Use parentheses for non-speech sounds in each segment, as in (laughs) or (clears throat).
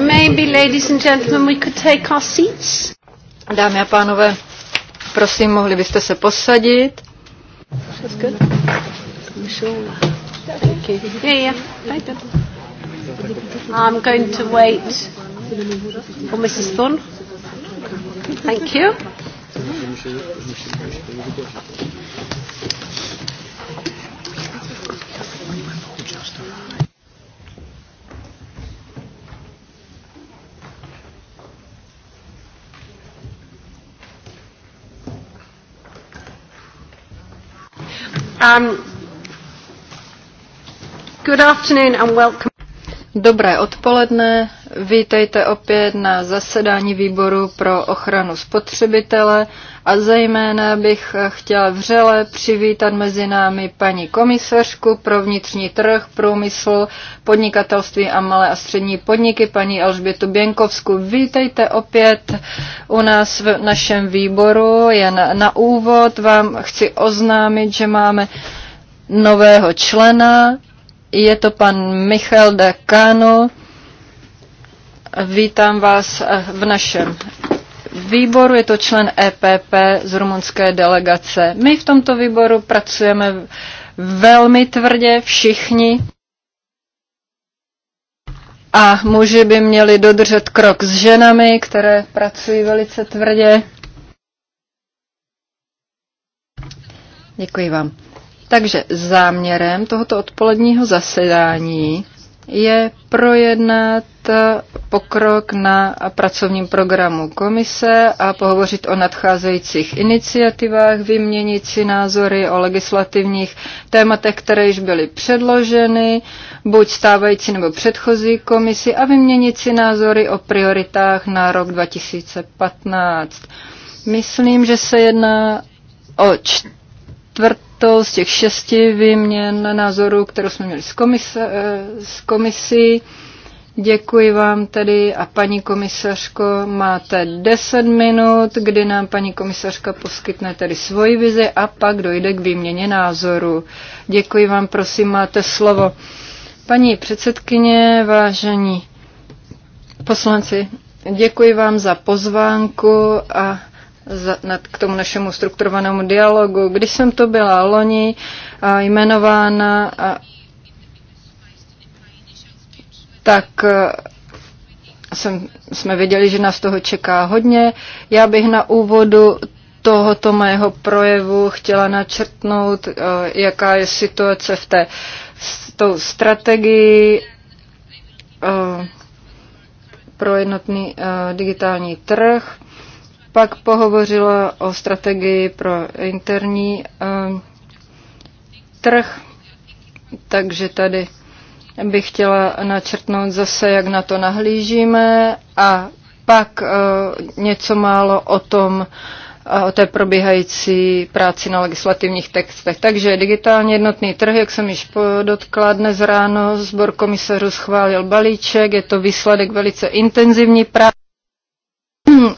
Maybe, ladies and gentlemen, we could take our seats. Dámy a pánové, prosím, mohli byste se posadit. I'm going to wait for Mrs. Thun. Thank you. Just around. Um, Dobré odpoledne Vítejte opět na zasedání výboru pro ochranu spotřebitele a zejména bych chtěla vřele přivítat mezi námi paní komisařku pro vnitřní trh, průmysl, podnikatelství a malé a střední podniky, paní Alžbětu Běnkovsku. Vítejte opět u nás v našem výboru. Jen na úvod vám chci oznámit, že máme nového člena. Je to pan Michal De Cano. Vítám vás v našem výboru, je to člen EPP z rumunské delegace. My v tomto výboru pracujeme velmi tvrdě všichni a muži by měli dodržet krok s ženami, které pracují velice tvrdě. Děkuji vám. Takže záměrem tohoto odpoledního zasedání je projednat pokrok na pracovním programu komise a pohovořit o nadcházejících iniciativách, vyměnit si názory o legislativních tématech, které již byly předloženy, buď stávající nebo předchozí komisi a vyměnit si názory o prioritách na rok 2015. Myslím, že se jedná o čtvrtý to z těch šesti výměn názorů, kterou jsme měli s, komise, eh, s komisí. Děkuji vám tedy a paní komisařko, máte 10 minut, kdy nám paní komisařka poskytne tedy svoji vizi a pak dojde k výměně názoru. Děkuji vám, prosím, máte slovo. Paní předsedkyně, vážení poslanci, děkuji vám za pozvánku a za, k tomu našemu strukturovanému dialogu. Když jsem to byla loni a jmenována a tak eh, jsem, jsme věděli, že nás toho čeká hodně. Já bych na úvodu tohoto mého projevu chtěla načrtnout, eh, jaká je situace v té s tou strategii eh, pro jednotný digitální trh. Pak pohovořila o strategii pro interní trh, takže tady bych chtěla načrtnout zase, jak na to nahlížíme a pak eh, něco málo o tom, eh, o té probíhající práci na legislativních textech. Takže digitálně jednotný trh, jak jsem již podotkla dnes ráno, sbor komisařů schválil balíček, je to výsledek velice intenzivní práce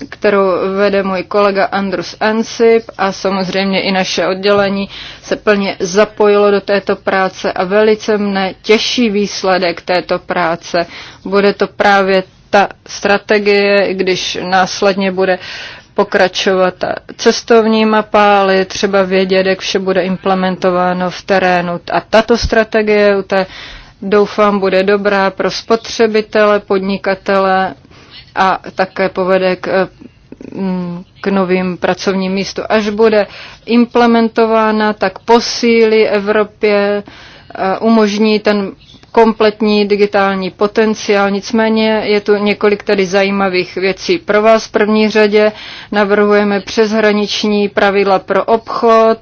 kterou vede můj kolega Andrus Ansip a samozřejmě i naše oddělení se plně zapojilo do této práce a velice mne těší výsledek této práce. Bude to právě ta strategie, když následně bude pokračovat ta cestovní mapa, ale je třeba vědět, jak vše bude implementováno v terénu. A tato strategie u té doufám, bude dobrá pro spotřebitele, podnikatele, a také povede k eh, mm, k novým pracovním místu. Až bude implementována, tak posílí Evropě, eh, umožní ten kompletní digitální potenciál. Nicméně je tu několik tady zajímavých věcí. Pro vás v první řadě navrhujeme přeshraniční pravidla pro obchod,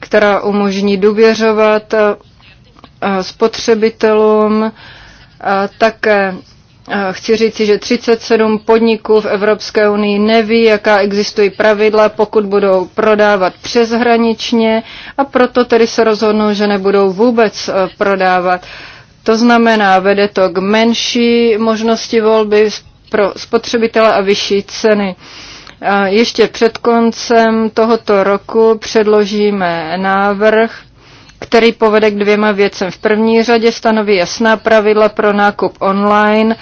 která umožní důvěřovat eh, spotřebitelům, také Chci říci, že 37 podniků v Evropské unii neví, jaká existují pravidla, pokud budou prodávat přeshraničně a proto tedy se rozhodnou, že nebudou vůbec e, prodávat. To znamená, vede to k menší možnosti volby pro spotřebitele a vyšší ceny. Ještě před koncem tohoto roku předložíme návrh který povede k dvěma věcem. V první řadě stanoví jasná pravidla pro nákup online,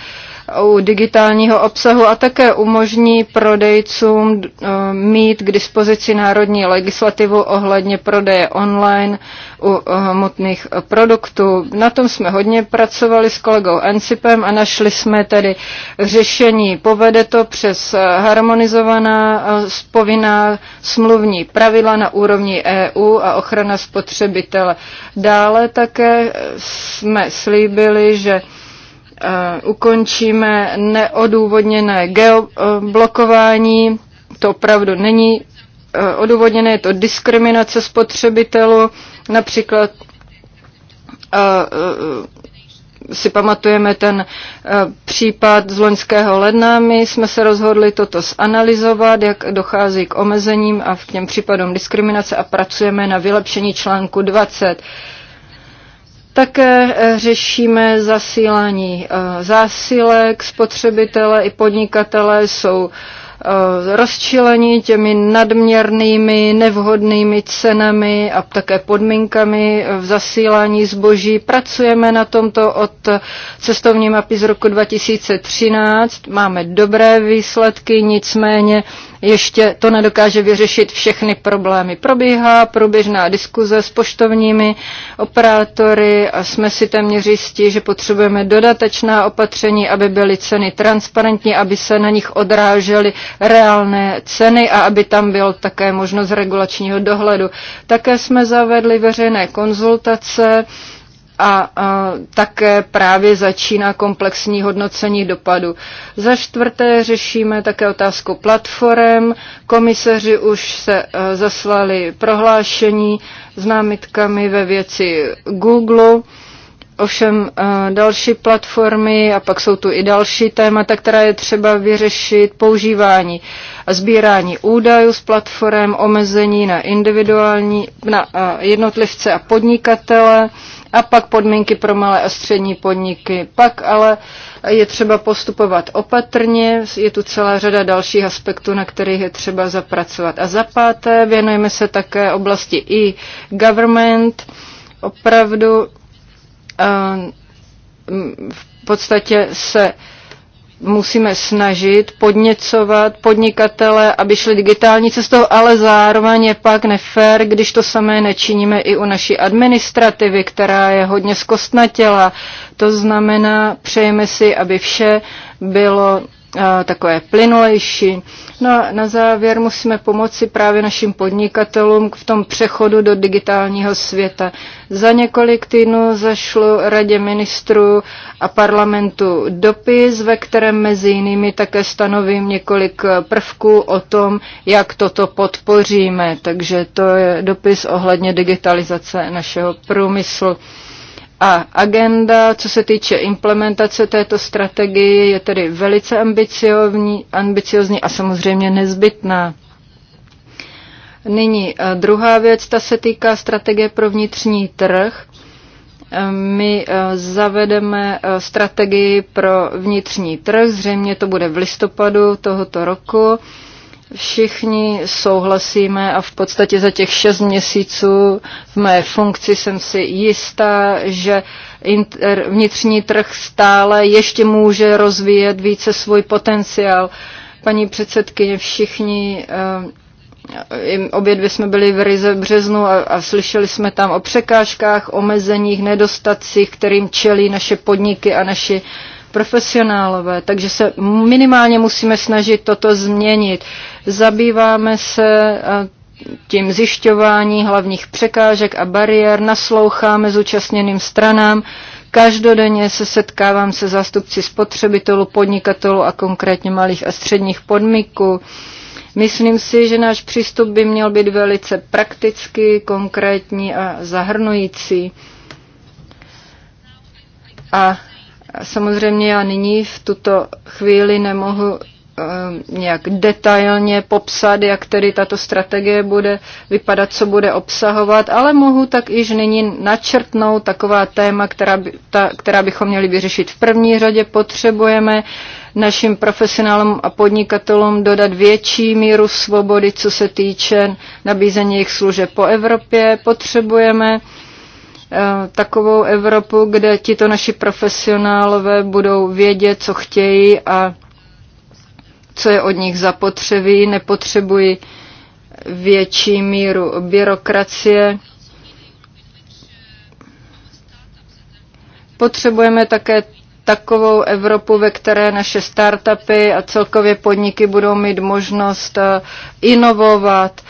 u digitálního obsahu a také umožní prodejcům eh, mít k dispozici národní legislativu ohledně prodeje online u eh, hmotných produktů. Na tom jsme hodně pracovali s kolegou Encipem a našli jsme tedy řešení. Povede to přes eh, harmonizovaná povinná smluvní pravidla na úrovni EU a ochrana spotřebitele. Dále také jsme slíbili, že Eh, ukončíme neodůvodněné geoblokování. To opravdu není eh, odůvodněné, je to diskriminace spotřebitelů. Například eh, si pamatujeme ten případ z loňského ledna. My jsme se rozhodli toto zanalizovat, jak dochází k omezením a k těm případům diskriminace a pracujeme na vylepšení článku 20. Také eh, řešíme zasílání eh, zásilek, spotřebitele i podnikatele jsou eh, rozčileni těmi nadměrnými, nevhodnými cenami a také podmínkami v zasílání zboží. Pracujeme na tomto od cestovní mapy z roku 2013. Máme dobré výsledky, nicméně ještě to nedokáže vyřešit všechny problémy. Probíhá průběžná diskuze s poštovními operátory a jsme si téměř jistí, že potřebujeme dodatečná opatření, aby byly ceny transparentní, aby se na nich odrážely reálné ceny a aby tam byl také možnost regulačního dohledu. Také jsme zavedli veřejné konzultace, a, a také právě začíná komplexní hodnocení dopadu. Za čtvrté řešíme také otázku platform. Komiseři už se a, e, zaslali prohlášení s námitkami ve věci Google. Ovšem e, další platformy a pak jsou tu i další témata, která je třeba vyřešit používání a sbírání údajů z platform, omezení na individuální, na e, jednotlivce a podnikatele a pak podmínky pro malé a střední podniky. Pak ale je třeba postupovat opatrně, je tu celá řada dalších aspektů, na kterých je třeba zapracovat. A za páté věnujeme se také oblasti i government, opravdu eh, v podstatě se uh, musíme snažit podněcovat podnikatele, aby šli digitální cestou, ale zároveň je pak nefér, když to samé nečiníme i u naší administrativy, která je hodně zkostnatěla. To znamená, přejeme si, aby vše bylo takové plynulejší. No a na závěr musíme pomoci právě našim podnikatelům v tom přechodu do digitálního světa. Za několik týdnů zašlo Radě ministrů a parlamentu dopis, ve kterém mezi jinými také stanovím několik prvků o tom, jak toto podpoříme. Takže to je dopis ohledně digitalizace našeho průmyslu. A agenda, co se týče implementace této strategie, je tedy velice ambiciozní a samozřejmě nezbytná. Nyní eh, druhá věc, ta se týká strategie pro vnitřní trh. Eh, my eh, zavedeme strategii pro vnitřní trh, zřejmě to bude v listopadu tohoto roku. Všichni souhlasíme a v podstatě za těch šest měsíců v mé funkci jsem si jistá, že inter, vnitřní trh stále ještě může rozvíjet více svůj potenciál. Paní předsedkyně, všichni eh, obě dvě jsme byli v Rize březnu a, a slyšeli jsme tam o překážkách, omezeních, nedostacích, kterým čelí naše podniky a naši profesionálové, takže se minimálně musíme snažit toto změnit. Zabýváme se tím zjišťování hlavních překážek a bariér, nasloucháme zúčastněným stranám, Každodenně se setkávám se zástupci spotřebitelů, podnikatelů a konkrétně malých a středních podniků. Myslím si, že náš přístup by měl být velice praktický, konkrétní a zahrnující. A Samozřejmě já nyní v tuto chvíli nemohu eh, nějak detailně popsat, jak tedy tato strategie bude vypadat, co bude obsahovat, ale mohu tak již nyní načrtnout taková téma, která, by, ta, která bychom měli vyřešit. V první řadě potřebujeme našim profesionálům a podnikatelům dodat větší míru svobody, co se týče nabízení jejich služeb po Evropě. Potřebujeme uh, Eh, takovou Evropu, kde tito naši profesionálové budou vědět, co chtějí a co je od nich zapotřebí, nepotřebují větší míru byrokracie. Potřebujeme také takovou Evropu, ve které naše startupy a celkově podniky budou mít možnost eh, inovovat,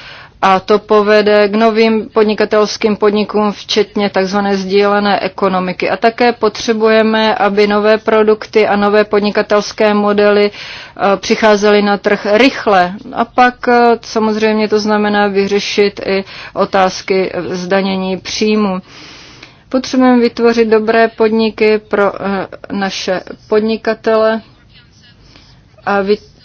a to povede k novým podnikatelským podnikům, včetně tzv. sdílené ekonomiky. A také potřebujeme, aby nové produkty a nové podnikatelské modely eh, přicházely na trh rychle. A pak eh, samozřejmě to znamená vyřešit i otázky zdanění příjmu. Potřebujeme vytvořit dobré podniky pro eh, naše podnikatele a vytvořit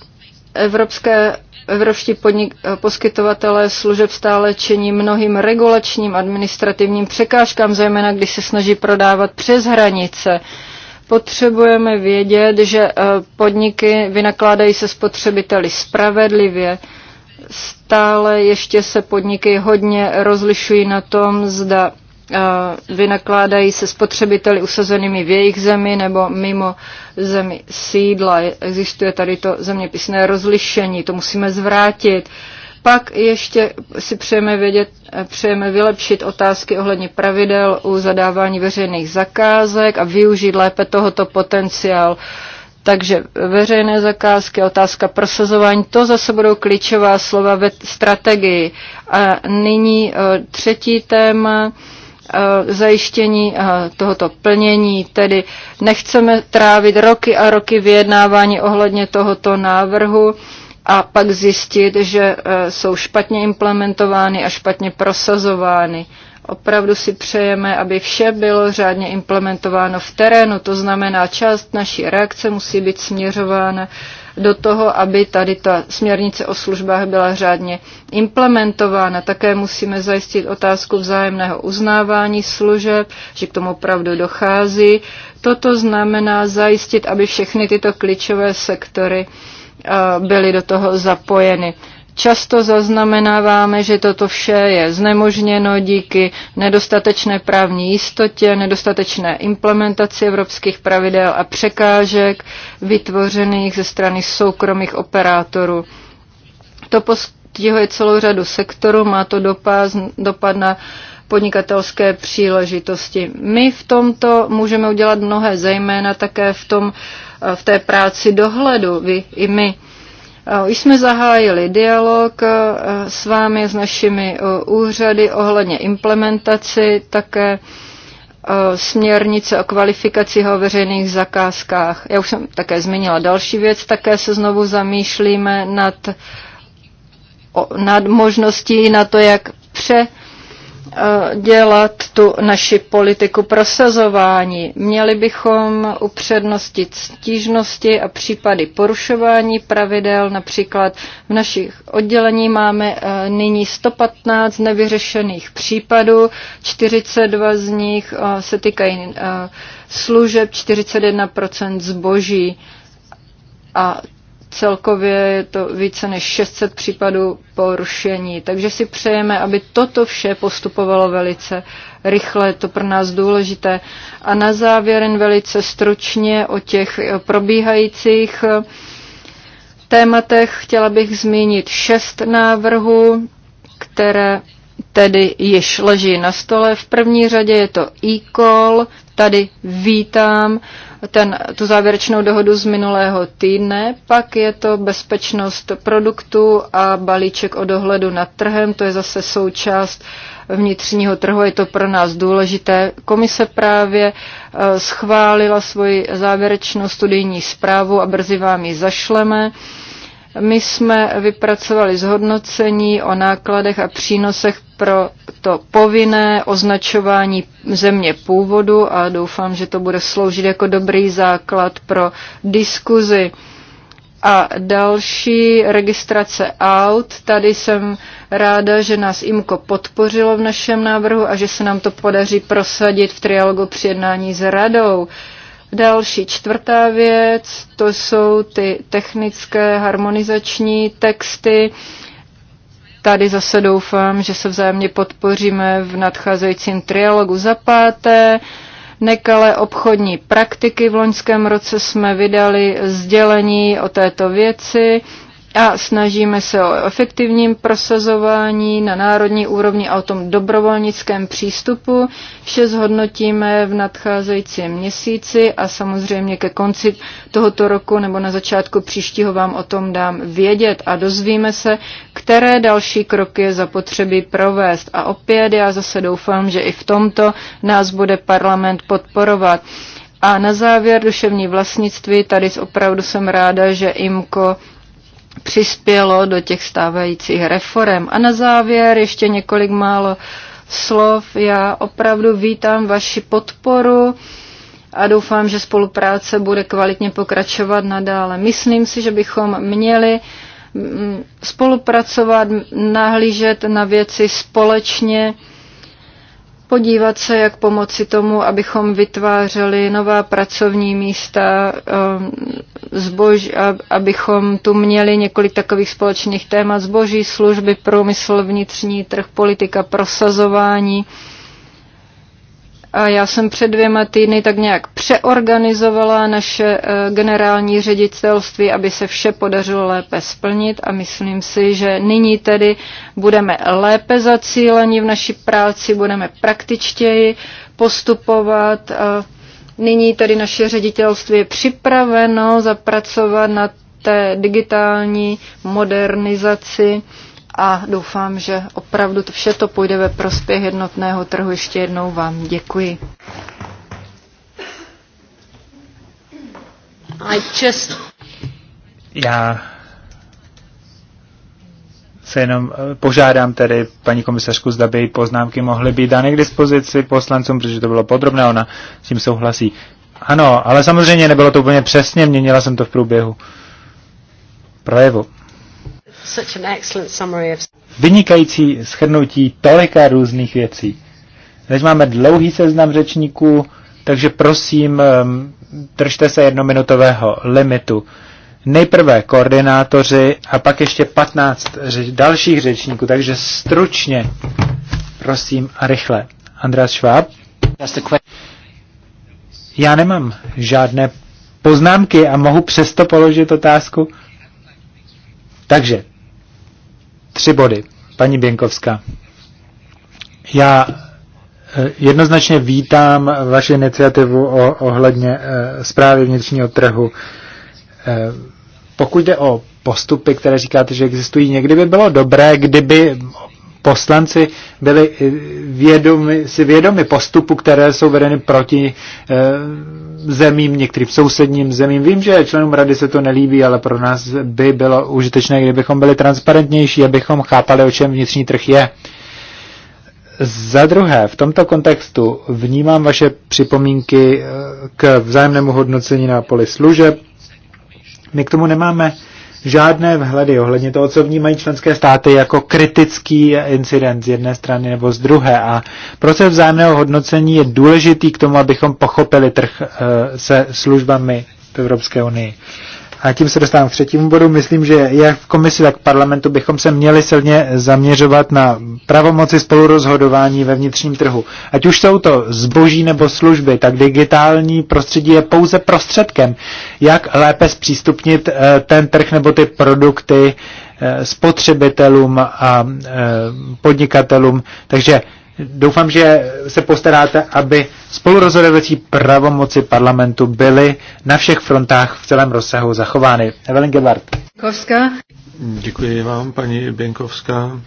evropské Evropští podnik, eh, poskytovatelé služeb stále čení mnohým regulačním administrativním překážkám, zejména když se snaží prodávat přes hranice. Potřebujeme vědět, že eh, podniky vynakládají se spotřebiteli spravedlivě. Stále ještě se podniky hodně rozlišují na tom, zda vynakládají se spotřebiteli usazenými v jejich zemi nebo mimo zemi sídla. Existuje tady to zeměpisné rozlišení, to musíme zvrátit. Pak ještě si přejeme, vědět, přejeme vylepšit otázky ohledně pravidel u zadávání veřejných zakázek a využít lépe tohoto potenciál. Takže veřejné zakázky, otázka prosazování, to zase budou klíčová slova ve strategii. A nyní eh, třetí téma Eh, zajištění eh, tohoto plnění. Tedy nechceme trávit roky a roky vyjednávání ohledně tohoto návrhu a pak zjistit, že eh, jsou špatně implementovány a špatně prosazovány. Opravdu si přejeme, aby vše bylo řádně implementováno v terénu, to znamená, část naší reakce musí být směřována do toho, aby tady ta směrnice o službách byla řádně implementována. Také musíme zajistit otázku vzájemného uznávání služeb, že k tomu opravdu dochází. Toto znamená zajistit, aby všechny tyto klíčové sektory eh, byly do toho zapojeny. Často zaznamenáváme, že toto vše je znemožněno díky nedostatečné právní jistotě, nedostatečné implementaci evropských pravidel a překážek vytvořených ze strany soukromých operátorů. To postihuje celou řadu sektorů, má to dopad, dopad na podnikatelské příležitosti. My v tomto můžeme udělat mnohé, zejména také v, tom, v té práci dohledu, vy i my. Eh, už jsme zahájili dialog eh, s vámi, s našimi eh, úřady ohledně implementaci také směrnice o kvalifikaci o veřejných zakázkách. Já už jsem také zmínila další věc, také se znovu zamýšlíme nad, nad možností na to, jak pře Eh, dělat tu naši politiku prosazování. Měli bychom upřednostit stížnosti a případy porušování pravidel. Například v našich oddělení máme eh, nyní 115 nevyřešených případů, 42 z nich eh, se týkají služeb, 41% zboží. A Celkově je to více než 600 případů porušení. Takže si přejeme, aby toto vše postupovalo velice rychle, je to pro nás důležité. A na závěr jen velice stručně o těch probíhajících eh, tématech chtěla bych zmínit šest návrhů, které tedy již leží na stole. V první řadě je to e-call, tady vítám uh, ten, tu závěrečnou dohodu z minulého týdne, pak je to bezpečnost produktu a balíček o dohledu nad trhem, to je zase součást vnitřního trhu, je to pro nás důležité. Komise právě eh, schválila svoji závěrečnou studijní zprávu a brzy vám ji zašleme. My jsme vypracovali zhodnocení o nákladech a přínosech pro to povinné označování země původu a doufám, že to bude sloužit jako dobrý základ pro diskuzi. A další registrace aut. Tady jsem ráda, že nás IMKO podpořilo v našem návrhu a že se nám to podaří prosadit v trialogu při jednání s radou. Uh, Další čtvrtá věc, to jsou ty technické harmonizační texty. Tady zase doufám, že se vzájemně podpoříme v nadcházejícím trialogu za páté. Nekalé obchodní praktiky v loňském roce jsme vydali sdělení o této věci a snažíme se o efektivním prosazování na národní úrovni a o tom dobrovolnickém přístupu. Vše zhodnotíme v nadcházejícím měsíci a samozřejmě ke konci tohoto roku nebo na začátku příštího vám o tom dám vědět a dozvíme se, které další kroky je zapotřebí provést. A opět já zase doufám, že i v tomto nás bude parlament podporovat. A na závěr duševní vlastnictví, tady opravdu jsem ráda, že IMKO přispělo do těch stávajících reform. A na závěr ještě několik málo slov. Já opravdu vítám vaši podporu a doufám, že spolupráce bude kvalitně pokračovat nadále. Myslím si, že bychom měli mm, spolupracovat, nahlížet na věci společně podívat se, jak pomoci tomu, abychom vytvářeli nová pracovní místa, um, zbož, abychom tu měli několik takových společných témat, zboží, služby, průmysl, vnitřní trh, politika, prosazování. A já jsem před dvěma týdny tak nějak přeorganizovala naše eh, generální ředitelství, aby se vše podařilo lépe splnit a myslím si, že nyní tedy budeme lépe zacíleni v naší práci, budeme praktičtěji postupovat. Nyní tedy naše ředitelství je připraveno zapracovat na té digitální modernizaci a doufám, že opravdu to vše to půjde ve prospěch jednotného trhu. Ještě jednou vám děkuji. I just... Já se jenom eh, požádám tedy paní komisařku, zda by její poznámky mohly být dány k dispozici poslancům, protože to bylo podrobné, ona s tím souhlasí. Ano, ale samozřejmě nebylo to úplně přesně, měnila jsem to v průběhu projevu. Vynikající schrnutí tolika různých věcí. Teď máme dlouhý seznam řečníků, takže prosím, držte se jednominutového limitu. Nejprve koordinátoři a pak ještě 15 řeč, dalších řečníků, takže stručně, prosím a rychle. András Schwab. Já nemám žádné poznámky a mohu přesto položit otázku. Takže Tři body. Paní Běnkovská. Já eh, jednoznačně vítám vaši iniciativu o, ohledně eh, zprávy vnitřního trhu. Eh, pokud jde o postupy, které říkáte, že existují, někdy by bylo dobré, kdyby poslanci byli eh, vědomi, si vědomi postupu, které jsou vedeny proti e, zemím, některým sousedním zemím. Vím, že členům rady se to nelíbí, ale pro nás by bylo užitečné, kdybychom byli transparentnější, abychom chápali, o čem vnitřní trh je. Za druhé, v tomto kontextu vnímám vaše připomínky eh, k vzájemnému hodnocení na poli služeb. My k tomu nemáme žádné vhledy ohledně toho, co vnímají členské státy jako kritický incident z jedné strany nebo z druhé. A proces vzájemného hodnocení je důležitý k tomu, abychom pochopili trh eh, se službami v Evropské unii. A tím se dostávám k třetímu bodu. Myslím, že jak v komisi, tak v parlamentu bychom se měli silně zaměřovat na pravomoci spolurozhodování ve vnitřním trhu. Ať už jsou to zboží nebo služby, tak digitální prostředí je pouze prostředkem, jak lépe zpřístupnit eh, ten trh nebo ty produkty eh, spotřebitelům a eh, podnikatelům. Takže Doufám, že se postaráte, aby spolurozhodovací pravomoci parlamentu byly na všech frontách v celém rozsahu zachovány. Evelyn Gebhardt. Děkuji vám, paní Běnkovská.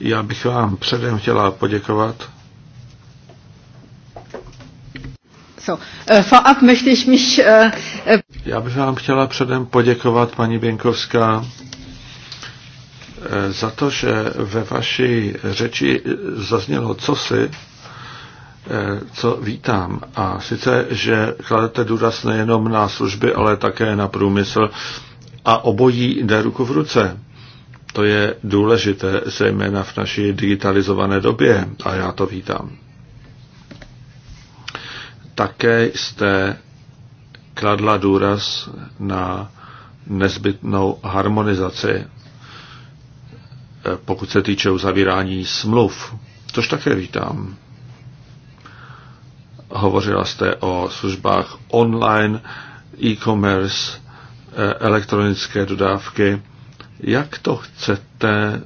Já bych vám předem chtěla poděkovat. So, eh, vorab möchte ich mich, eh, eh, Já bych vám chtěla předem poděkovat, paní Běnkovská, za to, že ve vaší řeči zaznělo cosi, eh, co vítám. A sice, že kladete důraz nejenom na služby, ale také na průmysl a obojí jde ruku v ruce. To je důležité, zejména v naší digitalizované době a já to vítám. Také jste kladla důraz na nezbytnou harmonizaci pokud se týče uzavírání smluv, což také vítám. Hovořila jste o službách online, e-commerce, eh, elektronické dodávky. Jak to chcete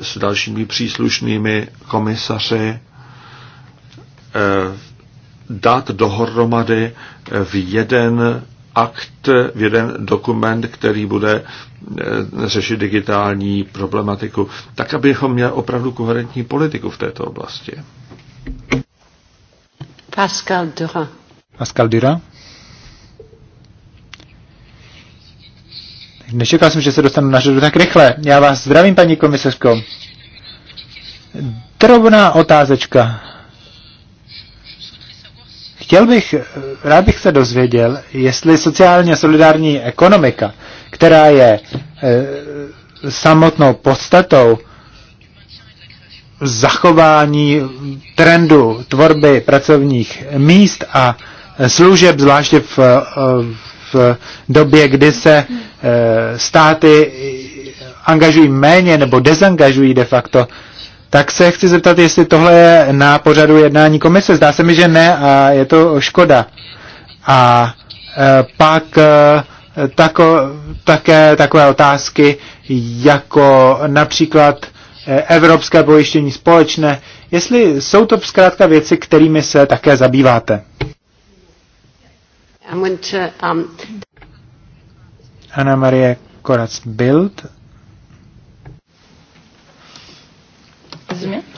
s dalšími příslušnými komisaři eh, dát dohromady v jeden akt, v jeden dokument, který bude e, řešit digitální problematiku, tak abychom měli opravdu koherentní politiku v této oblasti. Pascal Dura. Pascal Dura. Nečekal jsem, že se dostanu na řadu tak rychle. Já vás zdravím, paní komisařko. Drobná otázečka. Chtěl bych, eh, rád bych se dozvěděl, jestli sociálně solidární ekonomika, která je e, samotnou podstatou zachování trendu tvorby pracovních míst a služeb, zvláště v, eh, v době, kdy se státy angažují méně nebo dezangažují de facto tak se chci zeptat, jestli tohle je na pořadu jednání komise. Zdá se mi, že ne a je to škoda. A e, pak e, tako, také takové otázky, jako například e, evropské pojištění společné, jestli jsou to zkrátka věci, kterými se také zabýváte. Um, Anna Marie Korac-Bild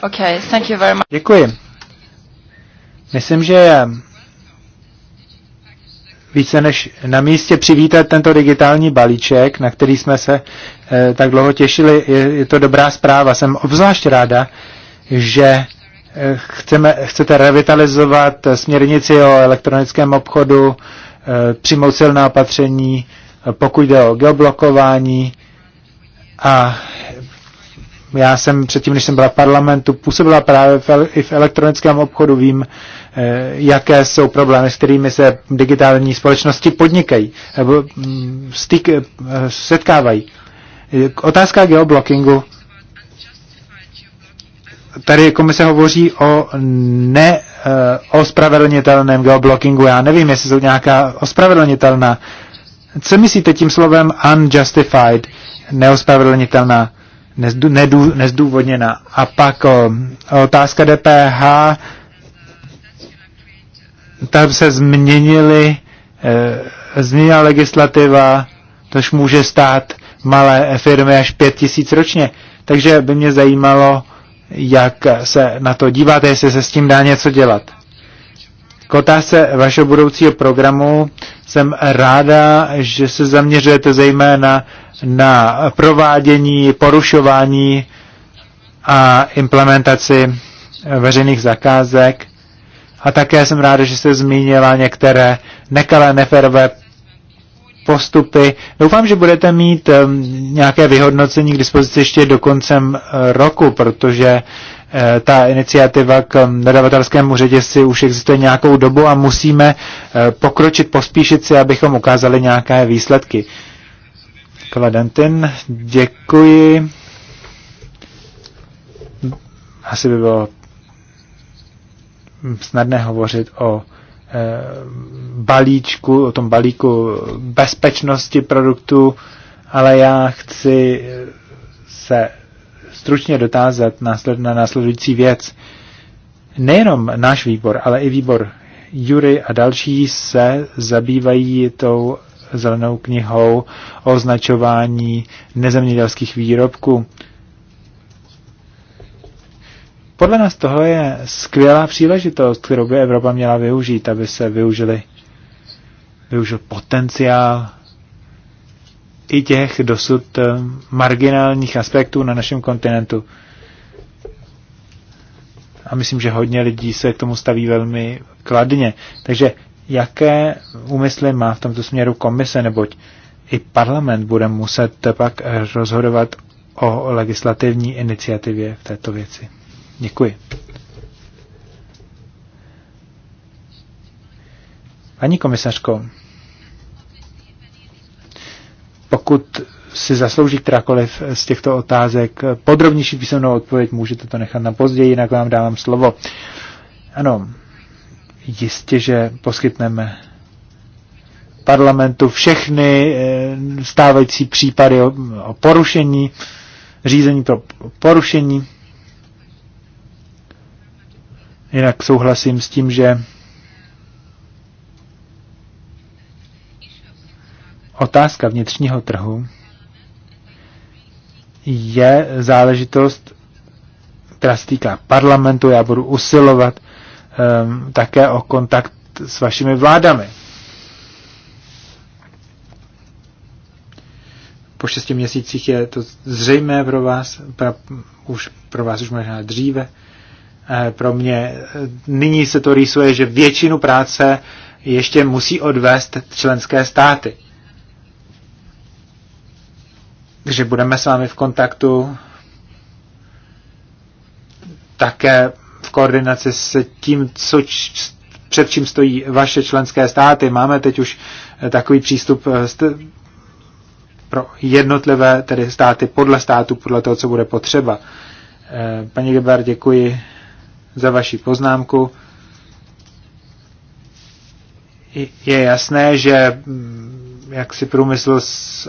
Okay, thank you very much. Děkuji. Myslím, že je více než na místě přivítat tento digitální balíček, na který jsme se eh, tak dlouho těšili. Je, je to dobrá zpráva. Jsem obzvlášť ráda, že eh, chceme, chcete revitalizovat směrnici o elektronickém obchodu, eh, přijmout silná opatření, pokud jde o geoblokování a já jsem předtím, než jsem byla v parlamentu, působila právě v, i v elektronickém obchodu, vím, eh, jaké jsou problémy, s kterými se digitální společnosti podnikají, nebo mm, styk, eh, setkávají. Otázka geoblockingu. Tady komise hovoří o ne eh, spravedlnitelném geoblockingu. Já nevím, jestli jsou nějaká ospravedlnitelná. Co myslíte tím slovem unjustified, neospravedlnitelná? nezdů, nezdůvodněna. A pak o, otázka DPH, tam se změnily, e, změnila legislativa, tož může stát malé firmy až pět tisíc ročně. Takže by mě zajímalo, jak se na to díváte, jestli se s tím dá něco dělat. K otázce vašeho budoucího programu jsem ráda, že se zaměřujete zejména na provádění, porušování a implementaci veřejných zakázek. A také jsem ráda, že se zmínila některé nekalé, neferové postupy. Doufám, že budete mít um, nějaké vyhodnocení k dispozici ještě do koncem uh, roku, protože Eh, ta iniciativa k mm, dodavatelskému řetězci už existuje nějakou dobu a musíme eh, pokročit, pospíšit si, abychom ukázali nějaké výsledky. Kladantin, děkuji. Asi by bylo snadné hovořit o eh, balíčku, o tom balíku bezpečnosti produktu, ale já chci se stručně dotázat na následující věc. Nejenom náš výbor, ale i výbor Jury a další se zabývají tou zelenou knihou o označování nezemědělských výrobků. Podle nás tohle je skvělá příležitost, kterou by Evropa měla využít, aby se využili, využil potenciál i těch dosud eh, marginálních aspektů na našem kontinentu. A myslím, že hodně lidí se k tomu staví velmi kladně. Takže jaké úmysly má v tomto směru komise, neboť i parlament bude muset pak rozhodovat o legislativní iniciativě v této věci. Děkuji. Paní komisařko, pokud si zaslouží kterákoliv z těchto otázek podrobnější písemnou odpověď, můžete to nechat na později, jinak vám dávám slovo. Ano, jistě, že poskytneme parlamentu všechny eh, stávající případy o, porušení, řízení pro porušení. Jinak souhlasím s tím, že otázka vnitřního trhu je záležitost, která se týká parlamentu. Já budu usilovat um, také o kontakt s vašimi vládami. Po šesti měsících je to zřejmé pro vás, pra, už pro vás už možná dříve. E, pro mě eh, nyní se to rýsuje, že většinu práce ještě musí odvést členské státy že budeme s vámi v kontaktu také v koordinaci s tím, co č, před čím stojí vaše členské státy. Máme teď už eh, takový přístup eh, pro jednotlivé tedy státy podle státu, podle toho, co bude potřeba. Eh, paní Gebar, děkuji za vaši poznámku je jasné, že mm, jak si průmysl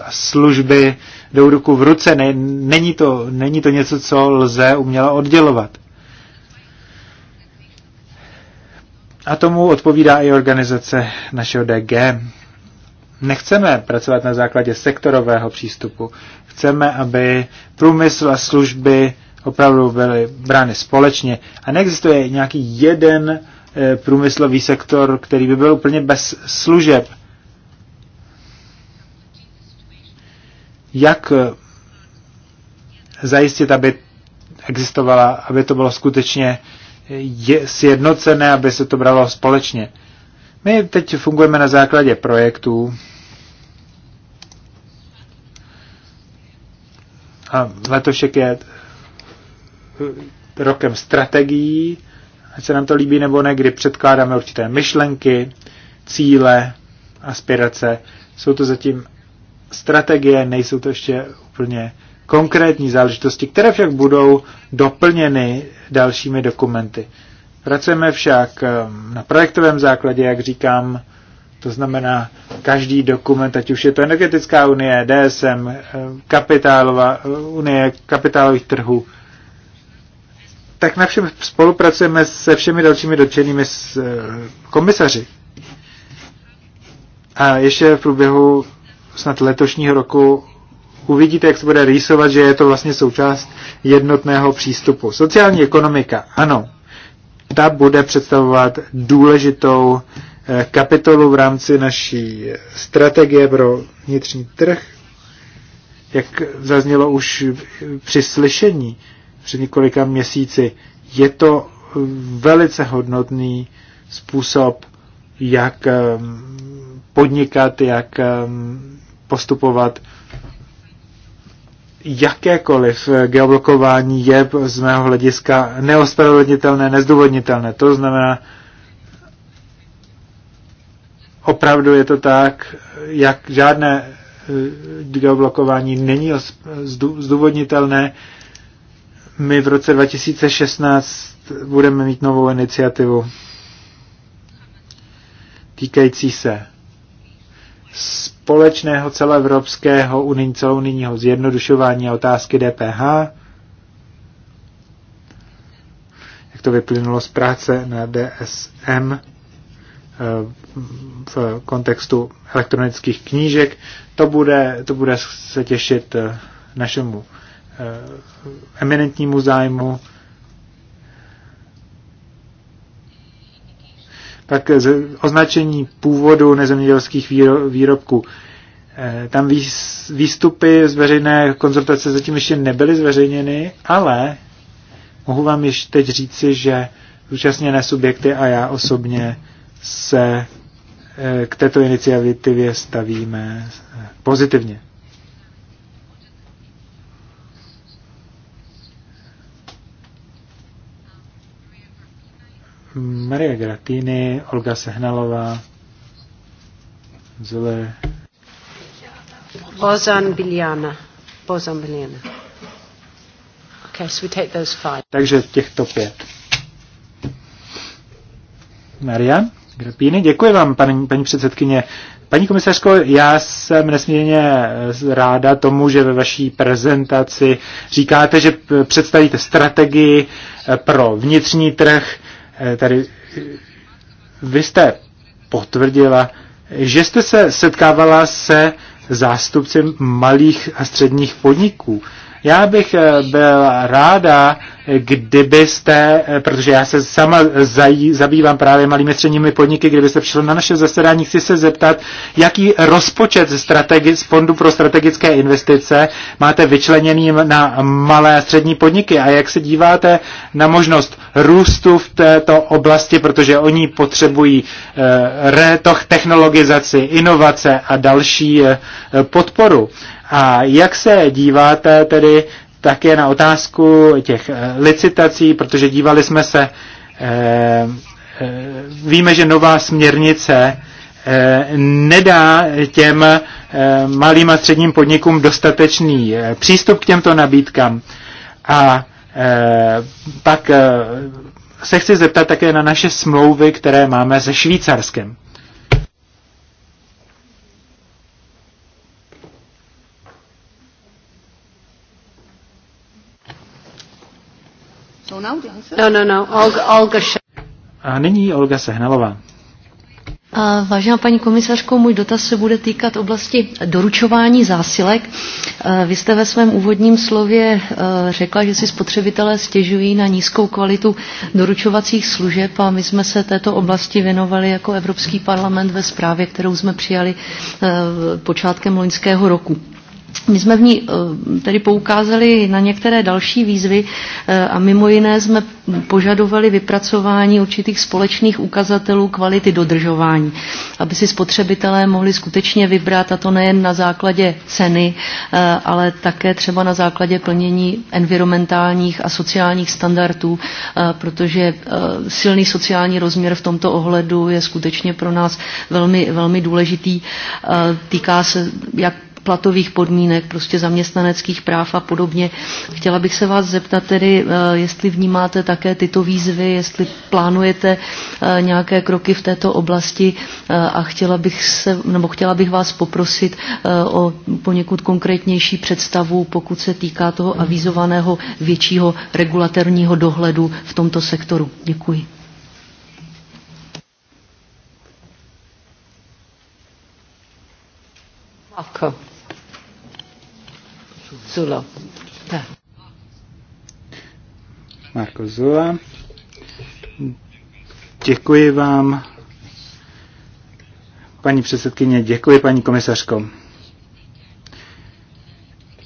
a služby jdou ruku v ruce. není, to, není to něco, co lze uměle oddělovat. A tomu odpovídá i organizace našeho DG. Nechceme pracovat na základě sektorového přístupu. Chceme, aby průmysl a služby opravdu byly brány společně. A neexistuje nějaký jeden Eh, průmyslový sektor, který by byl úplně bez služeb. Jak eh, zajistit, aby existovala, aby to bylo skutečně eh, je, sjednocené, aby se to bralo společně. My teď fungujeme na základě projektů a letošek je rokem strategií ať se nám to líbí nebo ne, kdy předkládáme určité myšlenky, cíle, aspirace. Jsou to zatím strategie, nejsou to ještě úplně konkrétní záležitosti, které však budou doplněny dalšími dokumenty. Pracujeme však ehm, na projektovém základě, jak říkám, to znamená každý dokument, ať už je to energetická unie, DSM, ehm, kapitálová eh, unie kapitálových trhů, tak na všem spolupracujeme se všemi dalšími dotčenými eh, komisaři. A ještě v průběhu snad letošního roku uvidíte, jak se bude rýsovat, že je to vlastně součást jednotného přístupu. Sociální ekonomika, ano, ta bude představovat důležitou eh, kapitolu v rámci naší strategie pro vnitřní trh, jak zaznělo už při slyšení, před několika měsíci. Je to velice hodnotný způsob, jak um, podnikat, jak um, postupovat. Jakékoliv geoblokování je z mého hlediska neospravedlnitelné, nezdůvodnitelné. To znamená, opravdu je to tak, jak žádné eh, geoblokování není zdůvodnitelné, my v roce 2016 budeme mít novou iniciativu týkající se společného celoevropského unijní, celounijního zjednodušování a otázky DPH, jak to vyplynulo z práce na DSM eh, v kontextu elektronických knížek. To bude, to bude se těšit eh, našemu Eh, eminentnímu zájmu. Pak označení původu nezemědělských výrobků. Eh, tam výstupy z veřejné konzultace zatím ještě nebyly zveřejněny, ale mohu vám již teď říci, že zúčastněné subjekty a já osobně se eh, k této iniciativě stavíme pozitivně. Maria Gratini, Olga Sehnalová, Zule, Ozan Biljana, Ozan Biljana. Okay, so we take those five. Takže těchto pět. Maria Grapíny, děkuji vám, paní, paní předsedkyně. Paní komisařko, já jsem nesmírně eh, ráda tomu, že ve vaší prezentaci říkáte, že představíte strategii eh, pro vnitřní trh, Eh, tady vy jste potvrdila, že jste se setkávala se zástupcem malých a středních podniků. Já bych eh, byla ráda, kdybyste, eh, protože já se sama zají, zabývám právě malými středními podniky, kdybyste přišli na naše zasedání, chci se zeptat, jaký rozpočet strategi- z Fondu pro strategické investice máte vyčleněný na malé a střední podniky a jak se díváte na možnost růstu v této oblasti, protože oni potřebují eh, retoch, technologizaci, inovace a další podporu. A jak se díváte tedy také na otázku těch eh, licitací, protože dívali jsme se, eh, eh, víme, že nová směrnice nedá těm malým a středním podnikům dostatečný přístup k těmto nabídkám. A pak se chci zeptat také na naše smlouvy, které máme se Švýcarskem. No, no, no. Olga, Olga A nyní Olga Sehnalová. A vážená paní komisařko, můj dotaz se bude týkat oblasti doručování zásilek. E, vy jste ve svém úvodním slově e, řekla, že si spotřebitelé stěžují na nízkou kvalitu doručovacích služeb a my jsme se této oblasti věnovali jako Evropský parlament ve zprávě, kterou jsme přijali e, počátkem loňského roku. My jsme v ní eh, tedy poukázali na některé další výzvy eh, a mimo jiné jsme požadovali vypracování určitých společných ukazatelů kvality dodržování, aby si spotřebitelé mohli skutečně vybrat, a to nejen na základě ceny, eh, ale také třeba na základě plnění environmentálních a sociálních standardů, protože silný sociální rozměr v tomto ohledu je skutečně pro nás velmi, velmi důležitý. Týká se jak platových podmínek, prostě zaměstnaneckých práv a podobně. Chtěla bych se vás zeptat tedy, eh, jestli vnímáte také tyto výzvy, jestli plánujete eh, nějaké kroky v této oblasti eh, a chtěla bych, se, nebo chtěla bych vás poprosit o poněkud konkrétnější představu, pokud se týká toho avizovaného většího regulatorního dohledu v tomto sektoru. Děkuji. Ako. Zulo. Tak. Marko Zula. Děkuji vám. Paní předsedkyně, děkuji paní komisařko.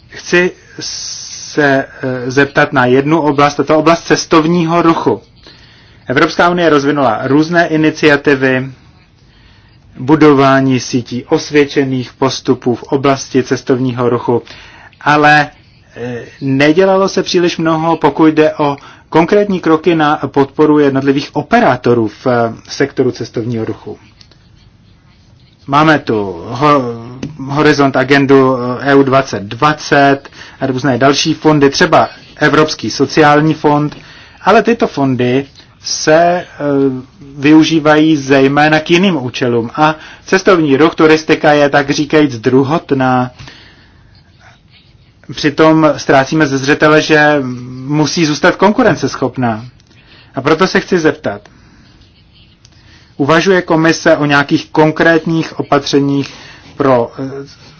Chci se eh, zeptat na jednu oblast, a to oblast cestovního ruchu. Evropská unie rozvinula různé iniciativy, budování sítí osvědčených postupů v oblasti cestovního ruchu ale e, nedělalo se příliš mnoho, pokud jde o konkrétní kroky na podporu jednotlivých operátorů v e, sektoru cestovního ruchu. Máme tu ho, Horizont agendu EU e 2020 a různé další fondy, třeba Evropský sociální fond, ale tyto fondy se e, využívají zejména k jiným účelům. A cestovní ruch, turistika je tak říkajíc druhotná přitom ztrácíme ze zřetele, že musí zůstat konkurenceschopná. A proto se chci zeptat. Uvažuje komise o nějakých konkrétních opatřeních pro eh,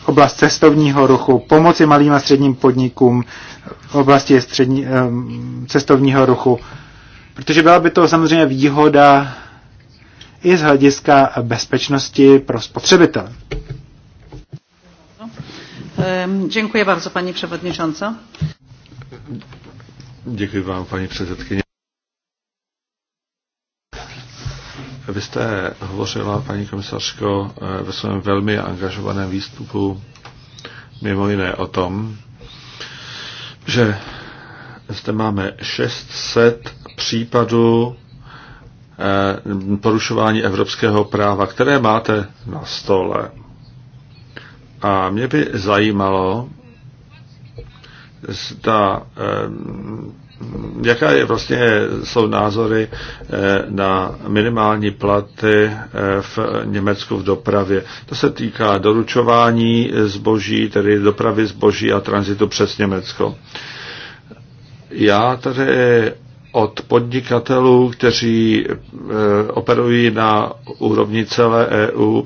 oblast cestovního ruchu, pomoci malým a středním podnikům v oblasti střední, eh, cestovního ruchu, protože byla by to samozřejmě výhoda i z hlediska bezpečnosti pro spotřebitele. Děkuji paní předsedající. Děkuji vám, paní předsedkyně. Vy jste hovořila, paní komisařko, eh, ve svém velmi angažovaném výstupu mimo jiné o tom, že zde máme 600 případů eh, porušování evropského práva, které máte na stole. A mě by zajímalo, zda, eh, jaká je vlastně, jsou názory eh, na minimální platy eh, v Německu v dopravě. To se týká doručování zboží, tedy dopravy zboží a tranzitu přes Německo. Já tady od podnikatelů, kteří operují na úrovni celé EU,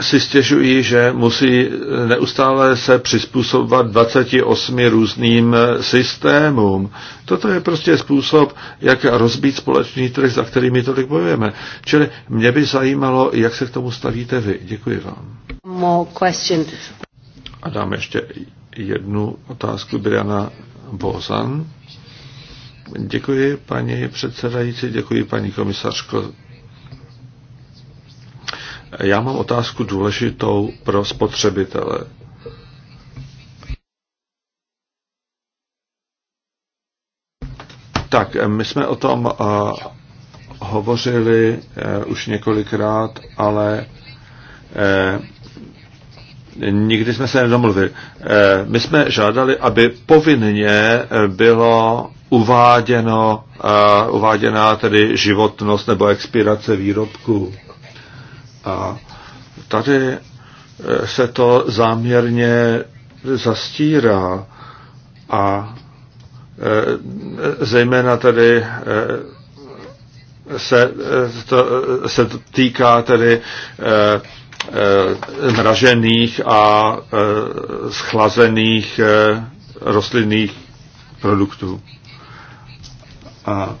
si stěžují, že musí neustále se přizpůsobovat 28 různým systémům. Toto je prostě způsob, jak rozbít společný trh, za kterými tolik bojujeme. Čili mě by zajímalo, jak se k tomu stavíte vy. Děkuji vám. A dám ještě jednu otázku Briana Bozan. Děkuji, paní předsedající, děkuji, paní komisařko, já mám otázku důležitou pro spotřebitele. Tak, my jsme o tom uh, hovořili uh, už několikrát, ale uh, nikdy jsme se nedomluvili. Uh, my jsme žádali, aby povinně bylo uváděno, uh, uváděná tedy životnost nebo expirace výrobků. A tady eh, se to záměrně zastírá a eh, zejména tady eh, se to, se to týká tedy mražených a schlazených rostlinných produktů. A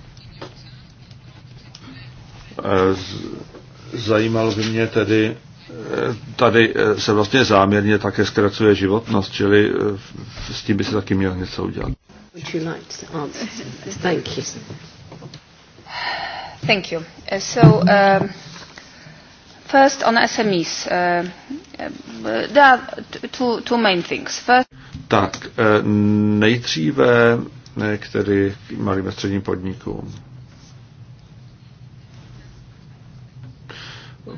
Zajímalo by mě tedy, eh, tady eh, se vlastně záměrně také zkracuje životnost, čili eh, s tím by se taky měl něco udělat. Thank you. Uh, So, uh, first on SMEs, uh, there are two, two main things. First... Tak, nejdříve ne, k malým a středním podnikům.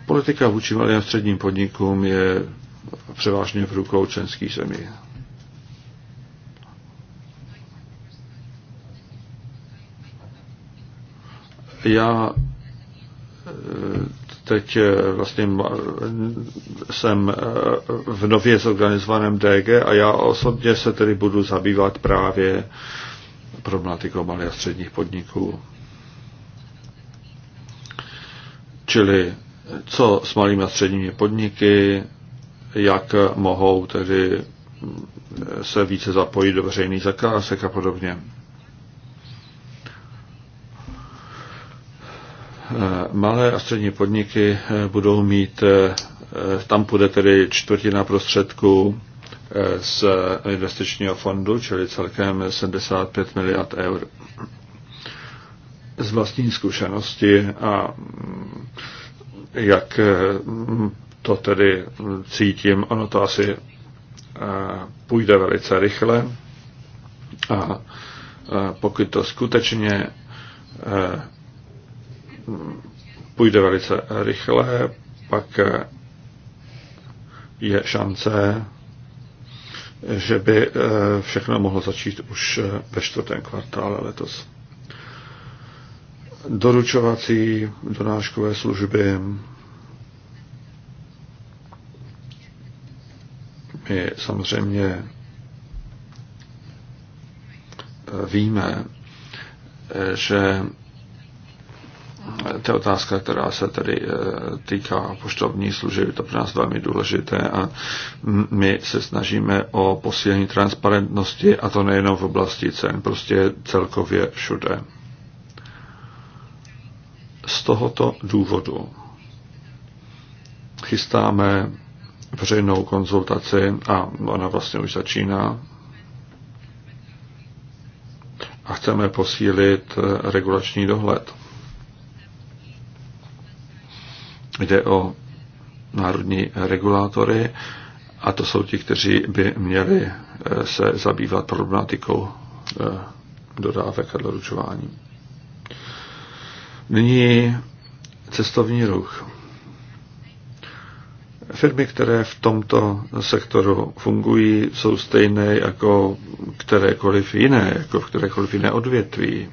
Politika vůči malým a středním podnikům je převážně v rukou členských zemí. Já eh, teď eh, vlastně jsem eh, v nově zorganizovaném DG a já osobně se tedy budu zabývat právě problematikou malých a středních podniků. Čili co s malými a středními podniky, jak mohou tedy se více zapojit do veřejných zakázek a podobně. Malé a střední podniky budou mít, tam půjde tedy čtvrtina prostředků z investičního fondu, čili celkem 75 miliard eur. Z vlastní zkušenosti a jak eh, to tedy cítím, ono to asi eh, půjde velice rychle a eh, pokud to skutečně půjde velice rychle, pak je šance, že by všechno mohlo začít už ve čtvrtém kvartále letos doručovací donáškové služby. My samozřejmě víme, že ta otázka, která se tady eh, týká poštovní služby, to pro nás velmi důležité a my se snažíme o posílení transparentnosti a to nejenom v oblasti cen, prostě celkově všude z tohoto důvodu chystáme veřejnou konzultaci a ona vlastně už začíná. A chceme posílit regulační dohled. Jde o národní regulátory a to jsou ti, kteří by měli eh, se zabývat problematikou eh, dodávek a doručování. Nyní cestovní ruch. Firmy, které v tomto sektoru fungují, jsou stejné jako kterékoliv jiné, jako v kterékoliv jiné odvětví.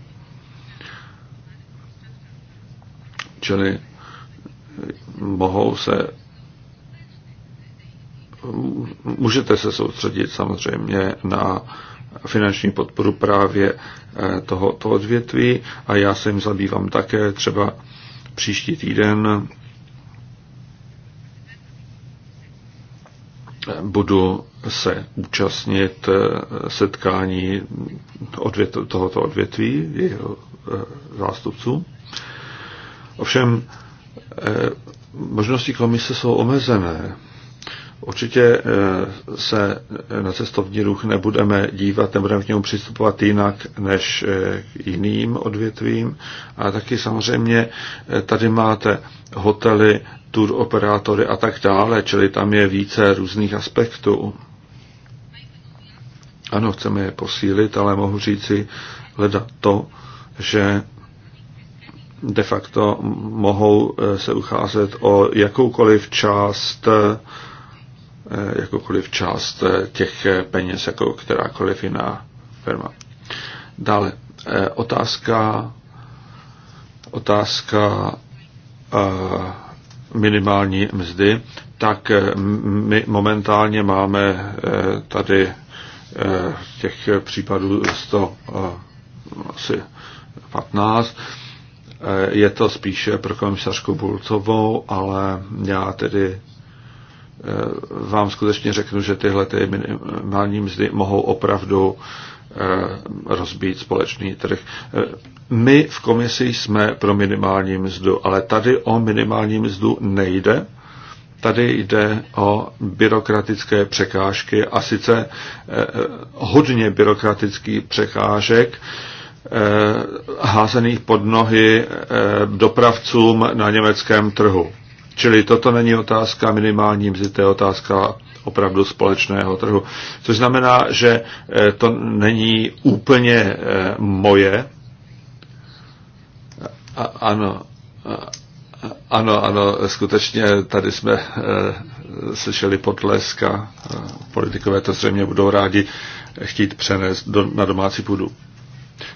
Čili mohou se můžete se soustředit samozřejmě na finanční podporu právě eh, tohoto odvětví a já se jim zabývám také třeba příští týden budu se účastnit eh, setkání odvět, tohoto odvětví, jeho eh, zástupců. Ovšem, možnosti komise jsou omezené Určitě eh, se na cestovní ruch nebudeme dívat, nebudeme k němu přistupovat jinak než eh, k jiným odvětvím. A taky samozřejmě eh, tady máte hotely, tour operátory a tak dále, čili tam je více různých aspektů. Ano, chceme je posílit, ale mohu říci leda to, že de facto mohou se ucházet o jakoukoliv část Eh, jakoukoliv část eh, těch eh, peněz, jako kterákoliv jiná firma. Dále, otázka, otázka minimální mzdy, tak my momentálně máme tady těch případů 100 asi 15. Je to spíše pro komisařku Bulcovou, ale já tedy Eh, vám skutečně řeknu, že tyhle ty minimální mzdy mohou opravdu eh, rozbít společný trh. Eh, my v komisi jsme pro minimální mzdu, ale tady o minimální mzdu nejde. Tady jde o byrokratické překážky a sice hodně byrokratických překážek, házených pod nohy dopravcům na německém trhu. Čili toto není otázka minimální mzdy, to je otázka opravdu společného trhu. Což znamená, že eh, to není úplně eh, moje. A, ano, ano, ano, skutečně tady jsme e, slyšeli potlesk a politikové to zřejmě budou rádi chtít přenést do, na domácí půdu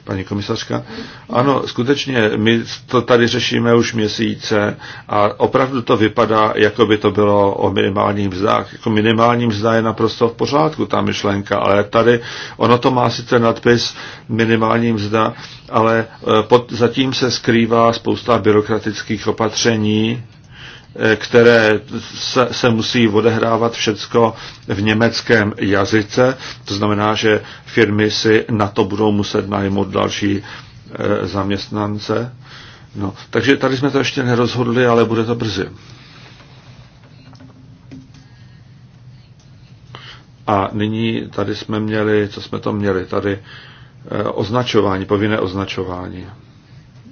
paní komisařka. Ano, skutečně, my to tady řešíme už měsíce a opravdu to vypadá, jako by to bylo o minimálních mzdách. Jako minimální mzda je naprosto v pořádku, ta myšlenka, ale tady ono to má sice nadpis minimální mzda, ale eh, pod, zatím se skrývá spousta byrokratických opatření, Eh, které se, se musí odehrávat všecko v německém jazyce. To znamená, že firmy si na to budou muset najmout další eh, zaměstnance. No, takže tady jsme to ještě nerozhodli, ale bude to brzy. A nyní tady jsme měli, co jsme to měli, tady eh, označování, povinné označování.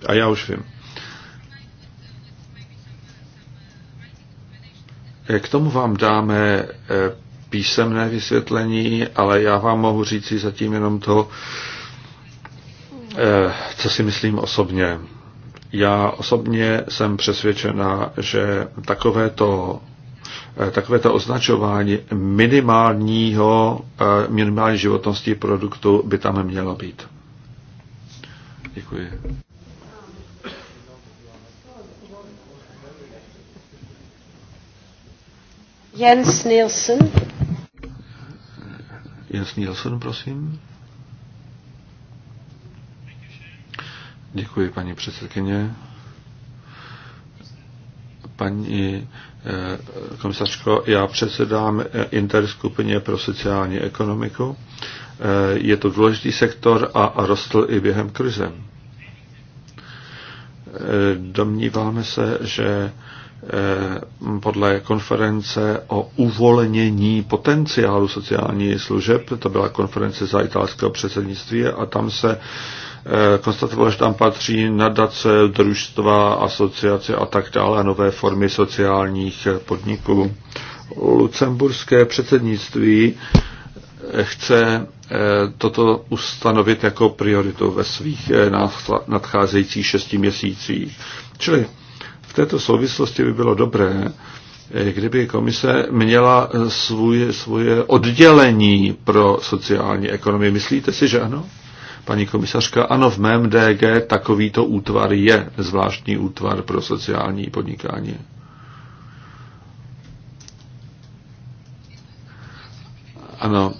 A já už vím. Eh, k tomu vám dáme eh, písemné vysvětlení, ale já vám mohu říct si zatím jenom to, eh, co si myslím osobně. Já osobně jsem přesvědčena, že takovéto to označování minimálního, minimální životnosti produktu by tam mělo být. Děkuji. Jens Nielsen. Jens Nielsen, prosím. Děkuji, paní předsedkyně. Paní eh, komisařko, já předsedám eh, interskupině pro sociální ekonomiku. Eh, je to důležitý sektor a rostl i během krize. Domníváme se, že Eh, podle konference o uvolnění potenciálu sociálních služeb, to byla konference za italského předsednictví a tam se eh, konstatovalo, že tam patří nadace, družstva, asociace a tak dále, nové formy sociálních podniků. Lucemburské předsednictví eh, chce toto ustanovit jako prioritu ve svých nadcházejících šesti měsících. Čili v této souvislosti by bylo dobré, eh, kdyby komise měla eh, svoje, svoje oddělení pro sociální ekonomii. Myslíte si, že ano? Paní komisařka, ano, v mém DG takovýto útvar je, zvláštní útvar pro sociální podnikání. Ano,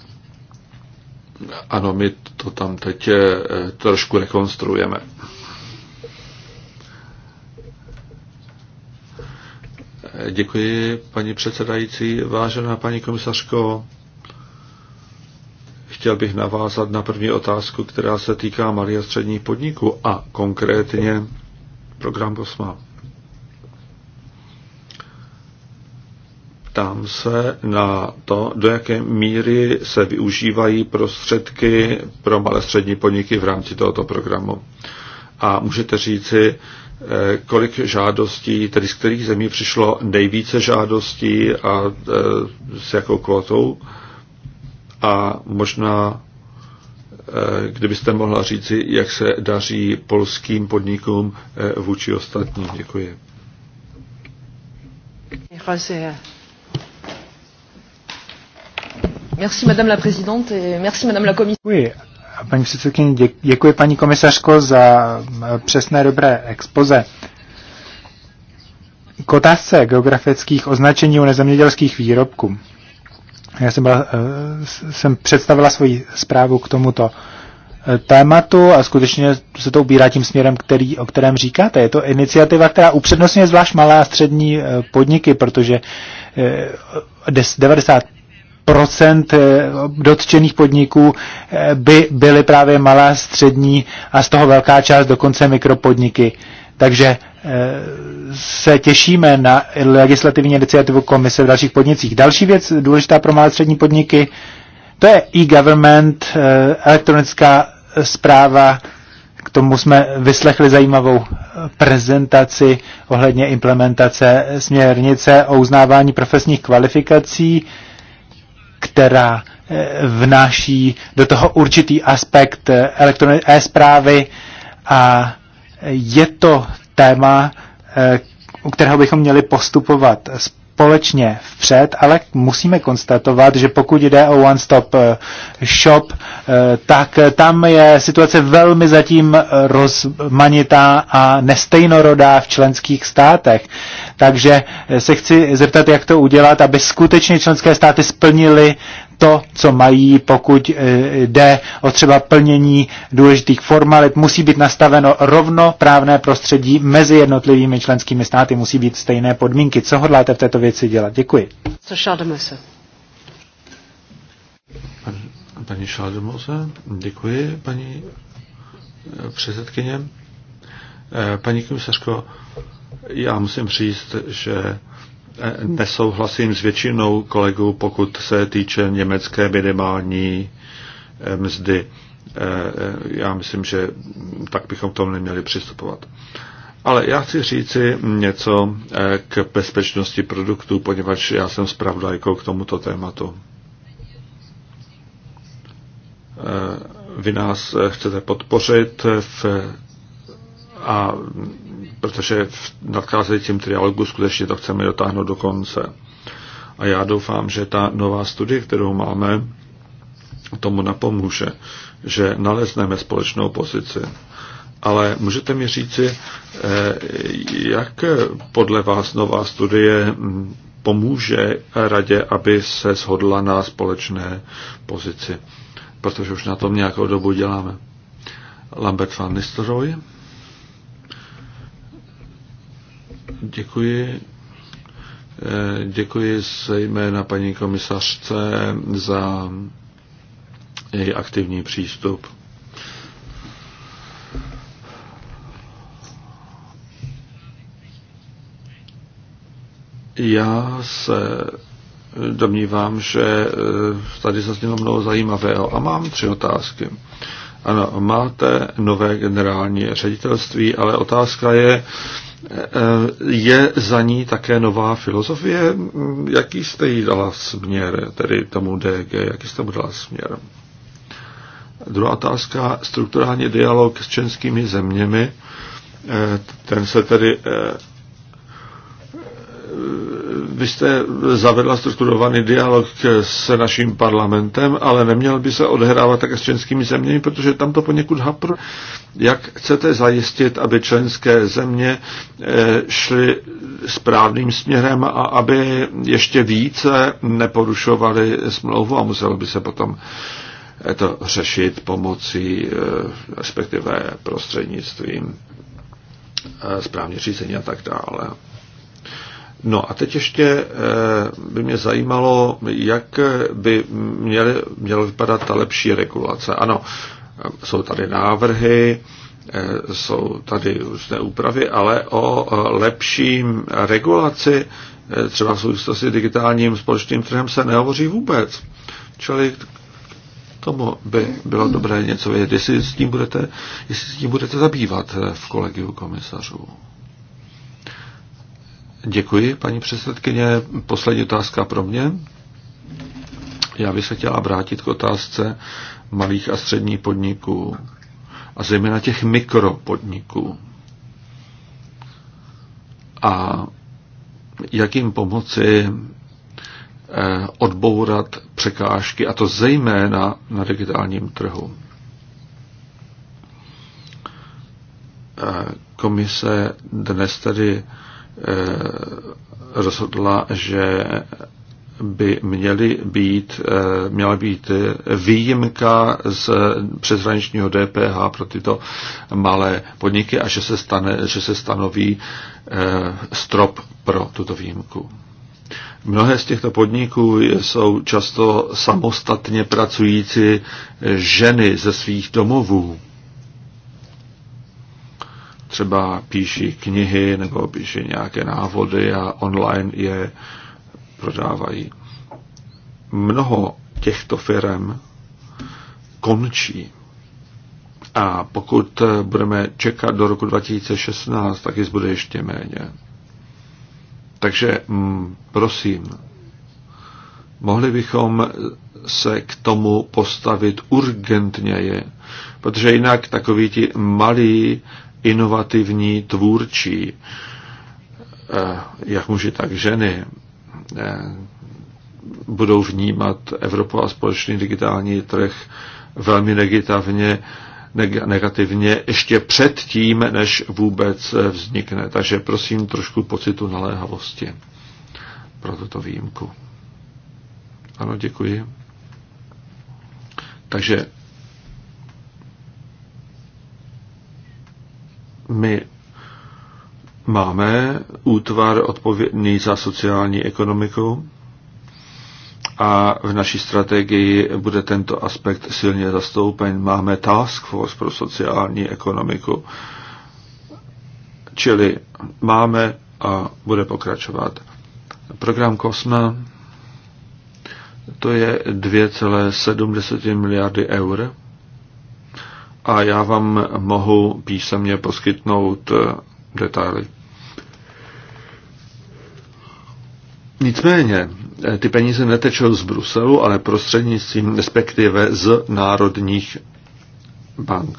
ano, my to tam teď eh, trošku rekonstruujeme. Děkuji, paní předsedající. Vážená paní komisařko, chtěl bych navázat na první otázku, která se týká malých a středních podniků a konkrétně program BOSMA. Ptám se na to, do jaké míry se využívají prostředky pro malé střední podniky v rámci tohoto programu. A můžete říci, Eh, kolik žádostí, tedy z kterých zemí přišlo nejvíce žádostí a eh, s jakou kvotou. A možná, eh, kdybyste mohla říci, jak se daří polským podnikům vůči ostatním. Děkuji. Děkuji, Madame la Présidente et merci Madame la Commissaire. Oui. Paní předsedkyně, děkuji paní komisařko za přesné dobré expoze. K otázce geografických označení u nezemědělských výrobků. Já jsem, byla, eh, jsem představila svoji zprávu k tomuto eh, tématu a skutečně se to ubírá tím směrem, který, o kterém říkáte. Je to iniciativa, která upřednostňuje zvlášť malé a střední eh, podniky, protože 90 Procent eh, dotčených podniků eh, by byly právě malá, střední a z toho velká část dokonce mikropodniky. Takže eh, se těšíme na legislativní iniciativu komise v dalších podnicích. Další věc důležitá pro malé střední podniky, to je e-government, elektronická zpráva. K tomu jsme vyslechli zajímavou prezentaci ohledně implementace směrnice o uznávání profesních kvalifikací která eh, vnáší do toho určitý aspekt eh, elektronické zprávy a je to téma, eh, u kterého bychom měli postupovat společně vpřed, ale musíme konstatovat, že pokud jde o One Stop eh, Shop, eh, tak eh, tam je situace velmi zatím rozmanitá a nestejnorodá v členských státech. Takže se chci zeptat, jak to udělat, aby skutečně členské státy splnily to, co mají, pokud eh, jde o třeba plnění důležitých formalit. Musí být nastaveno rovnoprávné prostředí mezi jednotlivými členskými státy, musí být stejné podmínky. Co hodláte v této věci dělat? Děkuji. Co se? Paní, paní Šaldemose, děkuji, paní eh, předsedkyně. Eh, paní komisařko, já musím říct, že nesouhlasím s většinou kolegů, pokud se týče německé minimální eh, mzdy. Eh, eh, já myslím, že tak bychom k tomu neměli přistupovat. Ale já chci říci něco k bezpečnosti produktů, poněvadž já jsem zpravdajkou k tomuto tématu. Vy nás chcete podpořit v, a protože v nadcházejícím trialogu skutečně to chceme dotáhnout do konce. A já doufám, že ta nová studie, kterou máme, tomu napomůže, že nalezneme společnou pozici. Ale můžete mi říci, eh, jak podle vás nová studie hm, pomůže radě, aby se shodla na společné pozici? Protože už na tom nějakou dobu děláme. Lambert van Nistelrooy. Děkuji. Eh, děkuji se jména paní komisařce za její aktivní přístup. Já se domnívám, že eh, tady zaznělo mnoho zajímavého a mám tři otázky. Ano, máte nové generální ředitelství, ale otázka je, Eh, je za ní také nová filozofie? Jaký jste jí dala směr, tedy tomu DG, jaký jste mu dala směr? Druhá otázka, strukturální dialog s českými zeměmi. Eh, ten se tedy eh, vy jste zavedla strukturovaný dialog se naším parlamentem, ale neměl by se odehrávat také s členskými zeměmi, protože tam to poněkud hapr. Jak chcete zajistit, aby členské země eh, šly správným směrem a aby ještě více neporušovaly smlouvu a muselo by se potom eh, to řešit pomocí, eh, respektive prostřednictvím správně řízení a tak dále. No a teď ještě eh, by mě zajímalo, jak by měly, měla vypadat ta lepší regulace. Ano, jsou tady návrhy, eh, jsou tady různé úpravy, ale o lepším regulaci eh, třeba v souvislosti s digitálním společným trhem se nehovoří vůbec. Čili tomu by bylo dobré něco vědět, jestli s tím budete, jestli s tím budete zabývat v kolegiu komisařů. Děkuji, paní předsedkyně. Poslední otázka pro mě. Já bych se chtěla vrátit k otázce malých a středních podniků a zejména těch mikropodniků. A jak jim pomoci eh, odbourat překážky, a to zejména na digitálním trhu. Eh, komise dnes tedy Eh, rozhodla, že by měly být, eh, měla být výjimka z přeshraničního DPH pro tyto malé podniky a že se, stane, že se stanoví eh, strop pro tuto výjimku. Mnohé z těchto podniků jsou často samostatně pracující ženy ze svých domovů třeba píší knihy nebo píší nějaké návody a online je prodávají. Mnoho těchto firm končí. A pokud budeme čekat do roku 2016, tak jich bude ještě méně. Takže mm, prosím, mohli bychom se k tomu postavit urgentněji, protože jinak takoví ti malí inovativní, tvůrčí, eh, jak muži, tak ženy, eh, budou vnímat Evropu a společný digitální trh velmi negativně, negativně ještě před tím, než vůbec vznikne. Takže prosím trošku pocitu naléhavosti pro tuto výjimku. Ano, děkuji. Takže My máme útvar odpovědný za sociální ekonomiku a v naší strategii bude tento aspekt silně zastoupen. Máme task force pro sociální ekonomiku, čili máme a bude pokračovat. Program COSME to je 2,7 miliardy eur a já vám mohu písemně poskytnout eh, detaily. Nicméně, eh, ty peníze netečou z Bruselu, ale prostřednictvím, respektive z národních bank.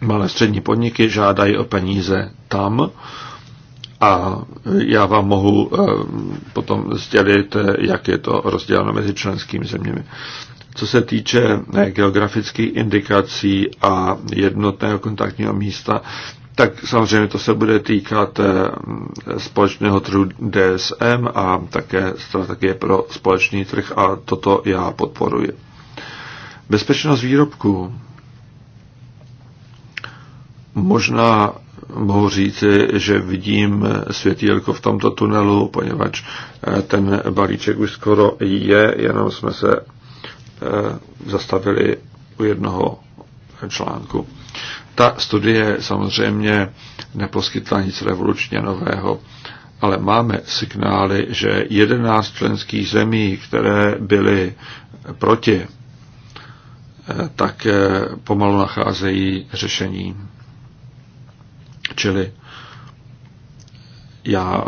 Malé střední podniky žádají o peníze tam a já vám mohu eh, potom sdělit, jak je to rozděleno mezi členskými zeměmi. Co se týče eh, geografických indikací a jednotného kontaktního místa, tak samozřejmě to se bude týkat eh, společného trhu DSM a také strategie pro společný trh a toto já podporuji. Bezpečnost výrobků. Možná mohu říci, že vidím eh, světílko v tomto tunelu, poněvadž ten balíček už skoro je, jenom jsme se Eh, zastavili u jednoho článku. Ta studie samozřejmě neposkytla nic revolučně nového, ale máme signály, že 11 členských zemí, které byly proti, eh, tak eh, pomalu nacházejí řešení. Čili já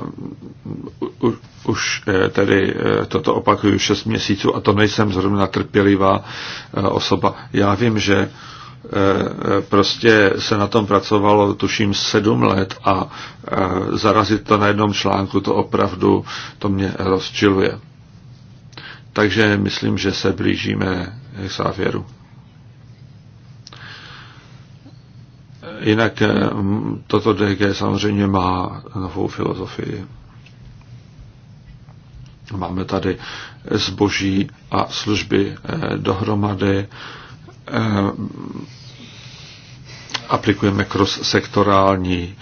u, už eh, tedy eh, toto opakuju 6 měsíců a to nejsem zrovna trpělivá eh, osoba. Já vím, že prostě se na tom pracovalo, tuším, sedm let a zarazit to na jednom článku, to opravdu, to mě rozčiluje. Takže myslím, že se blížíme k závěru. Jinak eh, toto DG samozřejmě má novou filozofii. Máme tady zboží a služby eh, dohromady. Eh, aplikujeme cross-sektorální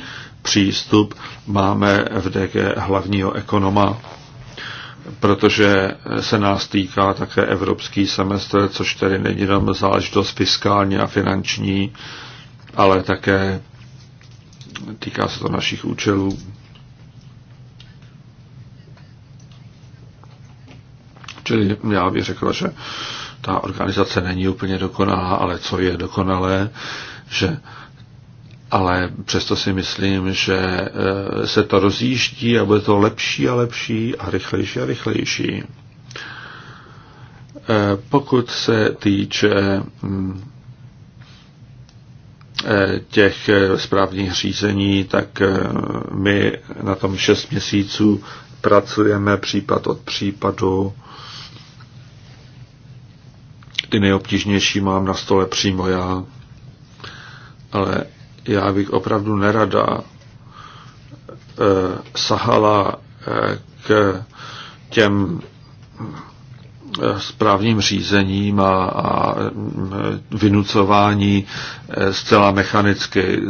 přístup. Máme v DG hlavního ekonoma, protože se nás týká také evropský semestr, což tedy není jenom záležitost fiskální a finanční, ale také týká se to našich účelů. Čili já bych řekl, že ta organizace není úplně dokonalá, ale co je dokonalé, že ale přesto si myslím, že eh, se to rozjíždí a bude to lepší a lepší a rychlejší a rychlejší. Eh, pokud se týče hm, Eh, těch eh, správních řízení, tak eh, my na tom 6 měsíců pracujeme případ od případu. Ty nejobtížnější mám na stole přímo já, ale já bych opravdu nerada sahala k těm správním řízením a, a mm, vynucování eh, zcela mechanicky.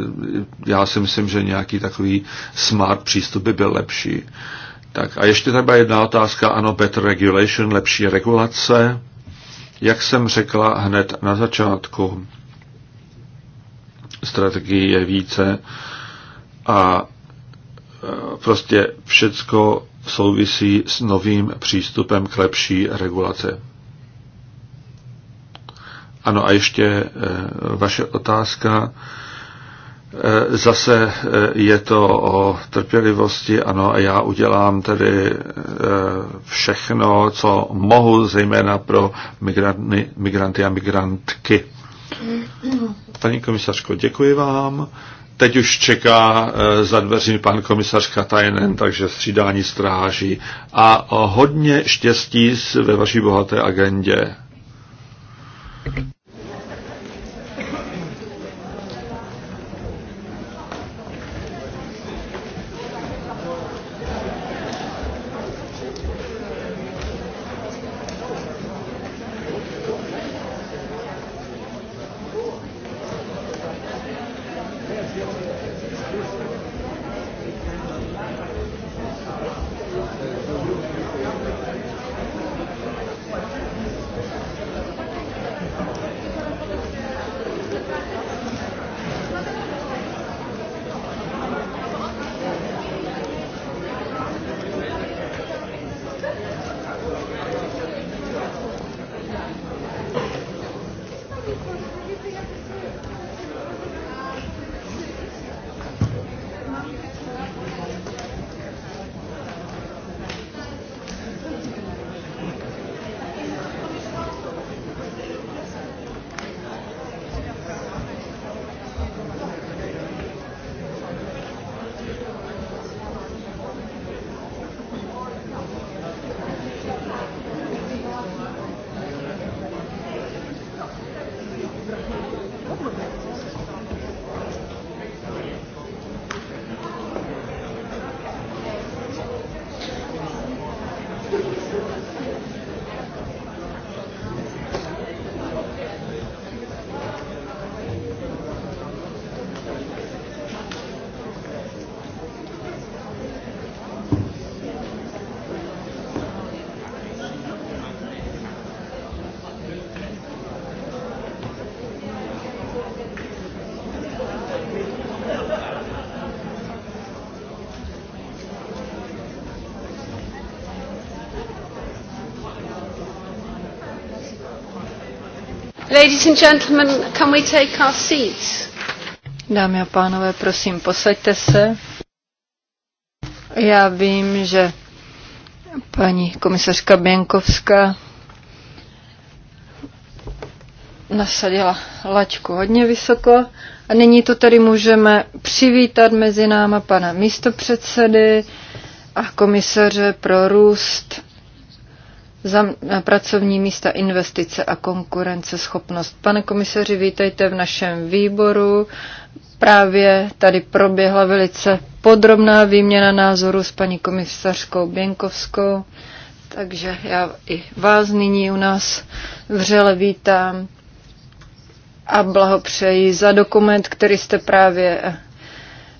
Já si myslím, že nějaký takový smart přístup by byl lepší. Tak a ještě třeba jedna otázka, ano, better regulation, lepší regulace. Jak jsem řekla hned na začátku, strategie je více a eh, prostě všecko souvisí s novým přístupem k lepší regulaci. Ano, a ještě eh, vaše otázka. Eh, zase eh, je to o trpělivosti, ano, a já udělám tedy všechno, co mohu, zejména pro migranty, migranty a migrantky. Paní komisařko, děkuji vám Teď už čeká eh, za dveřmi pan komisař Katajnen, takže střídání stráží. A eh, hodně štěstí ve vaší bohaté agendě. Ladies and gentlemen, can we take our seats? Dámy a pánové, prosím, posaďte se. Já vím, že paní komisařka Běnkovská nasadila lačku hodně vysoko. A nyní to tady, můžeme přivítat mezi náma pana místopředsedy a komisaře pro růst za eh, pracovní místa, investice a konkurenceschopnost. Pane komisaři, vítejte v našem výboru. Právě tady proběhla velice podrobná výměna názoru s paní komisařkou Běnkovskou, takže já i vás nyní u nás vřele vítám a blahopřeji za dokument, který jste právě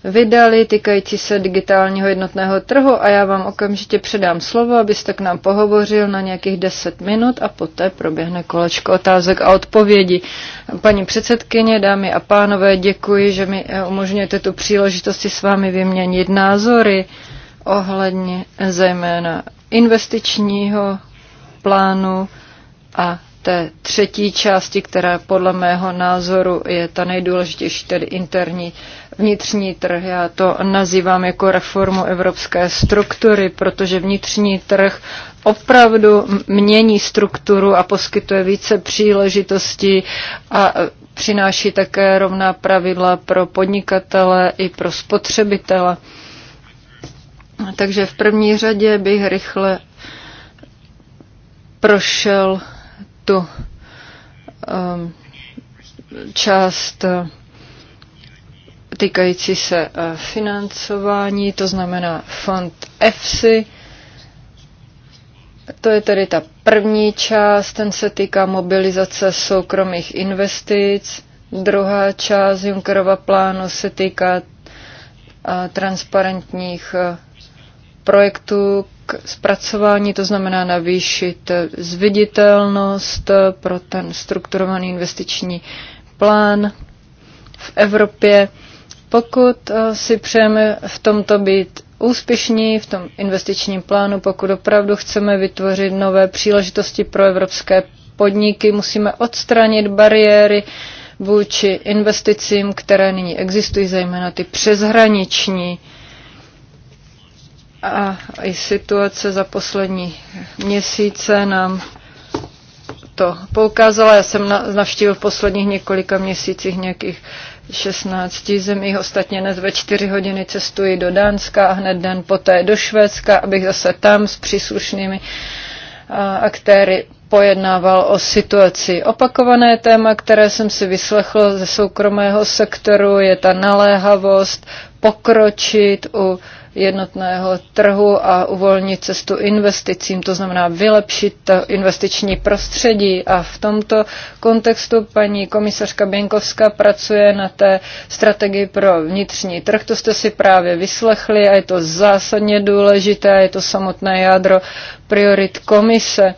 vydali týkající se digitálního jednotného trhu a já vám okamžitě předám slovo, abyste k nám pohovořil na nějakých 10 minut a poté proběhne kolečko otázek a odpovědí. Paní předsedkyně, dámy a pánové, děkuji, že mi eh, umožňujete tu příležitosti s vámi vyměnit názory ohledně eh, zejména investičního plánu a té třetí části, která podle mého názoru je ta nejdůležitější, tedy interní uh, vnitřní trh. Já to nazývám jako reformu evropské struktury, protože vnitřní trh opravdu mění strukturu a poskytuje více příležitostí a přináší také rovná pravidla pro podnikatele i pro spotřebitele. Takže v první řadě bych rychle prošel tu um, část uh, týkající se eh, financování, to znamená fond EFSI. To je tedy ta první část, ten se týká mobilizace soukromých investic. Druhá část Junckerova plánu se týká eh, transparentních eh, projektů k zpracování, to znamená navýšit zviditelnost pro ten strukturovaný investiční plán v Evropě. Pokud eh, si přejeme v tomto být úspěšní v tom investičním plánu, pokud opravdu chceme vytvořit nové příležitosti pro evropské podniky, musíme odstranit bariéry vůči investicím, které nyní existují, zejména ty přeshraniční. A i situace za poslední měsíce nám to poukázala. Já jsem navštívil v posledních několika měsících nějakých 16 zemích, ostatně dnes ve 4 hodiny cestuji do Dánska a hned den poté do Švédska, abych zase tam s příslušnými aktéry pojednával o situaci. Opakované téma, které jsem si vyslechl ze soukromého sektoru, je ta naléhavost pokročit u jednotného trhu a uvolnit cestu investicím, to znamená vylepšit to investiční prostředí. A v tomto kontextu paní komisařka Běnkovská pracuje na té strategii pro vnitřní trh. To jste si právě vyslechli a je to zásadně důležité, je to samotné jádro priorit komise.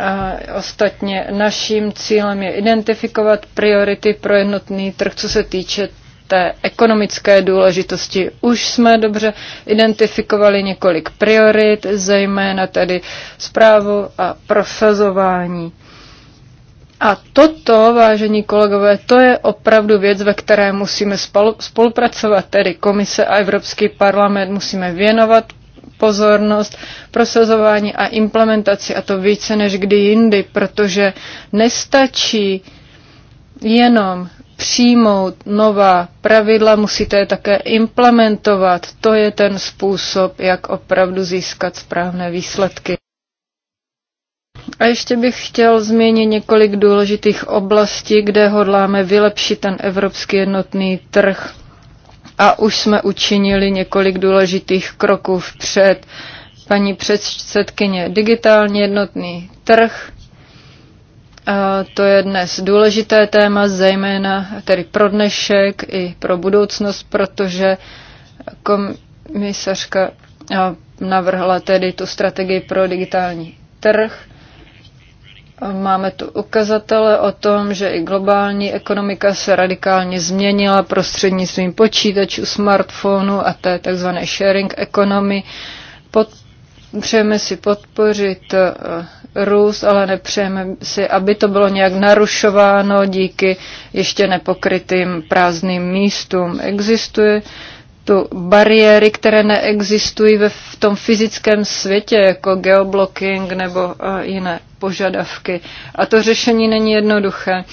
A ostatně naším cílem je identifikovat priority pro jednotný trh, co se týče té ekonomické důležitosti. Už jsme dobře identifikovali několik priorit, zejména tedy zprávu a prosazování. A toto, vážení kolegové, to je opravdu věc, ve které musíme spolupracovat, tedy komise a Evropský parlament musíme věnovat pozornost prosazování a implementaci, a to více než kdy jindy, protože nestačí jenom přijmout nová pravidla, musíte je také implementovat. To je ten způsob, jak opravdu získat správné výsledky. A ještě bych chtěl změnit několik důležitých oblastí, kde hodláme vylepšit ten evropský jednotný trh. A už jsme učinili několik důležitých kroků vpřed. Paní předsedkyně, digitálně jednotný trh, to je dnes důležité téma, zejména tedy pro dnešek i pro budoucnost, protože komisařka navrhla tedy tu strategii pro digitální trh. Máme tu ukazatele o tom, že i globální ekonomika se radikálně změnila prostřednictvím počítačů, smartfonů a té tzv. sharing economy. Pod, přejeme si podpořit růst, ale nepřejeme si, aby to bylo nějak narušováno díky ještě nepokrytým prázdným místům. Existuje tu bariéry, které neexistují ve, v tom fyzickém světě, jako geoblocking nebo eh, jiné požadavky. A to řešení není jednoduché.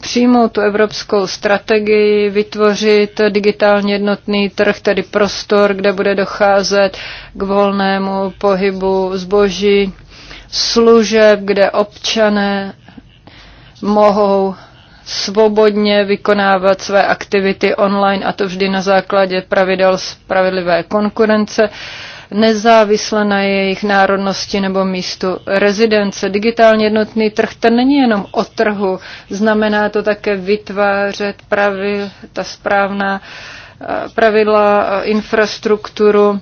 Přijmout tu evropskou strategii, vytvořit digitálně jednotný trh, tedy prostor, kde bude docházet k volnému pohybu zboží, služeb, kde občané mohou svobodně vykonávat své aktivity online a to vždy na základě pravidel spravedlivé konkurence nezávisle na jejich národnosti nebo místu rezidence. Digitálně jednotný trh ten není jenom o trhu, znamená to také vytvářet pravi, ta správná eh, pravidla, eh, infrastrukturu,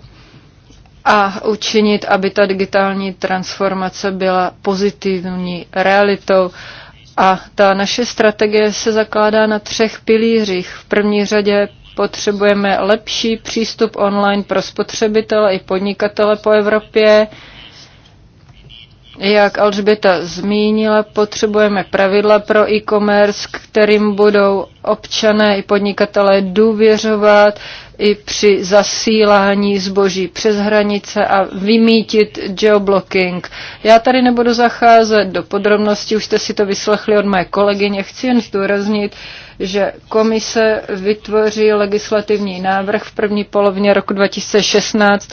a učinit, aby ta digitální transformace byla pozitivní realitou. A ta naše strategie se zakládá na třech pilířích. V první řadě potřebujeme lepší přístup online pro spotřebitele i podnikatele po Evropě. Jak Alžběta zmínila, potřebujeme pravidla pro e-commerce, kterým budou občané i podnikatelé důvěřovat, i při zasílání zboží přes hranice a vymítit geoblocking. Já tady nebudu zacházet do podrobností, už jste si to vyslechli od mé kolegyně. Chci jen zdůraznit, že komise vytvoří legislativní návrh v první polovině roku 2016,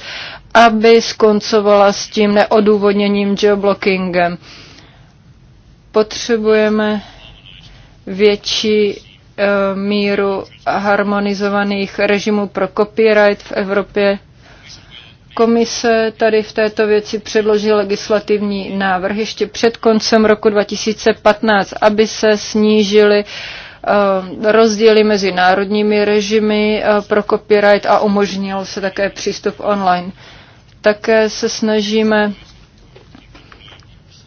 aby skoncovala s tím neodůvodněním geoblockingem. Potřebujeme větší Eh, míru harmonizovaných režimů pro copyright v Evropě. Komise tady v této věci předložila legislativní návrh ještě před koncem roku 2015, aby se snížily eh, rozdíly mezi národními režimy eh, pro copyright a umožnil se také přístup online. Také se snažíme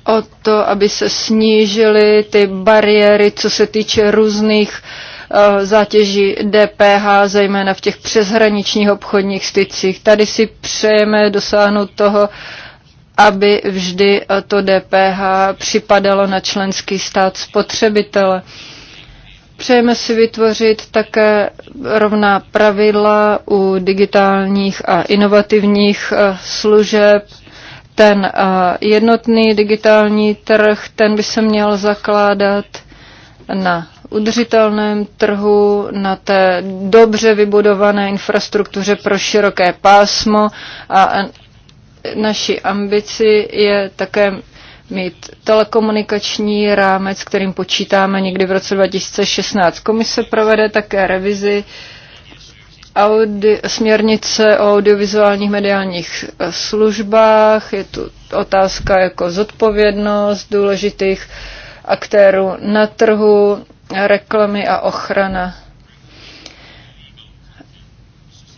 o to, aby se snížily ty bariéry, co se týče různých eh, zátěží DPH, zejména v těch přeshraničních obchodních stycích. Tady si přejeme dosáhnout toho, aby vždy eh, to DPH připadalo na členský stát spotřebitele. Přejeme si vytvořit také rovná pravidla u digitálních a inovativních eh, služeb, ten eh, jednotný digitální trh, ten by se měl zakládat na udržitelném trhu, na té dobře vybudované infrastruktuře pro široké pásmo a naší ambici je také mít telekomunikační rámec, kterým počítáme někdy v roce 2016. Komise provede také revizi audi, směrnice o audiovizuálních mediálních eh, službách, je tu otázka jako zodpovědnost důležitých aktérů na trhu, reklamy a ochrana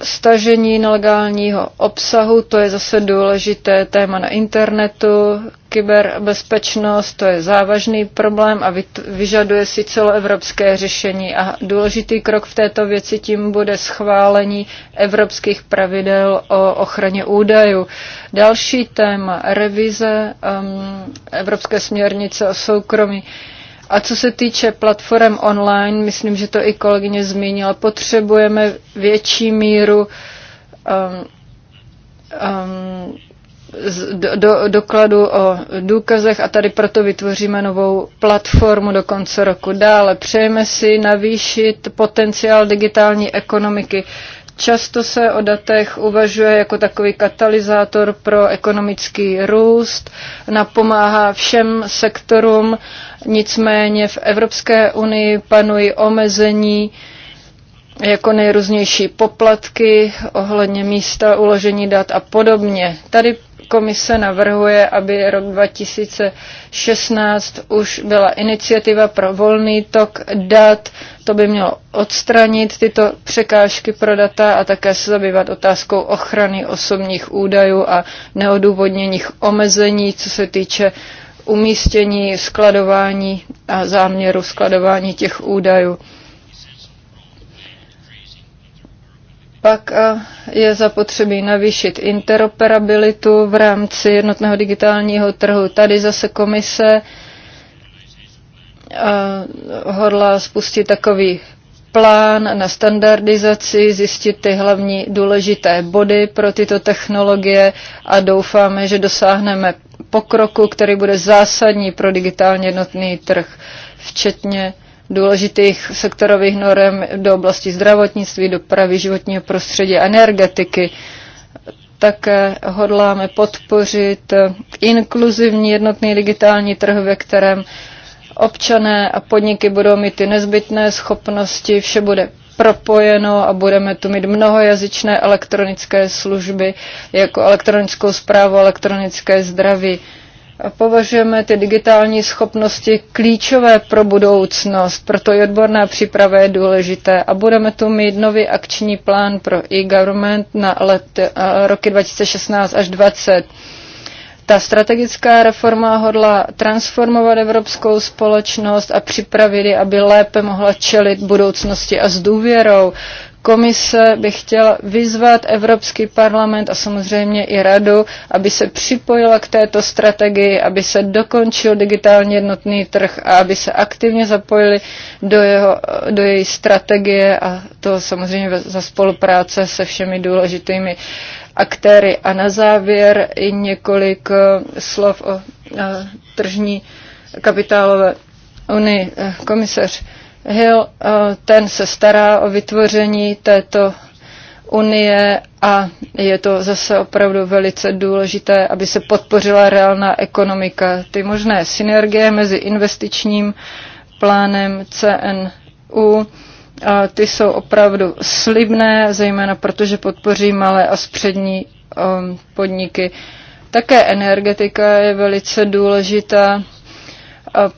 stažení nelegálního obsahu, to je zase důležité téma na internetu, kyberbezpečnost, to je závažný problém a vyžaduje si celoevropské řešení. A důležitý krok v této věci tím bude schválení evropských pravidel o ochraně údajů. Další téma, revize um, Evropské směrnice o soukromí. Uh, a co se týče platform online, myslím, že to i kolegyně zmínila, potřebujeme větší míru um, um, do, do, dokladu o důkazech a tady proto vytvoříme novou platformu do konce roku. Dále přejeme si navýšit potenciál digitální ekonomiky. Často se o datech uvažuje jako takový katalyzátor pro ekonomický růst, napomáhá všem sektorům, nicméně v Evropské unii panují omezení jako nejrůznější poplatky ohledně místa uložení dat a podobně. Tady komise navrhuje, aby rok 2016 už byla iniciativa pro volný tok dat. To by mělo odstranit tyto překážky pro data a také se zabývat otázkou ochrany osobních údajů a neodůvodněných omezení, co se týče umístění, skladování a záměru skladování těch údajů. Pak eh, je zapotřebí navýšit interoperabilitu v rámci jednotného digitálního trhu. Tady zase komise eh, hodla spustit takový plán na standardizaci, zjistit ty hlavní důležité body pro tyto technologie a doufáme, že dosáhneme pokroku, který bude zásadní pro digitálně jednotný trh, včetně důležitých sektorových norm do oblasti zdravotnictví, dopravy, životního prostředí, energetiky. Také hodláme podpořit inkluzivní jednotný digitální trh, ve kterém občané a podniky budou mít ty nezbytné schopnosti, vše bude propojeno a budeme tu mít mnohojazyčné elektronické služby, jako elektronickou zprávu, elektronické zdraví. Považujeme ty digitální schopnosti klíčové pro budoucnost, proto i odborná příprava je důležité a budeme tu mít nový akční plán pro e-government na let, eh, roky 2016 až 2020. Ta strategická reforma hodla transformovat evropskou společnost a připravit ji, aby lépe mohla čelit budoucnosti a s důvěrou komise by chtěla vyzvat Evropský parlament a samozřejmě i radu, aby se připojila k této strategii, aby se dokončil digitálně jednotný trh a aby se aktivně zapojili do, jeho, do její strategie a to samozřejmě za spolupráce se všemi důležitými aktéry. A na závěr i několik eh, slov o eh, tržní kapitálové unii. Eh, komisař Hill, eh, ten se stará o vytvoření této unie a je to zase opravdu velice důležité, aby se podpořila reálná ekonomika. Ty možné synergie mezi investičním plánem CNU, a ty jsou opravdu slibné, zejména protože podpoří malé a střední eh, podniky. Také energetika je velice důležitá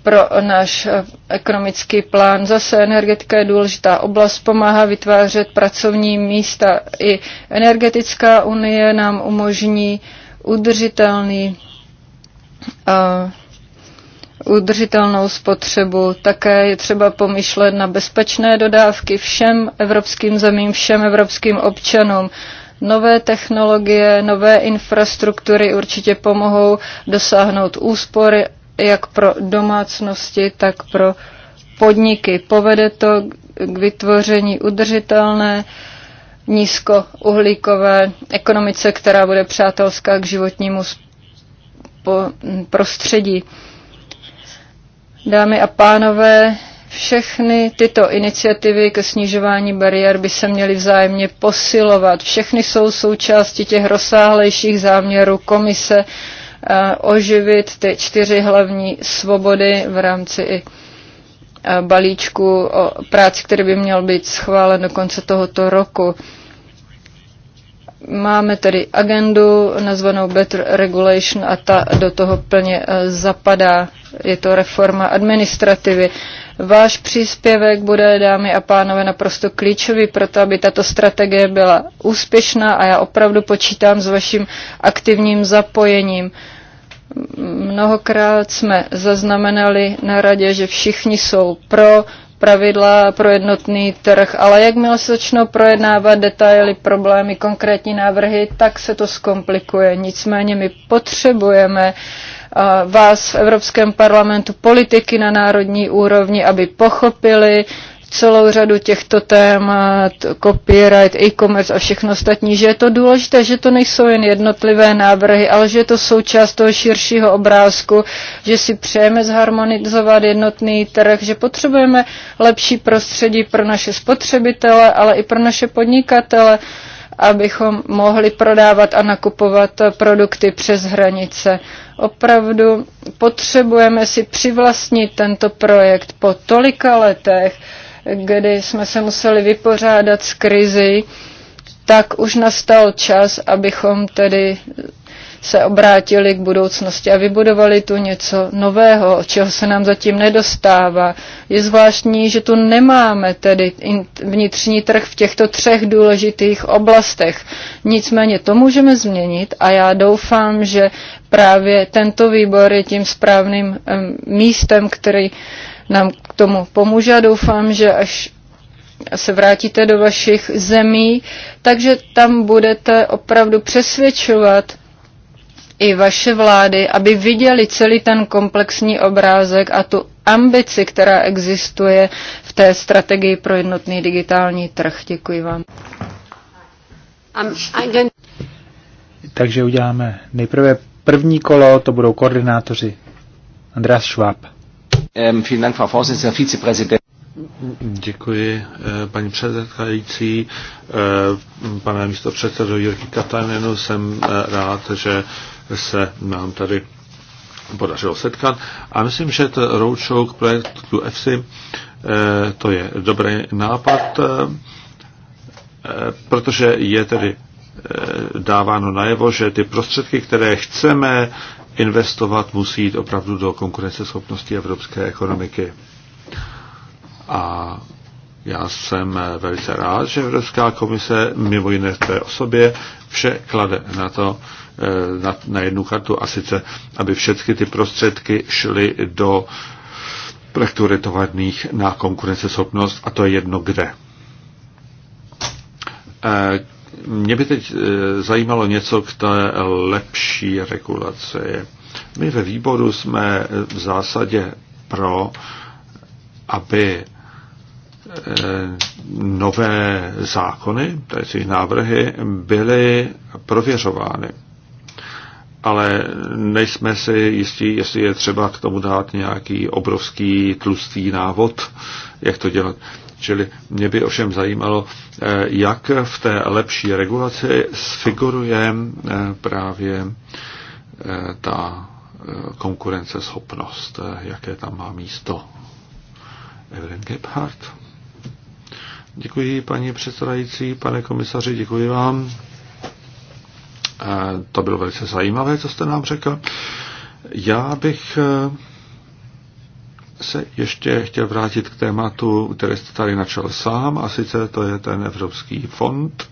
pro náš e, ekonomický plán. Zase energetika je důležitá oblast, pomáhá vytvářet pracovní místa. I energetická unie nám umožní udržitelný uh, udržitelnou spotřebu. Také je třeba pomyšlet na bezpečné dodávky všem evropským zemím, všem evropským občanům. Nové technologie, nové infrastruktury určitě pomohou dosáhnout úspory jak pro domácnosti, tak pro podniky. Povede to k vytvoření udržitelné nízkouhlíkové ekonomice, která bude přátelská k životnímu prostředí. Dámy a pánové, všechny tyto iniciativy ke snižování bariér by se měly vzájemně posilovat. Všechny jsou součástí těch rozsáhlejších záměrů komise Eh, oživit ty čtyři hlavní svobody v rámci i eh, balíčku o práci, který by měl být schválen do konce tohoto roku. Máme tedy agendu nazvanou Better Regulation a ta do toho plně eh, zapadá. Je to reforma administrativy. Váš příspěvek bude, dámy a pánové, naprosto klíčový pro to, aby tato strategie byla úspěšná a já opravdu počítám s vaším aktivním zapojením. Mnohokrát jsme zaznamenali na radě, že všichni jsou pro pravidla pro jednotný trh, ale jakmile se začnou projednávat detaily, problémy, konkrétní návrhy, tak se to zkomplikuje. Nicméně my potřebujeme eh, vás v Evropském parlamentu, politiky na národní úrovni, aby pochopili, celou řadu těchto témat, eh, copyright, e-commerce a všechno ostatní, že je to důležité, že to nejsou jen jednotlivé návrhy, ale že je to součást toho širšího obrázku, že si přejeme zharmonizovat jednotný trh, že potřebujeme lepší prostředí pro naše spotřebitele, ale i pro naše podnikatele, abychom mohli prodávat a nakupovat eh, produkty přes hranice. Opravdu potřebujeme si přivlastnit tento projekt po tolika letech, kdy jsme se museli vypořádat s krizi, tak už nastal čas, abychom tedy se obrátili k budoucnosti a vybudovali tu něco nového, čeho se nám zatím nedostává. Je zvláštní, že tu nemáme tedy vnitřní trh v těchto třech důležitých oblastech. Nicméně to můžeme změnit a já doufám, že právě tento výbor je tím správným místem, který nám k tomu pomůže a doufám, že až se vrátíte do vašich zemí, takže tam budete opravdu přesvědčovat i vaše vlády, aby viděli celý ten komplexní obrázek a tu ambici, která existuje v té strategii pro jednotný digitální trh. Děkuji vám. Um, takže uděláme nejprve první kolo, to budou koordinátoři Andreas Schwab. Vielen Dank, Frau Vorsitzende, Vizepräsident. Děkuji, eh, paní předsedající. Eh, pane místo předsedo Jirky Katajnenu, jsem eh, rád, že se nám tady podařilo setkat. A myslím, že to roadshow k projektu EFSI, to je dobrý nápad, protože je tedy Eh, dáváno najevo, že ty prostředky, které chceme investovat, musí jít opravdu do konkurenceschopnosti evropské ekonomiky. A já jsem velice rád, že Evropská komise mimo jiné v té osobě vše klade na to, eh, na, na jednu kartu a sice, aby všechny ty prostředky šly do projektů retovaných na konkurenceschopnost a to je jedno kde. Eh, mě by teď eh, zajímalo něco k té lepší regulaci. My ve výboru jsme eh, v zásadě pro, aby eh, nové zákony, tedy návrhy, byly prověřovány. Ale nejsme si jistí, jestli je třeba k tomu dát nějaký obrovský tlustý návod, jak to dělat. Čili mě by ovšem zajímalo, eh, jak v té lepší regulaci sfiguruje eh, právě eh, ta konkurenceschopnost, jaké tam má místo. Evelyn Gebhardt. Děkuji, paní předsedající, pane komisaři, děkuji vám. To bylo velice zajímavé, co jste nám řekl. Já bych se ještě chtěl vrátit k tématu, které jste tady načal sám, a sice to je ten Evropský fond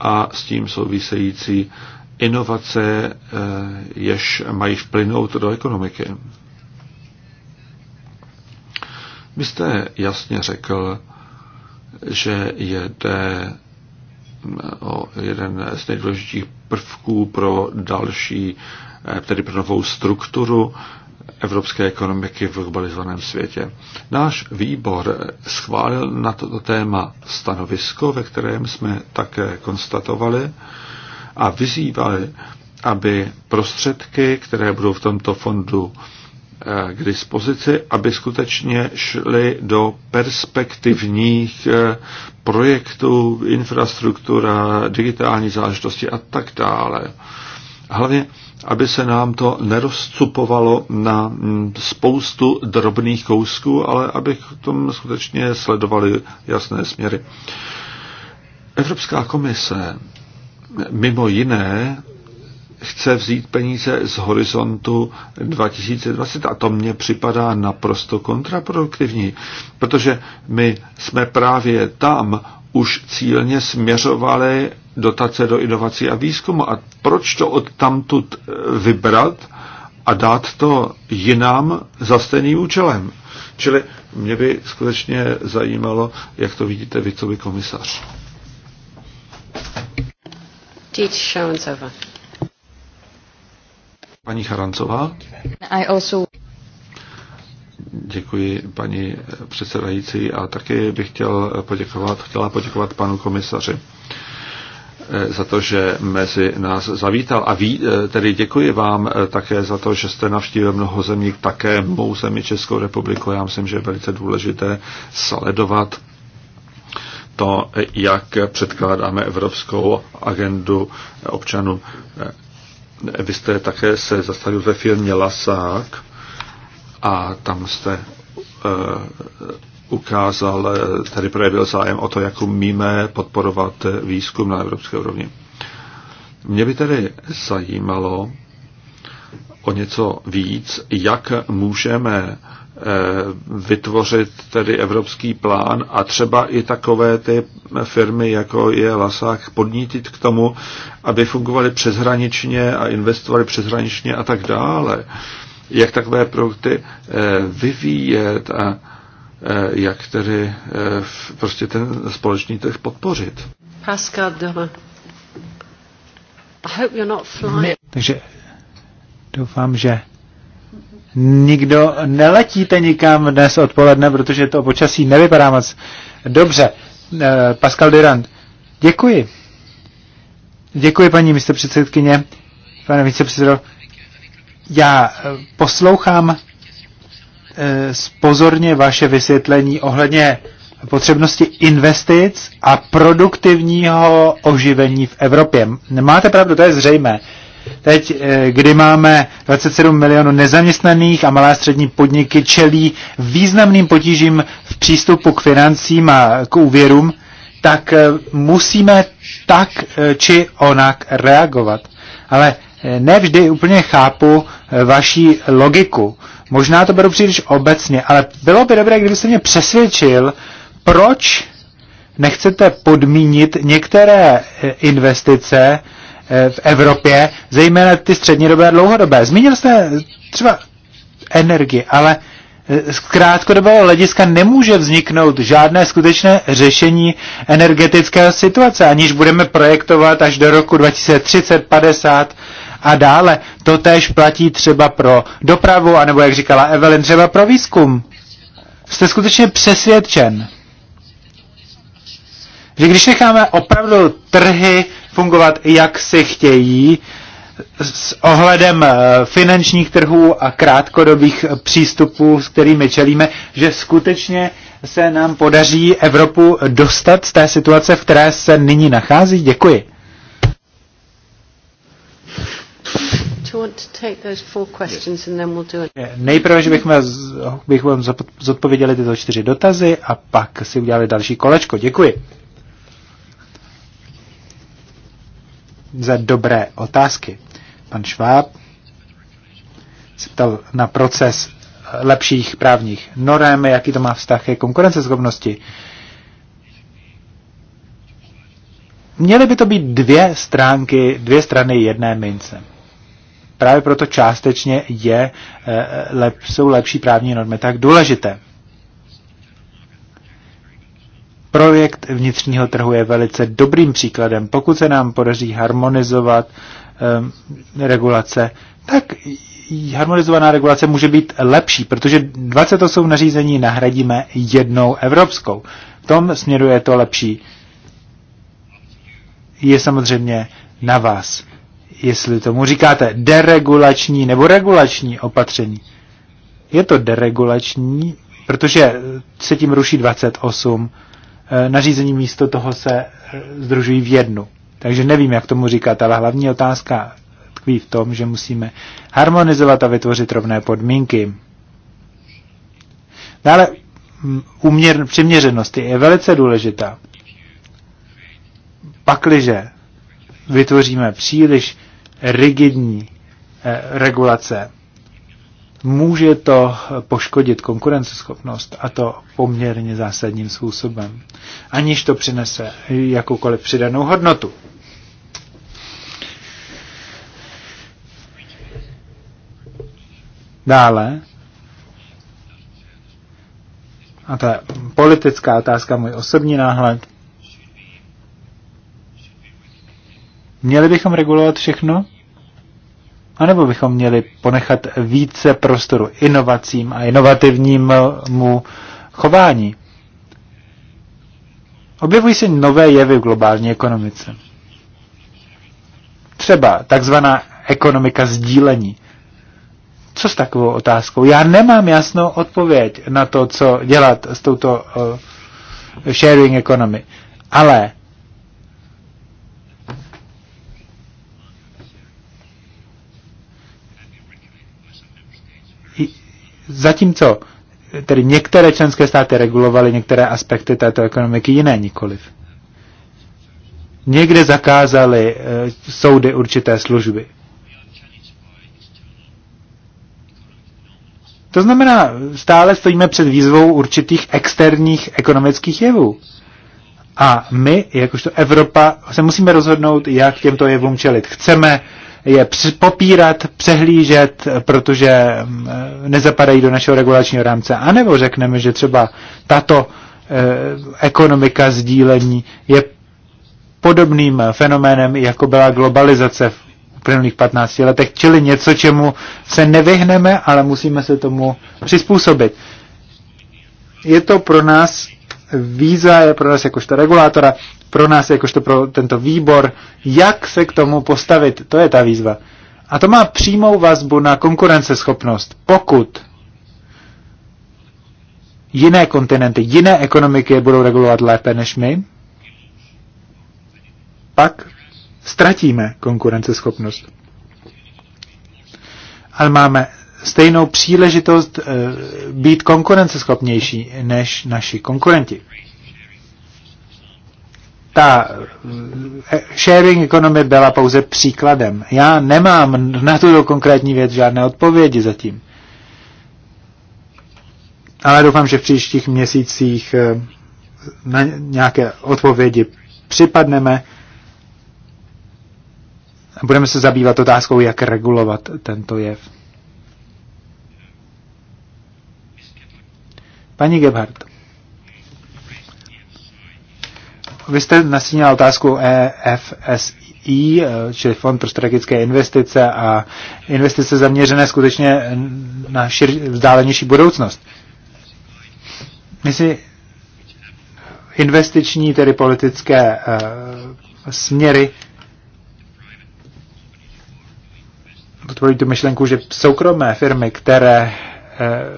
a s tím související inovace, eh, jež mají vplynout do ekonomiky. Vy jste jasně řekl, že jede o jeden z nejdůležitějších prvků pro další, eh, tedy pro novou strukturu evropské ekonomiky v globalizovaném světě. Náš výbor schválil na toto téma stanovisko, ve kterém jsme také konstatovali a vyzývali, aby prostředky, které budou v tomto fondu eh, k dispozici, aby skutečně šly do perspektivních eh, projektů, infrastruktura, digitální záležitosti a tak dále. Hlavně aby se nám to nerozcupovalo na mm, spoustu drobných kousků, ale abych v tom skutečně sledovali jasné směry. Evropská komise mimo jiné chce vzít peníze z horizontu 2020 a to mně připadá naprosto kontraproduktivní, protože my jsme právě tam už cílně směřovaly dotace do inovací a výzkumu. A proč to od tamtud e, vybrat a dát to jinam za stejným účelem? Čili mě by skutečně zajímalo, jak to vidíte vy, co by komisař. Paní Charancová. I also... Děkuji paní předsedající a taky bych chtěl poděkovat, chtěla poděkovat panu komisaři eh, za to, že mezi nás zavítal. A ví, eh, tedy děkuji vám eh, také za to, že jste navštívil mnoho zemí, také mou zemi Českou republiku. Já myslím, že je velice důležité sledovat to, jak předkládáme evropskou agendu občanů. Vy jste také se zastavil ve firmě Lasák a tam jste eh, ukázal, eh, tady projevil zájem o to, jak umíme podporovat výzkum na evropské úrovni. Mě by tedy zajímalo o něco víc, jak můžeme eh, vytvořit tedy evropský plán a třeba i takové ty firmy, jako je Lasák, podnítit k tomu, aby fungovaly přeshraničně a investovaly přeshraničně a tak dále jak takové produkty eh, vyvíjet a eh, jak tedy eh, prostě ten společný trh podpořit. Pascal Durand. I hope you're not flying. Takže doufám, že nikdo neletíte nikam dnes odpoledne, protože to počasí nevypadá moc. Dobře, Pascal Durand, děkuji. Děkuji paní místopředsedkyně, pane vicepředsedo. Já eh, poslouchám eh, pozorně vaše vysvětlení ohledně potřebnosti investic a produktivního oživení v Evropě. Nemáte pravdu, to je zřejmé. Teď, eh, kdy máme 27 milionů nezaměstnaných a malé střední podniky čelí významným potížím v přístupu k financím a k úvěrům, tak musíme tak či onak reagovat. Ale nevždy úplně chápu eh, vaší logiku. Možná to beru příliš obecně, ale bylo by dobré, kdybyste mě přesvědčil, proč nechcete podmínit některé eh, investice eh, v Evropě, zejména ty střednědobé a dlouhodobé. Zmínil jste třeba energii, ale z krátkodobého hlediska nemůže vzniknout žádné skutečné řešení energetické situace, aniž budeme projektovat až do roku 2030, 50 a dále. To též platí třeba pro dopravu, anebo jak říkala Evelyn, třeba pro výzkum. Jste skutečně přesvědčen, že když necháme opravdu trhy fungovat, jak si chtějí, s ohledem eh, finančních trhů a krátkodobých přístupů, s kterými čelíme, že skutečně se nám podaří Evropu dostat z té situace, v které se nyní nachází? Děkuji. Nejprve, že bychom, bychom zodpověděli tyto čtyři dotazy a pak si udělali další kolečko. Děkuji. Za dobré otázky. Pan Šváb se ptal na proces eh, lepších právních norem, jaký to má vztah ke konkurenceschopnosti. Měly by to být dvě stránky, dvě strany jedné mince. Právě proto částečně je, eh, lep, jsou lepší právní normy tak důležité. Projekt vnitřního trhu je velice dobrým příkladem. Pokud se nám podaří harmonizovat um, regulace, tak harmonizovaná regulace může být lepší, protože 28 nařízení nahradíme jednou evropskou. V tom směru je to lepší. Je samozřejmě na vás jestli tomu říkáte deregulační nebo regulační opatření. Je to deregulační, protože se tím ruší 28 eh, nařízení místo toho se eh, združují v jednu. Takže nevím, jak tomu říkat, ale hlavní otázka tkví v tom, že musíme harmonizovat a vytvořit rovné podmínky. Dále mm, uměr, přiměřenost je velice důležitá. Pakliže vytvoříme příliš rigidní eh, regulace, může to poškodit konkurenceschopnost a to poměrně zásadním způsobem, aniž to přinese jakoukoliv přidanou hodnotu. Dále, a to je politická otázka, můj osobní náhled, Měli bychom regulovat všechno? A nebo bychom měli ponechat více prostoru inovacím a inovativnímu chování? Objevují se nové jevy v globální ekonomice. Třeba takzvaná ekonomika sdílení. Co s takovou otázkou? Já nemám jasnou odpověď na to, co dělat s touto uh, sharing economy. Ale Zatímco tedy některé členské státy regulovaly některé aspekty této ekonomiky, jiné nikoliv. Někde zakázali e, soudy určité služby. To znamená, stále stojíme před výzvou určitých externích ekonomických jevů. A my, jakožto Evropa, se musíme rozhodnout, jak těmto jevům čelit. Chceme je popírat, přehlížet, protože mm, nezapadají do našeho regulačního rámce. A nebo řekneme, že třeba tato e, ekonomika sdílení je podobným fenoménem, jako byla globalizace v uplynulých 15 letech, čili něco, čemu se nevyhneme, ale musíme se tomu přizpůsobit. Je to pro nás víza je pro nás jakožto regulátora, pro nás jakožto pro tento výbor, jak se k tomu postavit. To je ta výzva. A to má přímou vazbu na konkurenceschopnost. Pokud jiné kontinenty, jiné ekonomiky budou regulovat lépe než my, pak ztratíme konkurenceschopnost. Ale máme stejnou příležitost eh, být konkurenceschopnější než naši konkurenti. Ta eh, sharing economy byla pouze příkladem. Já nemám na tuto konkrétní věc žádné odpovědi zatím. Ale doufám, že v příštích měsících eh, na nějaké odpovědi připadneme budeme se zabývat otázkou, jak regulovat tento jev. Paní Gebhardt, vy jste nasínila otázku EFSI, čili Fond pro strategické investice a investice zaměřené skutečně na šir, vzdálenější budoucnost. My si investiční, tedy politické uh, směry podporují tu myšlenku, že soukromé firmy, které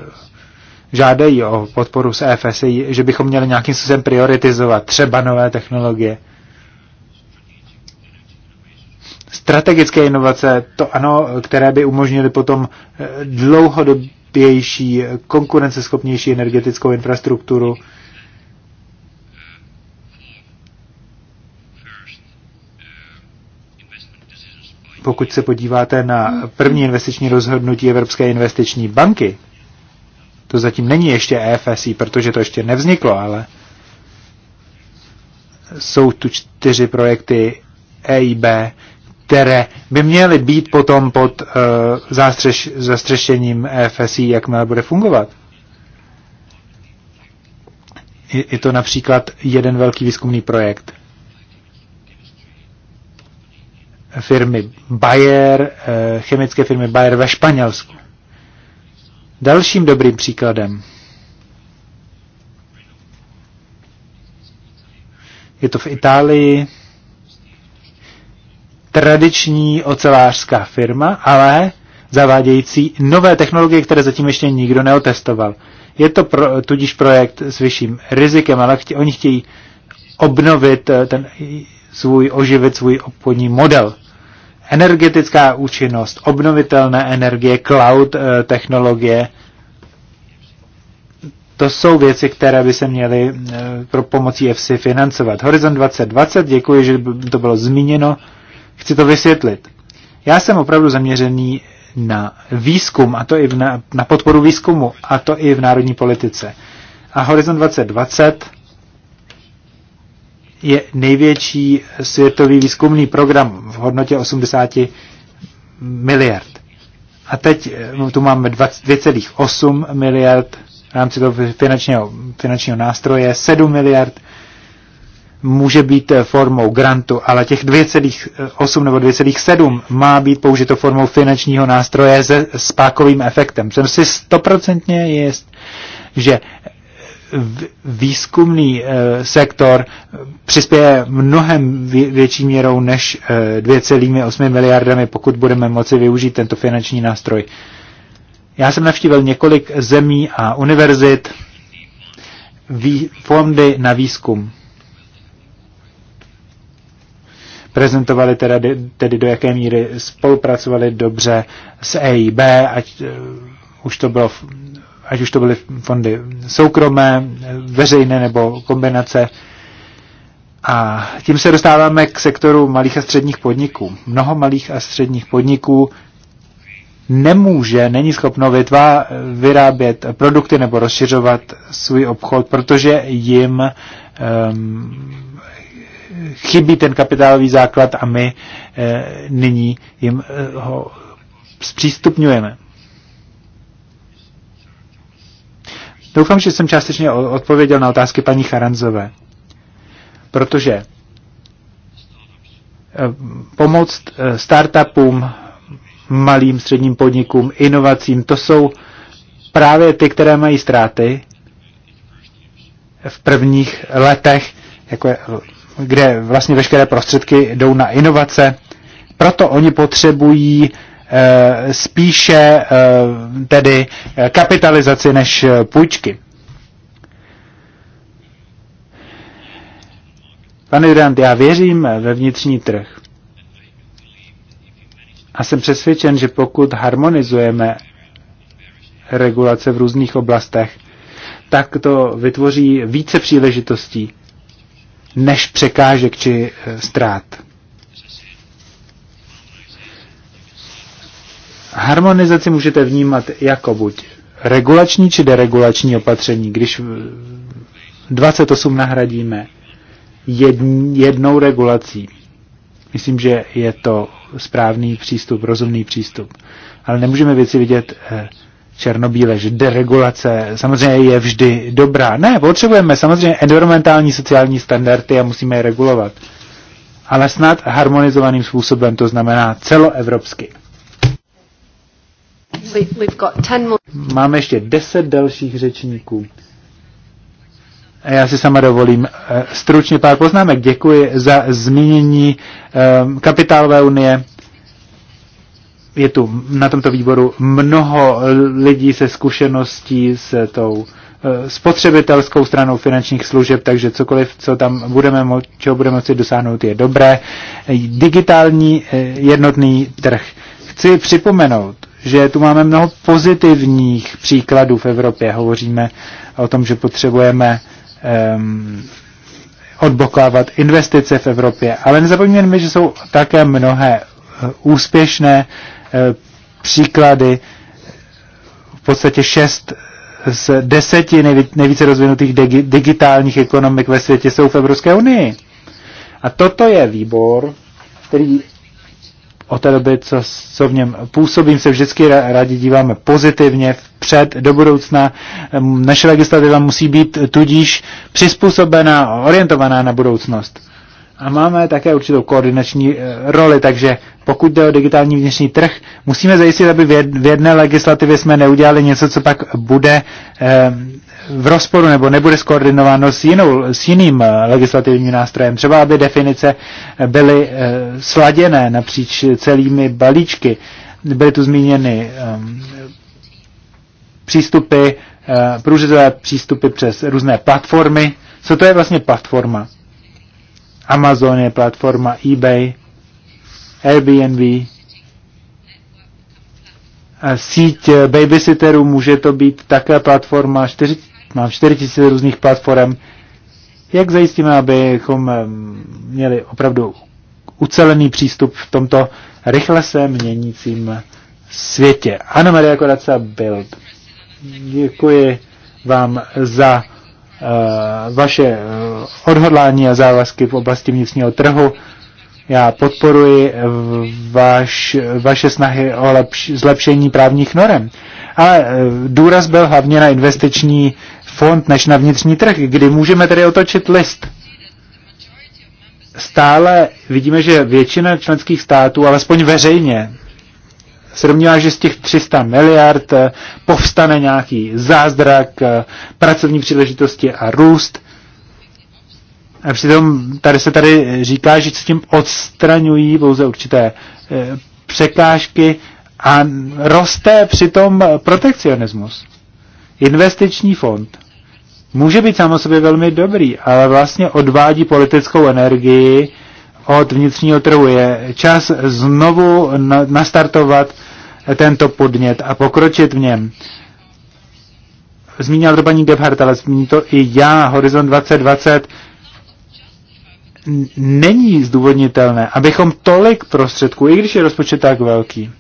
uh, žádají o podporu z EFSI, že bychom měli nějakým způsobem prioritizovat třeba nové technologie. Strategické inovace, to ano, které by umožnily potom eh, dlouhodobější, konkurenceschopnější energetickou infrastrukturu. Pokud se podíváte na první investiční rozhodnutí Evropské investiční banky, to zatím není ještě EFSI, protože to ještě nevzniklo, ale jsou tu čtyři projekty EIB, které by měly být potom pod uh, eh, zastřeš, zastřešením EFSI, jakmile bude fungovat. Je, je to například jeden velký výzkumný projekt firmy Bayer, eh, chemické firmy Bayer ve Španělsku. Dalším dobrým příkladem je to v Itálii tradiční ocelářská firma, ale zavádějící nové technologie, které zatím ještě nikdo neotestoval. Je to pro, tudíž projekt s vyšším rizikem, ale chtě, oni chtějí obnovit eh, ten svůj, oživit svůj obchodní model energetická účinnost, obnovitelné energie, cloud eh, technologie. To jsou věci, které by se měly eh, pro pomocí EFSI financovat. Horizon 2020, děkuji, že to bylo zmíněno. Chci to vysvětlit. Já jsem opravdu zaměřený na výzkum, a to i na, na podporu výzkumu, a to i v národní politice. A Horizon 2020 je největší světový výzkumný program v hodnotě 80 miliard. A teď eh, tu máme 2,8 miliard v rámci toho finančního, finančního nástroje, 7 miliard může být eh, formou grantu, ale těch 2,8 eh, nebo 2,7 má být použito formou finančního nástroje se spákovým efektem. Jsem si stoprocentně jist, že výzkumný eh, sektor přispěje mnohem větší měrou než 2,8 eh, miliardami, pokud budeme moci využít tento finanční nástroj. Já jsem navštívil několik zemí a univerzit, fondy na výzkum. Prezentovali teda, tedy do jaké míry spolupracovali dobře s EIB, ať eh, už to bylo ať už to byly fondy soukromé, veřejné nebo kombinace. A tím se dostáváme k sektoru malých a středních podniků. Mnoho malých a středních podniků nemůže, není schopno vytvá, vyrábět produkty nebo rozšiřovat svůj obchod, protože jim um, chybí ten kapitálový základ a my uh, nyní jim uh, ho zpřístupňujeme. Doufám, že jsem částečně odpověděl na otázky paní Charanzové, protože eh, pomoc eh, startupům, malým středním podnikům, inovacím, to jsou právě ty, které mají ztráty v prvních letech, jako je, kde vlastně veškeré prostředky jdou na inovace. Proto oni potřebují Eh, spíše eh, tedy eh, kapitalizaci než půjčky. Pane Durant, já věřím ve vnitřní trh. A jsem přesvědčen, že pokud harmonizujeme regulace v různých oblastech, tak to vytvoří více příležitostí než překážek či ztrát. Harmonizaci můžete vnímat jako buď regulační či deregulační opatření. Když 28 nahradíme jednou regulací, myslím, že je to správný přístup, rozumný přístup. Ale nemůžeme věci vidět eh, černobíle, že deregulace samozřejmě je vždy dobrá. Ne, potřebujeme samozřejmě environmentální sociální standardy a musíme je regulovat. Ale snad harmonizovaným způsobem, to znamená celoevropsky. Máme ještě deset dalších řečníků. A já si sama dovolím eh, stručně pár poznámek. Děkuji za zmínění ehm, kapitálové unie. Je tu na tomto výboru mnoho lidí se zkušeností s tou eh, spotřebitelskou stranou finančních služeb, takže cokoliv, co tam budeme, čeho budeme moci dosáhnout, je dobré. Digitální eh, jednotný trh. Chci připomenout, že tu máme mnoho pozitivních příkladů v Evropě. Hovoříme o tom, že potřebujeme um, odbokávat investice v Evropě. Ale nezapomínáme, že jsou také mnohé eh, úspěšné uh, příklady. V podstatě šest z deseti nejvíce rozvinutých digi- digitálních ekonomik ve světě jsou v Evropské unii. A toto je výbor, který od té doby, co, co v něm působím, se vždycky rádi díváme pozitivně vpřed do budoucna. Naše legislativa musí být tudíž přizpůsobená, orientovaná na budoucnost. A máme také určitou koordinační eh, roli, takže pokud jde o digitální vnitřní trh, musíme zajistit, aby v jedné legislativě jsme neudělali něco, co pak bude v rozporu nebo nebude skoordinováno s, jinou, s jiným eh, legislativním nástrojem. Třeba aby definice eh, byly eh, sladěné napříč celými balíčky. Byly tu zmíněny ehm, přístupy, průřezové přístupy přes různé platformy. Co to je vlastně platforma? Amazon je platforma, eBay, Airbnb, síť babysitterů, může to být také platforma 4 mám 4000 různých platform. Jak zajistíme, abychom měli opravdu ucelený přístup v tomto rychle se měnícím světě? Ano, Maria Koraca Bild. Děkuji vám za uh, vaše uh, odhodlání a závazky v oblasti vnitřního trhu. Já podporuji vaš, vaše snahy o lepš, zlepšení právních norem. Ale eh, důraz byl hlavně na investiční fond než na vnitřní trh, kdy můžeme tedy otočit list. Stále vidíme, že většina členských států, alespoň veřejně, se domnívá, že z těch 300 miliard eh, povstane nějaký zázrak, eh, pracovní příležitosti a růst. A přitom tady se tady říká, že s tím odstraňují pouze určité eh, překážky a roste přitom protekcionismus. Investiční fond může být sám o sobě velmi dobrý, ale vlastně odvádí politickou energii od vnitřního trhu. Je čas znovu nastartovat tento podnět a pokročit v něm. Zmínila to paní Gebhardt, ale zmíní to i já. Horizont 2020 není zdůvodnitelné, abychom tolik prostředků, i když je rozpočet tak velký,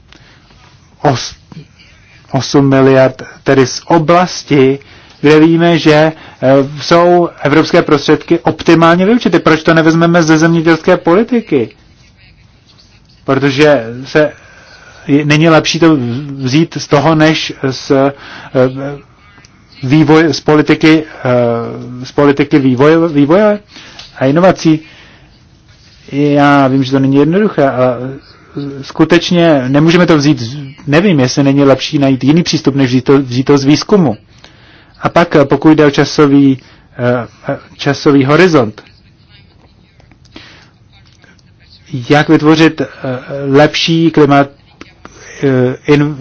8 miliard, tedy z oblasti, kde víme, že eh, jsou evropské prostředky optimálně využity. Proč to nevezmeme ze zemědělské politiky? Protože se není lepší to vzít z toho, než z eh, vývoj, z politiky, eh, z politiky vývoje, vývoje a inovací. Já vím, že to není jednoduché, ale skutečně nemůžeme to vzít, nevím, jestli není lepší najít jiný přístup, než vzít to, vzít to z výzkumu. A pak, eh, pokud jde o časový, eh, časový horizont, jak vytvořit eh, lepší klima, in,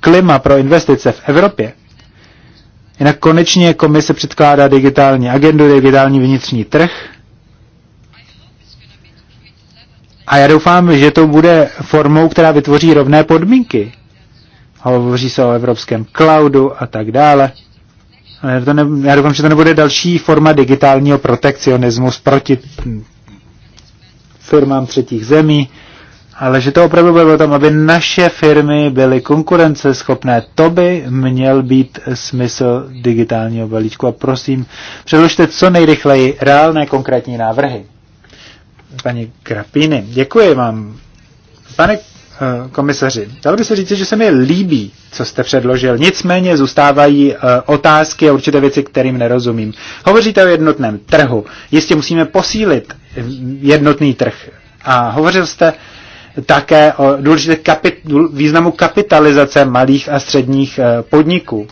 klima pro investice v Evropě. Jinak konečně komise předkládá digitální agendu, digitální vnitřní trh. A já doufám, že to bude formou, která vytvoří rovné podmínky. Hovoří se o evropském cloudu a tak dále. To ne, já doufám, že to nebude další forma digitálního protekcionismu proti firmám třetích zemí, ale že to opravdu bylo tam, aby naše firmy byly konkurenceschopné. To by měl být smysl digitálního balíčku. A prosím, předložte co nejrychleji reálné konkrétní návrhy. Paní Krapíny, děkuji vám. Pane Eh, komisaři, dalo by se říct, že se mi líbí, co jste předložil. Nicméně zůstávají eh, otázky a určité věci, kterým nerozumím. Hovoříte o jednotném trhu. Jistě musíme posílit eh, jednotný trh. A hovořil jste také o důležité kapit, významu kapitalizace malých a středních podniků.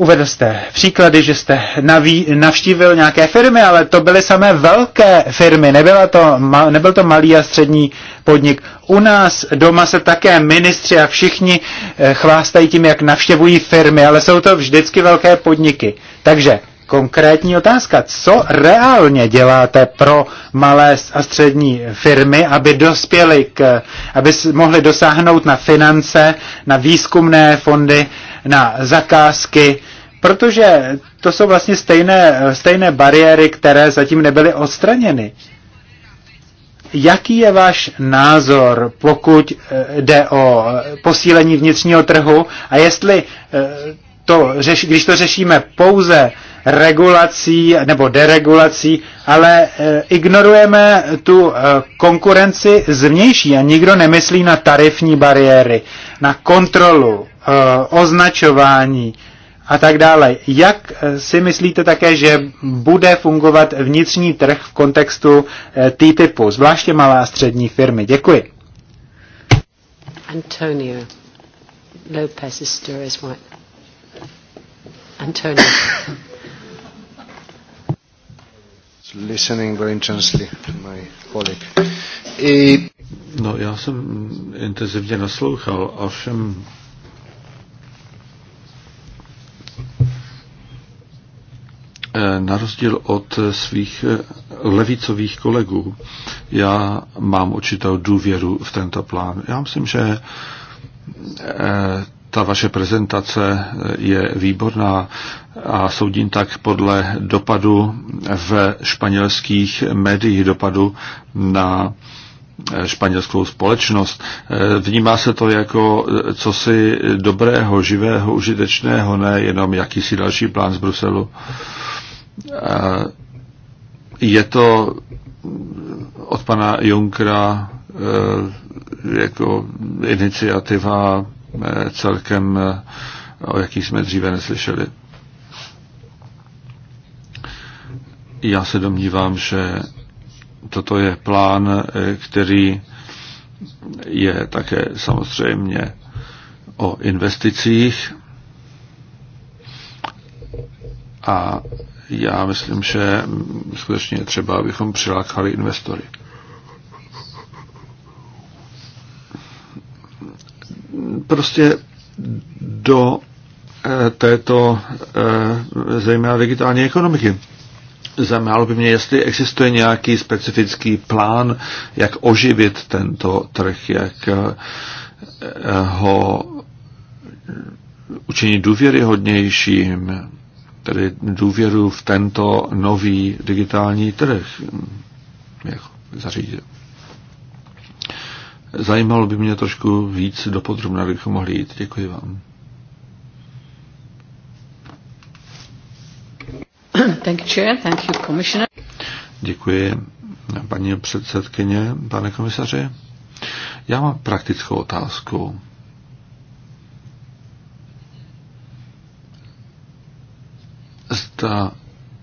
Uvedl jste příklady, že jste naví, navštívil nějaké firmy, ale to byly samé velké firmy, nebyla to, nebyl to malý a střední podnik. U nás doma se také ministři a všichni eh, chvástají tím, jak navštěvují firmy, ale jsou to vždycky velké podniky. Takže konkrétní otázka. Co reálně děláte pro malé a střední firmy, aby dospěly k, aby mohly dosáhnout na finance, na výzkumné fondy, na zakázky, protože to jsou vlastně stejné, stejné bariéry, které zatím nebyly odstraněny. Jaký je váš názor, pokud eh, jde o eh, posílení vnitřního trhu a jestli eh, to řeši, když to řešíme pouze regulací nebo deregulací, ale e, ignorujeme tu e, konkurenci zvnější a nikdo nemyslí na tarifní bariéry, na kontrolu, e, označování a tak dále. Jak si myslíte také, že bude fungovat vnitřní trh v kontextu T-typu, zvláště malé a střední firmy? Děkuji. Antonio Lopez is White. Antonio. Listening very intensely to my colleague. I... No, já jsem intenzivně naslouchal, ovšem eh, na rozdíl od svých eh, levicových kolegů, já mám určitou důvěru v tento plán. Já myslím, že eh, ta vaše prezentace je výborná a soudím tak podle dopadu v španělských médiích, dopadu na eh, španělskou společnost. Eh, vnímá se to jako eh, cosi dobrého, živého, užitečného, ne jenom jakýsi další plán z Bruselu. Je to od pana Junkra jako iniciativa Eh, celkem, eh, o jakých jsme dříve neslyšeli. Já se domnívám, že toto je plán, eh, který je také samozřejmě o investicích a já myslím, že skutečně je třeba, abychom přilákali investory. prostě do eh, této eh, zejména digitální ekonomiky. Zajímalo by mě, jestli existuje nějaký specifický plán, jak oživit tento trh, jak eh, ho učinit důvěryhodnějším, tedy důvěru v tento nový digitální trh, jak zařídit. Zajímalo by mě trošku víc do podrobna, kdybychom mohli jít. Děkuji vám. Thank you, Chair. Thank you, Commissioner. Děkuji, paní předsedkyně, pane komisaři. Já mám praktickou otázku. Zda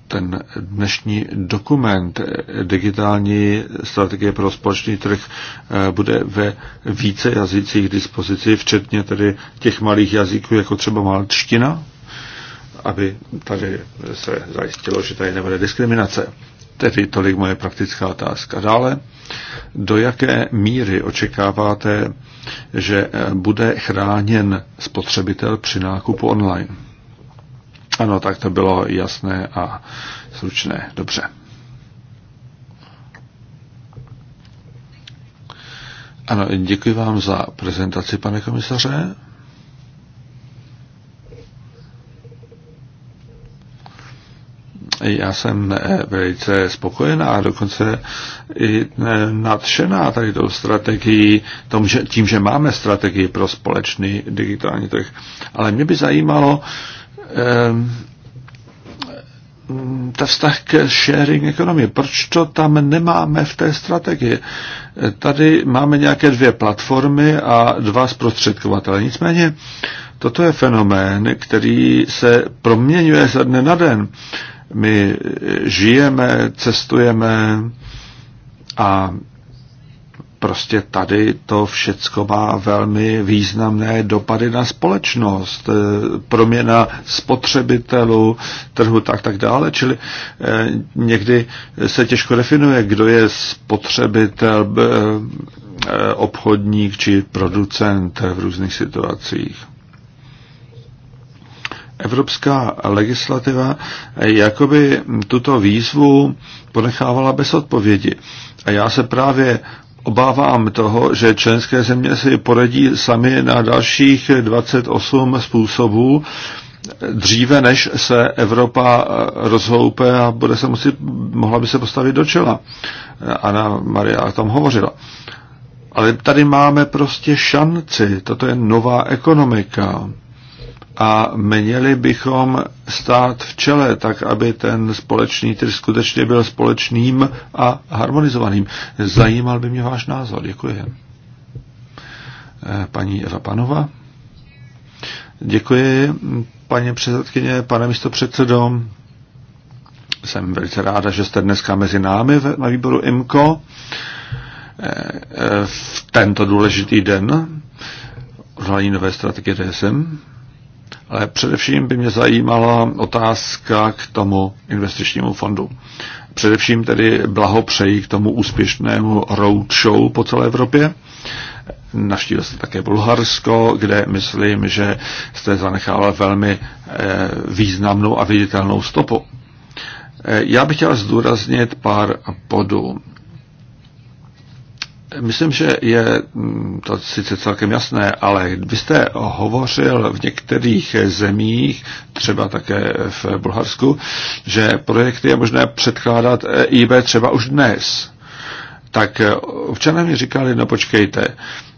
ten dnešní dokument digitální strategie pro společný trh eh, bude ve více jazycích dispozici, včetně tedy těch malých jazyků, jako třeba malčtina, aby tady se zajistilo, že tady nebude diskriminace. Tedy tolik moje praktická otázka. Dále, do jaké míry očekáváte, že eh, bude chráněn spotřebitel při nákupu online? Ano, tak to bylo jasné a slučné. Dobře. Ano, děkuji vám za prezentaci, pane komisaře. Já jsem eh, velice spokojená a dokonce i eh, nadšená tady tou strategií, tom, že, tím, že máme strategii pro společný digitální trh. Ale mě by zajímalo, Ehm, ta vztah k sharing ekonomii. Proč to tam nemáme v té strategii? Tady máme nějaké dvě platformy a dva zprostředkovatele. Nicméně toto je fenomén, který se proměňuje ze dne na den. My žijeme, cestujeme a prostě tady to všecko má velmi významné dopady na společnost, e, proměna spotřebitelů, trhu tak tak dále, čili e, někdy se těžko definuje, kdo je spotřebitel, e, obchodník či producent v různých situacích. Evropská legislativa jakoby tuto výzvu ponechávala bez odpovědi. A já se právě obávám toho, že členské země si poradí sami na dalších 28 způsobů, dříve než se Evropa rozhoupe a bude se musí, mohla by se postavit do čela. Ana Maria tam hovořila. Ale tady máme prostě šanci. Toto je nová ekonomika a měli bychom stát v čele, tak aby ten společný trh skutečně byl společným a harmonizovaným. Zajímal by mě váš názor. Děkuji. Eh, paní Eva Panova. Děkuji, paní předsedkyně, pane místo předsedo. Jsem velice ráda, že jste dneska mezi námi na výboru IMCO eh, eh, v tento důležitý den odhalení nové strategie DSM. Ale především by mě zajímala otázka k tomu investičnímu fondu. Především tedy blahopřeji k tomu úspěšnému roadshow po celé Evropě. Navštívil jste také Bulharsko, kde myslím, že jste zanechala velmi eh, významnou a viditelnou stopu. Eh, já bych chtěl zdůraznit pár bodů. Myslím, že je mm, to sice celkem jasné, ale vy jste hovořil v některých zemích, třeba také v Bulharsku, že projekty je možné předkládat eh, IB třeba už dnes. Tak eh, občané mi říkali, no počkejte,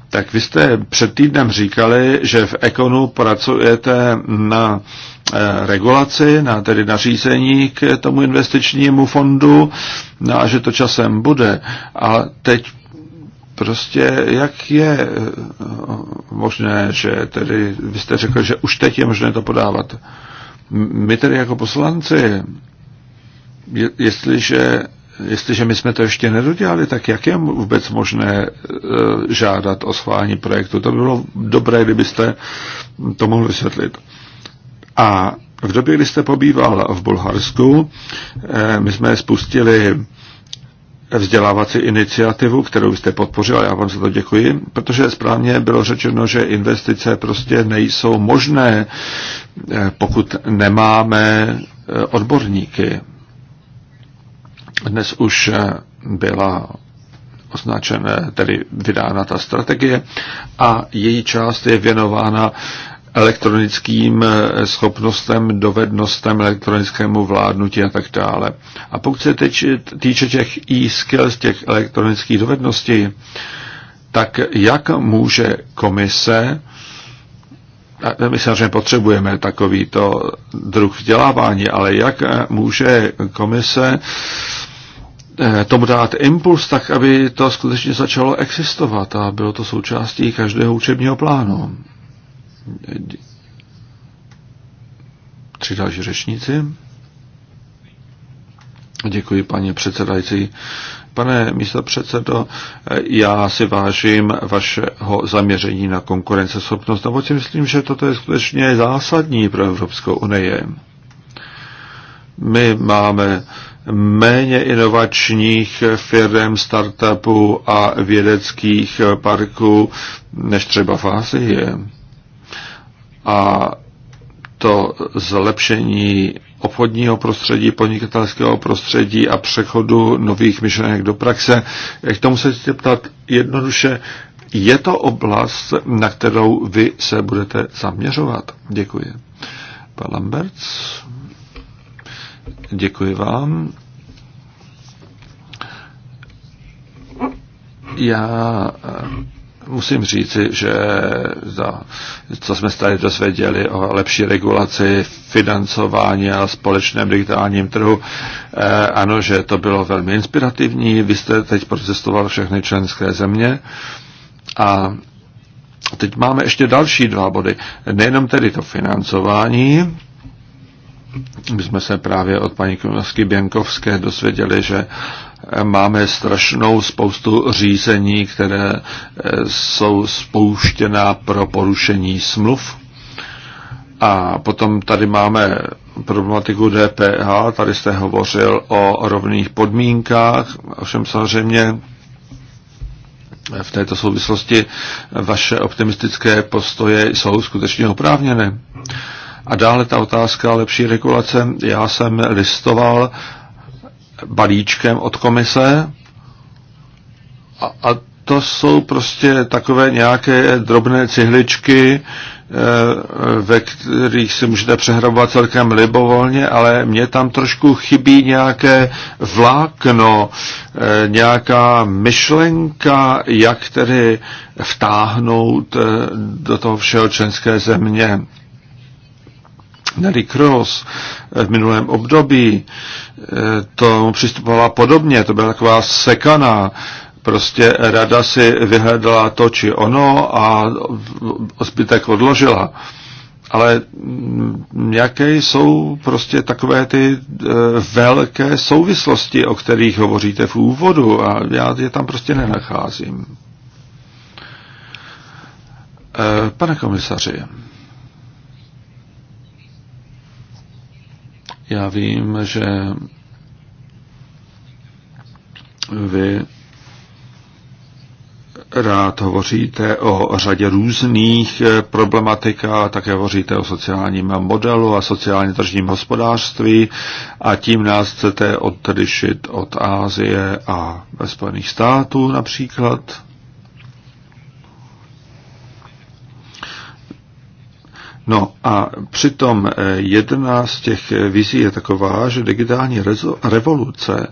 tak vy jste před týdnem říkali, že v Ekonu pracujete na eh, regulaci, na tedy nařízení k tomu investičnímu fondu no a že to časem bude. A teď prostě jak je eh, možné, že tedy vy jste řekl, že už teď je možné to podávat. My tedy jako poslanci, jestliže, jestliže my jsme to ještě nedodělali, tak jak je vůbec možné eh, žádat o schválení projektu? To by bylo dobré, kdybyste to mohli vysvětlit. A v době, kdy jste pobýval v Bulharsku, eh, my jsme spustili vzdělávací iniciativu, kterou jste podpořil, já vám za to děkuji, protože správně bylo řečeno, že investice prostě nejsou možné, eh, pokud nemáme eh, odborníky. Dnes už eh, byla označena, tedy vydána ta strategie a její část je věnována elektronickým eh, schopnostem, dovednostem, elektronickému vládnutí a tak dále. A pokud se teď týče těch e-skills, těch elektronických dovedností, tak jak může komise, a my samozřejmě potřebujeme takovýto druh vzdělávání, ale jak může komise eh, tomu dát impuls tak, aby to skutečně začalo existovat a bylo to součástí každého učebního plánu? Tři další řečníci. Děkuji, paní předsedající. Pane místo předsedo, já si vážím vašeho zaměření na konkurenceschopnost, nebo si myslím, že toto je skutečně zásadní pro Evropskou unii. My máme méně inovačních firm, startupů a vědeckých parků než třeba v Asii a to zlepšení obchodního prostředí, podnikatelského prostředí a přechodu nových myšlenek do praxe. K tomu se chci ptát? jednoduše, je to oblast, na kterou vy se budete zaměřovat? Děkuji. Pan Lamberts, děkuji vám. Já musím říci, že za, co jsme se tady dozvěděli o lepší regulaci financování a společném digitálním trhu, eh, ano, že to bylo velmi inspirativní. Vy jste teď procestoval všechny členské země a teď máme ještě další dva body. Nejenom tedy to financování, my jsme se právě od paní Kunovsky Běnkovské dosvěděli, že eh, máme strašnou spoustu řízení, které eh, jsou spouštěna pro porušení smluv. A potom tady máme problematiku DPH, tady jste hovořil o rovných podmínkách, ovšem samozřejmě v této souvislosti vaše optimistické postoje jsou skutečně oprávněné. A dále ta otázka lepší regulace. Já jsem listoval balíčkem od komise a, a to jsou prostě takové nějaké drobné cihličky, eh, ve kterých si můžete přehrabovat celkem libovolně, ale mně tam trošku chybí nějaké vlákno, eh, nějaká myšlenka, jak tedy vtáhnout eh, do toho všeho členské země. Nelly Cross eh, v minulém období eh, to přistupovala podobně, to byla taková sekaná, prostě rada si vyhledala to či ono a zbytek odložila. Ale jaké jsou prostě takové ty eh, velké souvislosti, o kterých hovoříte v úvodu a já je tam prostě nenacházím. Pane komisaři, Já vím, že vy rád hovoříte o řadě různých eh, problematik a také hovoříte o sociálním modelu a sociálně tržním hospodářství a tím nás chcete odlišit od Ázie a Spojených států například. No a přitom eh, jedna z těch eh, vizí je taková, že digitální revoluce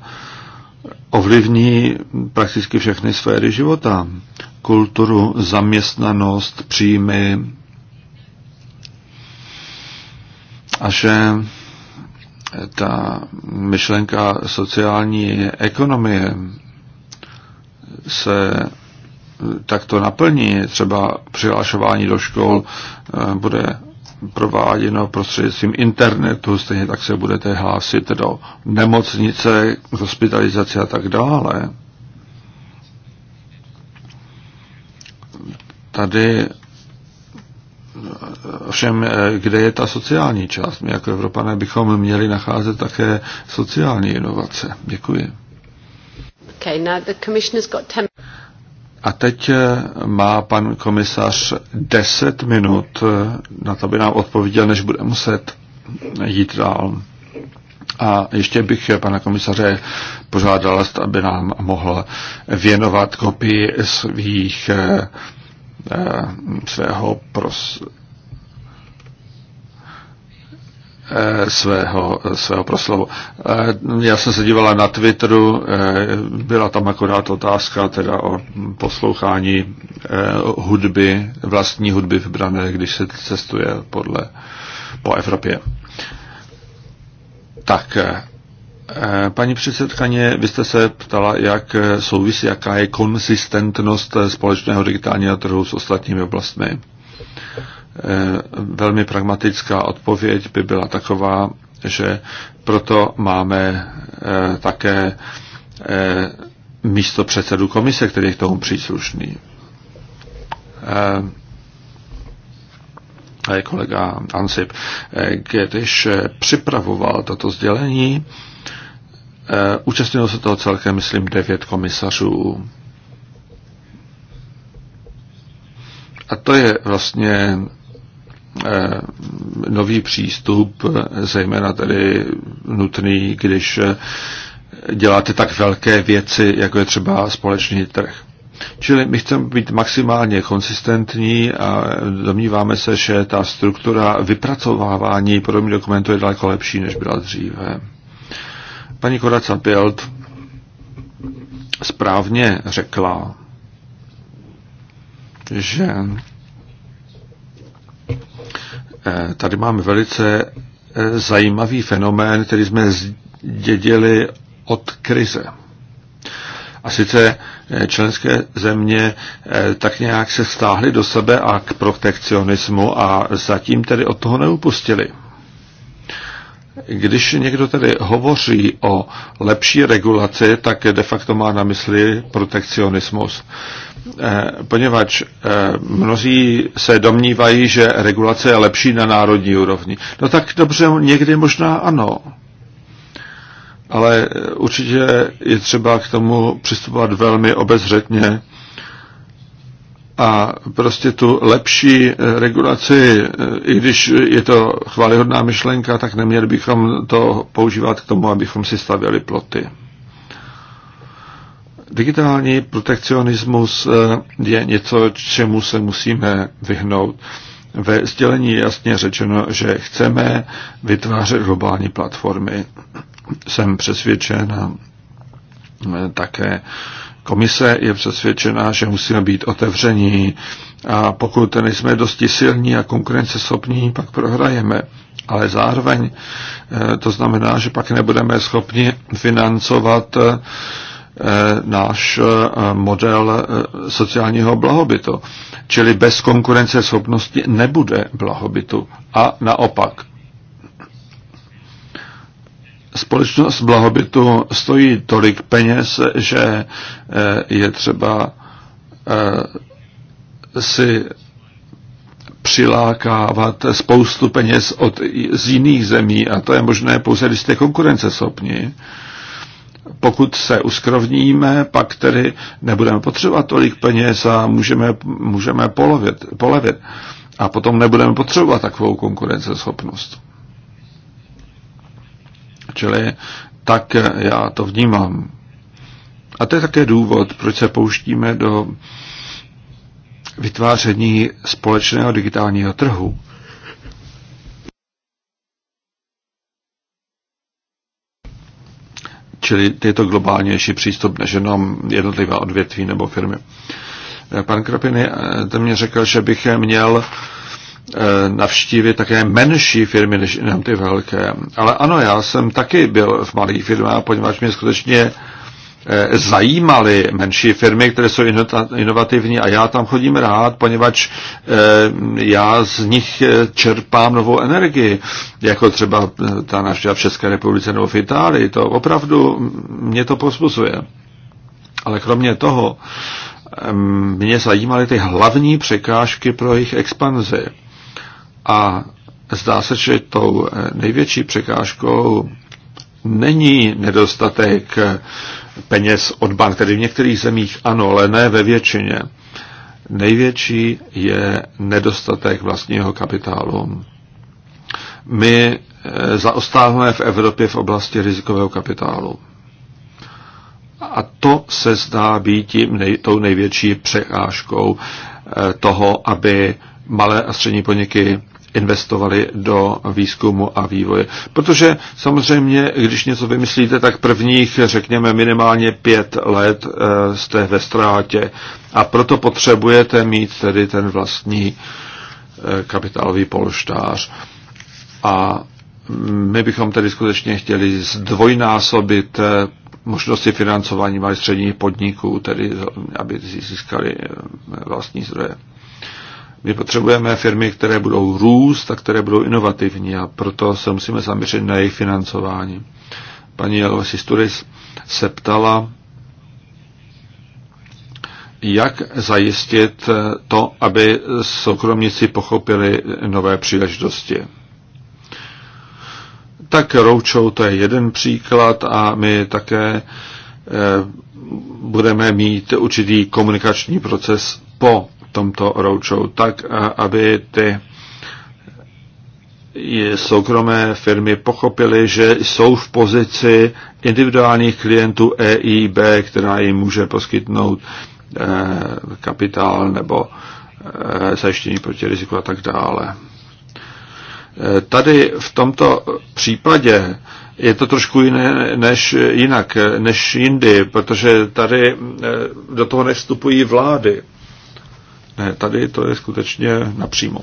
ovlivní prakticky všechny sféry života. Kulturu, zaměstnanost, příjmy. A že eh, ta myšlenka sociální ekonomie se takto naplní, třeba přihlašování do škol bude prováděno prostřednictvím internetu, stejně tak se budete hlásit do nemocnice, hospitalizace a tak dále. Tady všem, kde je ta sociální část? My jako Evropané bychom měli nacházet také sociální inovace. Děkuji. Okay, now the got a teď eh, má pan komisař 10 minut eh, na to, aby nám odpověděl, než bude muset jít dál. A ještě bych eh, pana komisaře požádal, aby nám mohl věnovat kopii svých svého pros, Eh, svého, svého proslovu. Eh, já jsem se dívala na Twitteru, eh, byla tam akorát otázka teda o poslouchání hudby, vlastní hudby vybrané, když se cestuje podle, po Evropě. Tak, paní předsedkaně, vy jste se ptala, jak souvisí, jaká je konsistentnost společného digitálního trhu s ostatními oblastmi. Eh, velmi pragmatická odpověď by byla taková, že proto máme eh, také eh, místo předsedu komise, který je k tomu příslušný. A je kolega Ansip, když připravoval toto sdělení, účastnilo se toho celkem, myslím, devět komisařů. A to je vlastně Eh, nový přístup, zejména tedy nutný, když eh, děláte tak velké věci, jako je třeba společný trh. Čili my chceme být maximálně konsistentní a domníváme se, že ta struktura vypracovávání podobných dokumentů je daleko lepší, než byla dříve. Paní Koraca Pilt správně řekla, že Eh, tady máme velice eh, zajímavý fenomén, který jsme zdědili od krize. A sice eh, členské země tak nějak se stáhly do sebe a k protekcionismu a zatím tedy od toho neupustili. Když někdo tedy hovoří o lepší regulaci, tak de facto má na mysli protekcionismus. Eh, poněvadž eh, mnozí se domnívají, že regulace je lepší na národní úrovni. No tak dobře, někdy možná ano. Ale eh, určitě je třeba k tomu přistupovat velmi obezřetně a prostě tu lepší regulaci, i když je to chválihodná myšlenka, tak neměli bychom to používat k tomu, abychom si stavěli ploty. Digitální protekcionismus eh, je něco, čemu se musíme vyhnout. Ve sdělení je jasně řečeno, že chceme vytvářet globální platformy. Jsem přesvědčen eh, také komise je přesvědčená, že musíme být otevření a pokud nejsme dosti silní a konkurenceschopní, pak prohrajeme. Ale zároveň eh, to znamená, že pak nebudeme schopni financovat Eh, náš eh, model eh, sociálního blahobytu. Čili bez konkurence schopnosti nebude blahobytu a naopak. Společnost blahobytu stojí tolik peněz, že je třeba si přilákávat spoustu peněz od, z jiných zemí a to je možné pouze, když jste konkurenceschopní pokud se uskrovníme, pak tedy nebudeme potřebovat tolik peněz a můžeme, můžeme polovit, polevit. A potom nebudeme potřebovat takovou konkurenceschopnost. Čili tak já to vnímám. A to je také důvod, proč se pouštíme do vytváření společného digitálního trhu. Čili je to globálnější přístup než jenom jednotlivá odvětví nebo firmy. Eh, pan Krapiny eh, to mě řekl, že bych měl eh, navštívit také menší firmy než jenom ty velké. Ale ano, já jsem taky byl v malých firmách, poněvadž mě skutečně Eh, zajímaly menší firmy, které jsou inovativní a já tam chodím rád, poněvadž eh, já z nich eh, čerpám novou energii, jako třeba ta návštěva v České republice nebo v Itálii. To opravdu mě to pospusuje. Ale kromě toho mě zajímaly ty hlavní překážky pro jejich expanzi. A zdá se, že tou největší překážkou není nedostatek peněz od bank, tedy v některých zemích ano, ale ne ve většině. Největší je nedostatek vlastního kapitálu. My eh, zaostáváme v Evropě v oblasti rizikového kapitálu. A to se zdá být tím nej, tou největší překážkou eh, toho, aby malé a střední podniky investovali do výzkumu a vývoje. Protože samozřejmě, když něco vymyslíte, tak prvních, řekněme, minimálně pět let eh, jste ve ztrátě. A proto potřebujete mít tedy ten vlastní eh, kapitálový polštář. A my bychom tedy skutečně chtěli zdvojnásobit eh, možnosti financování malých středních podniků, tedy aby získali vlastní zdroje. My potřebujeme firmy, které budou růst a které budou inovativní a proto se musíme zaměřit na jejich financování. Paní Jelvasi Sturis se ptala, jak zajistit to, aby soukromníci pochopili nové příležitosti. Tak roučou to je jeden příklad a my také eh, budeme mít určitý komunikační proces po tomto roučou, tak, eh, aby ty soukromé firmy pochopily, že jsou v pozici individuálních klientů EIB, která jim může poskytnout eh, kapitál nebo eh, zajištění proti riziku a tak dále. Tady v tomto případě je to trošku jiné než jinak, než jindy, protože tady do toho nevstupují vlády. Ne, tady to je skutečně napřímo.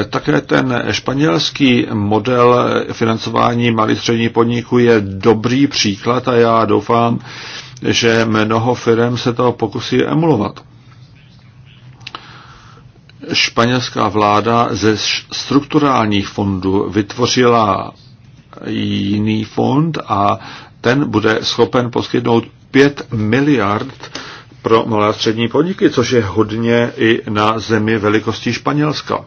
E, také ten španělský model financování malých středních podniků je dobrý příklad a já doufám, že mnoho firm se to pokusí emulovat. Španělská vláda ze strukturálních fondů vytvořila jiný fond a ten bude schopen poskytnout 5 miliard pro malé a střední podniky, což je hodně i na zemi velikosti Španělska.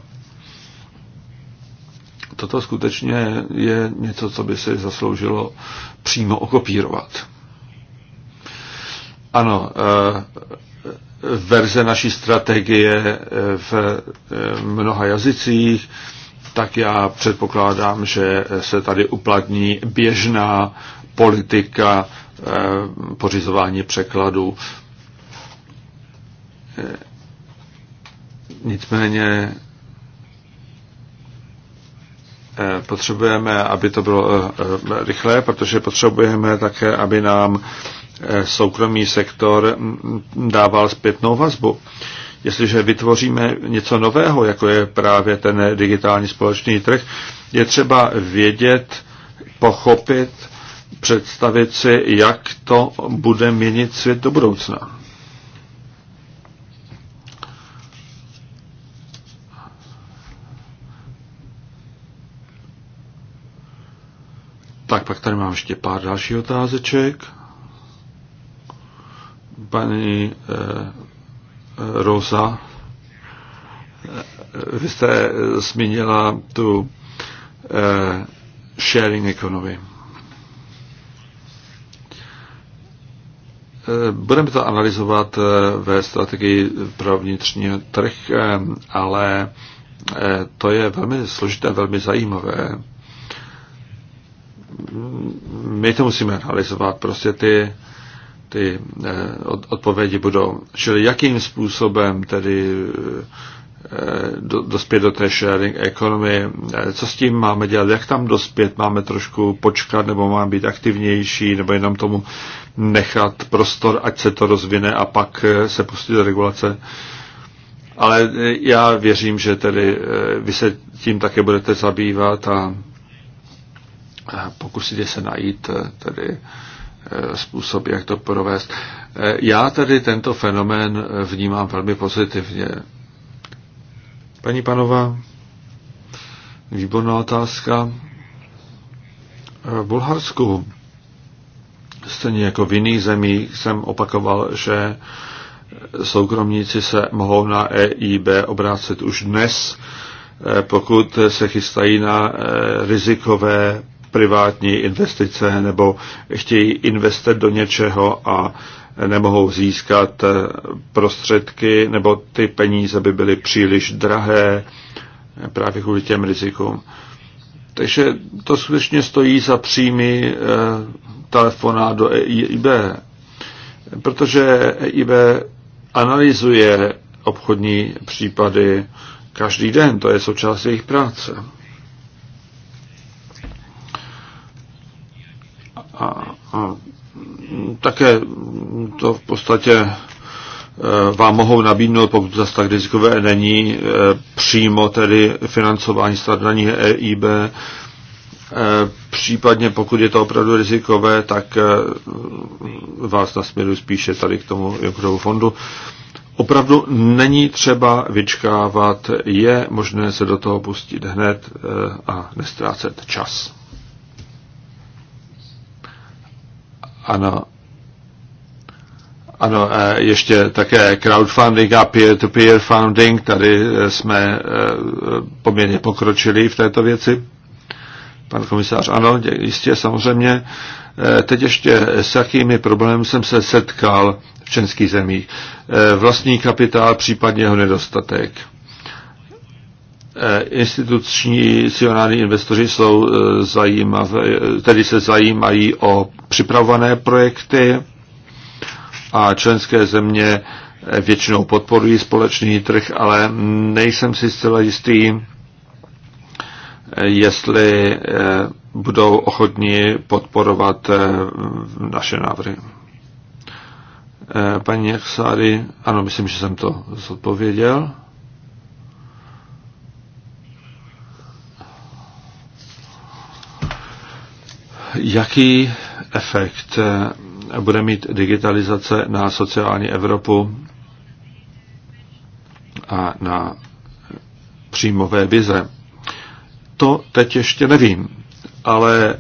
Toto skutečně je něco, co by si zasloužilo přímo okopírovat. Ano, eh, verze naší strategie eh, v eh, mnoha jazycích, tak já předpokládám, že se tady uplatní běžná politika pořizování překladů Eh, nicméně eh, potřebujeme, aby to bylo eh, rychlé, protože potřebujeme také, aby nám soukromý sektor mm, mm, dával zpětnou vazbu. Jestliže vytvoříme něco nového, jako je právě ten digitální společný trh, je třeba vědět, pochopit, představit si, jak to bude měnit svět do budoucna. Tak pak tady mám ještě pár dalších otázeček. Paní eh, Rosa, eh, vy jste eh, zmínila tu eh, sharing economy. Eh, budeme to analyzovat eh, ve strategii pro vnitřní trh, ale to je velmi složité, velmi zajímavé my to musíme realizovat. Prostě ty, ty eh, odpovědi budou. Čili jakým způsobem tedy eh, do, dospět do té sharing economy, eh, co s tím máme dělat, jak tam dospět, máme trošku počkat, nebo máme být aktivnější, nebo jenom tomu nechat prostor, ať se to rozvine a pak se pustit do regulace. Ale já věřím, že tedy vy se tím také budete zabývat a pokusit se najít eh, tedy eh, způsob, jak to provést. Eh, já tedy tento fenomén vnímám velmi pozitivně. Paní panová, výborná otázka. V Bulharsku, stejně jako v jiných zemích, jsem opakoval, že soukromníci se mohou na EIB obrácet už dnes, pokud se chystají na rizikové privátní investice nebo chtějí investovat do něčeho a nemohou získat eh, prostředky nebo ty peníze by byly příliš drahé eh, právě kvůli těm rizikům. Takže to skutečně stojí za příjmy eh, telefona do EIB, protože EIB analyzuje obchodní případy každý den, to je součást jejich práce. a, a také to v podstatě e, vám mohou nabídnout, pokud zase tak rizikové není, e, přímo tedy financování stát EIB, e, případně pokud je to opravdu rizikové, tak vás nasměruji spíše tady k tomu Junckerovu fondu. Opravdu není třeba vyčkávat, je možné se do toho pustit hned a nestrácet čas. Ano. Ano, ještě také crowdfunding a peer-to-peer -peer funding. Tady eh, jsme eh, poměrně pokročili v této věci. Pan komisář, ano, jistě, samozřejmě. Eh, teď ještě s jakými problémy jsem se setkal v českých zemích. Vlastní kapitál, případně jeho nedostatek. Eh, instituční silnáři investoři jsou eh, zajímavé, eh, tedy se zajímají o připravované projekty a členské země většinou podporují společný trh, ale nejsem si zcela jistý, jestli budou ochotní podporovat naše návrhy. Paní Jaksary, ano, myslím, že jsem to zodpověděl. Jaký efekt eh, bude mít digitalizace na sociální Evropu a na příjmové vize? To teď ještě nevím, ale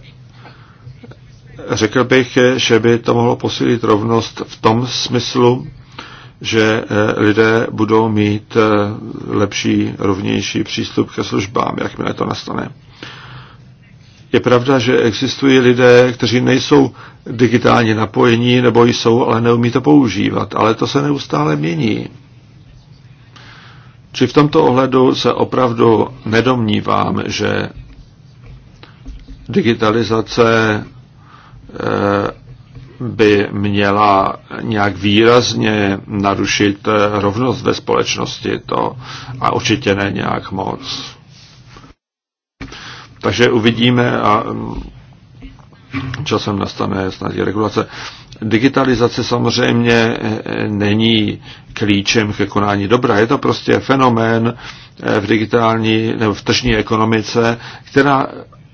řekl bych, že by to mohlo posílit rovnost v tom smyslu, že eh, lidé budou mít eh, lepší, rovnější přístup ke službám, jakmile to nastane. Je pravda, že existují lidé, kteří nejsou digitálně napojení, nebo jsou, ale neumí to používat. Ale to se neustále mění. Či v tomto ohledu se opravdu nedomnívám, že digitalizace eh, by měla nějak výrazně narušit rovnost ve společnosti to a určitě ne nějak moc. Takže uvidíme a mm, časem nastane snad i regulace. Digitalizace samozřejmě e, e, není klíčem ke konání dobra. Je to prostě fenomén e, v digitální nebo v tržní ekonomice, která,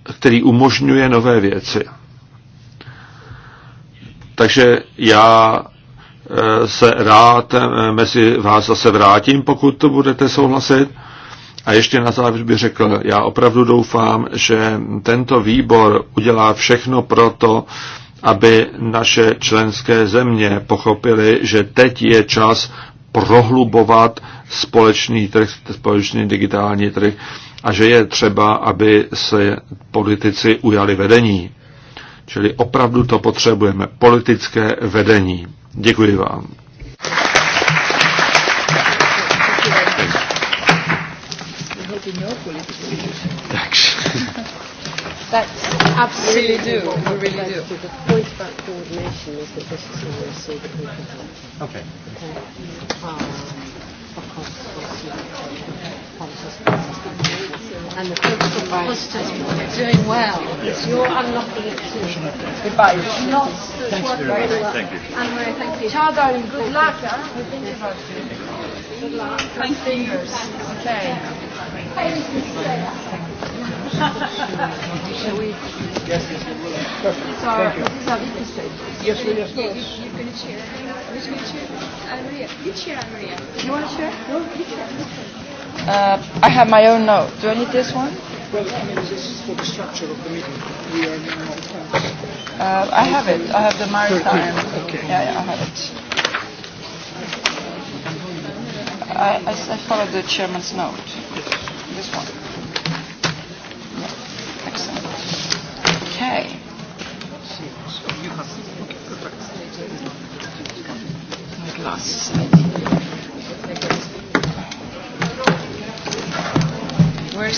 který umožňuje nové věci. Takže já se rád mezi vás zase vrátím, pokud to budete souhlasit. A ještě na závěr bych řekl, já opravdu doufám, že tento výbor udělá všechno pro to, aby naše členské země pochopily, že teď je čas prohlubovat společný trh, společný digitální trh a že je třeba, aby se politici ujali vedení. Čili opravdu to potřebujeme, politické vedení. Děkuji vám. in your political issues. Thanks. (laughs) That's absolutely do. We really do. The point about coordination is that this is always so that we can Okay. Okay. Um, and the first on doing well. Yes. You're unlocking it too. Goodbye. Lots that's worked very well. Thank you. Anne-Marie, thank you. Ciao, darling. Good luck. Huh? Good luck. Thank you. Okay. Yes, yes, Yes, yes, You, chair. Uh, Maria. chair, Maria. you want to No, chair. I have my own note. Do I need this one? Well, this is for the structure of the meeting. We are now uh, I have it. I have the maritime. Okay. Yeah, yeah, I have it. I, I, I followed the chairman's note. Yes this one. Yeah. Excellent. Okay. My glasses.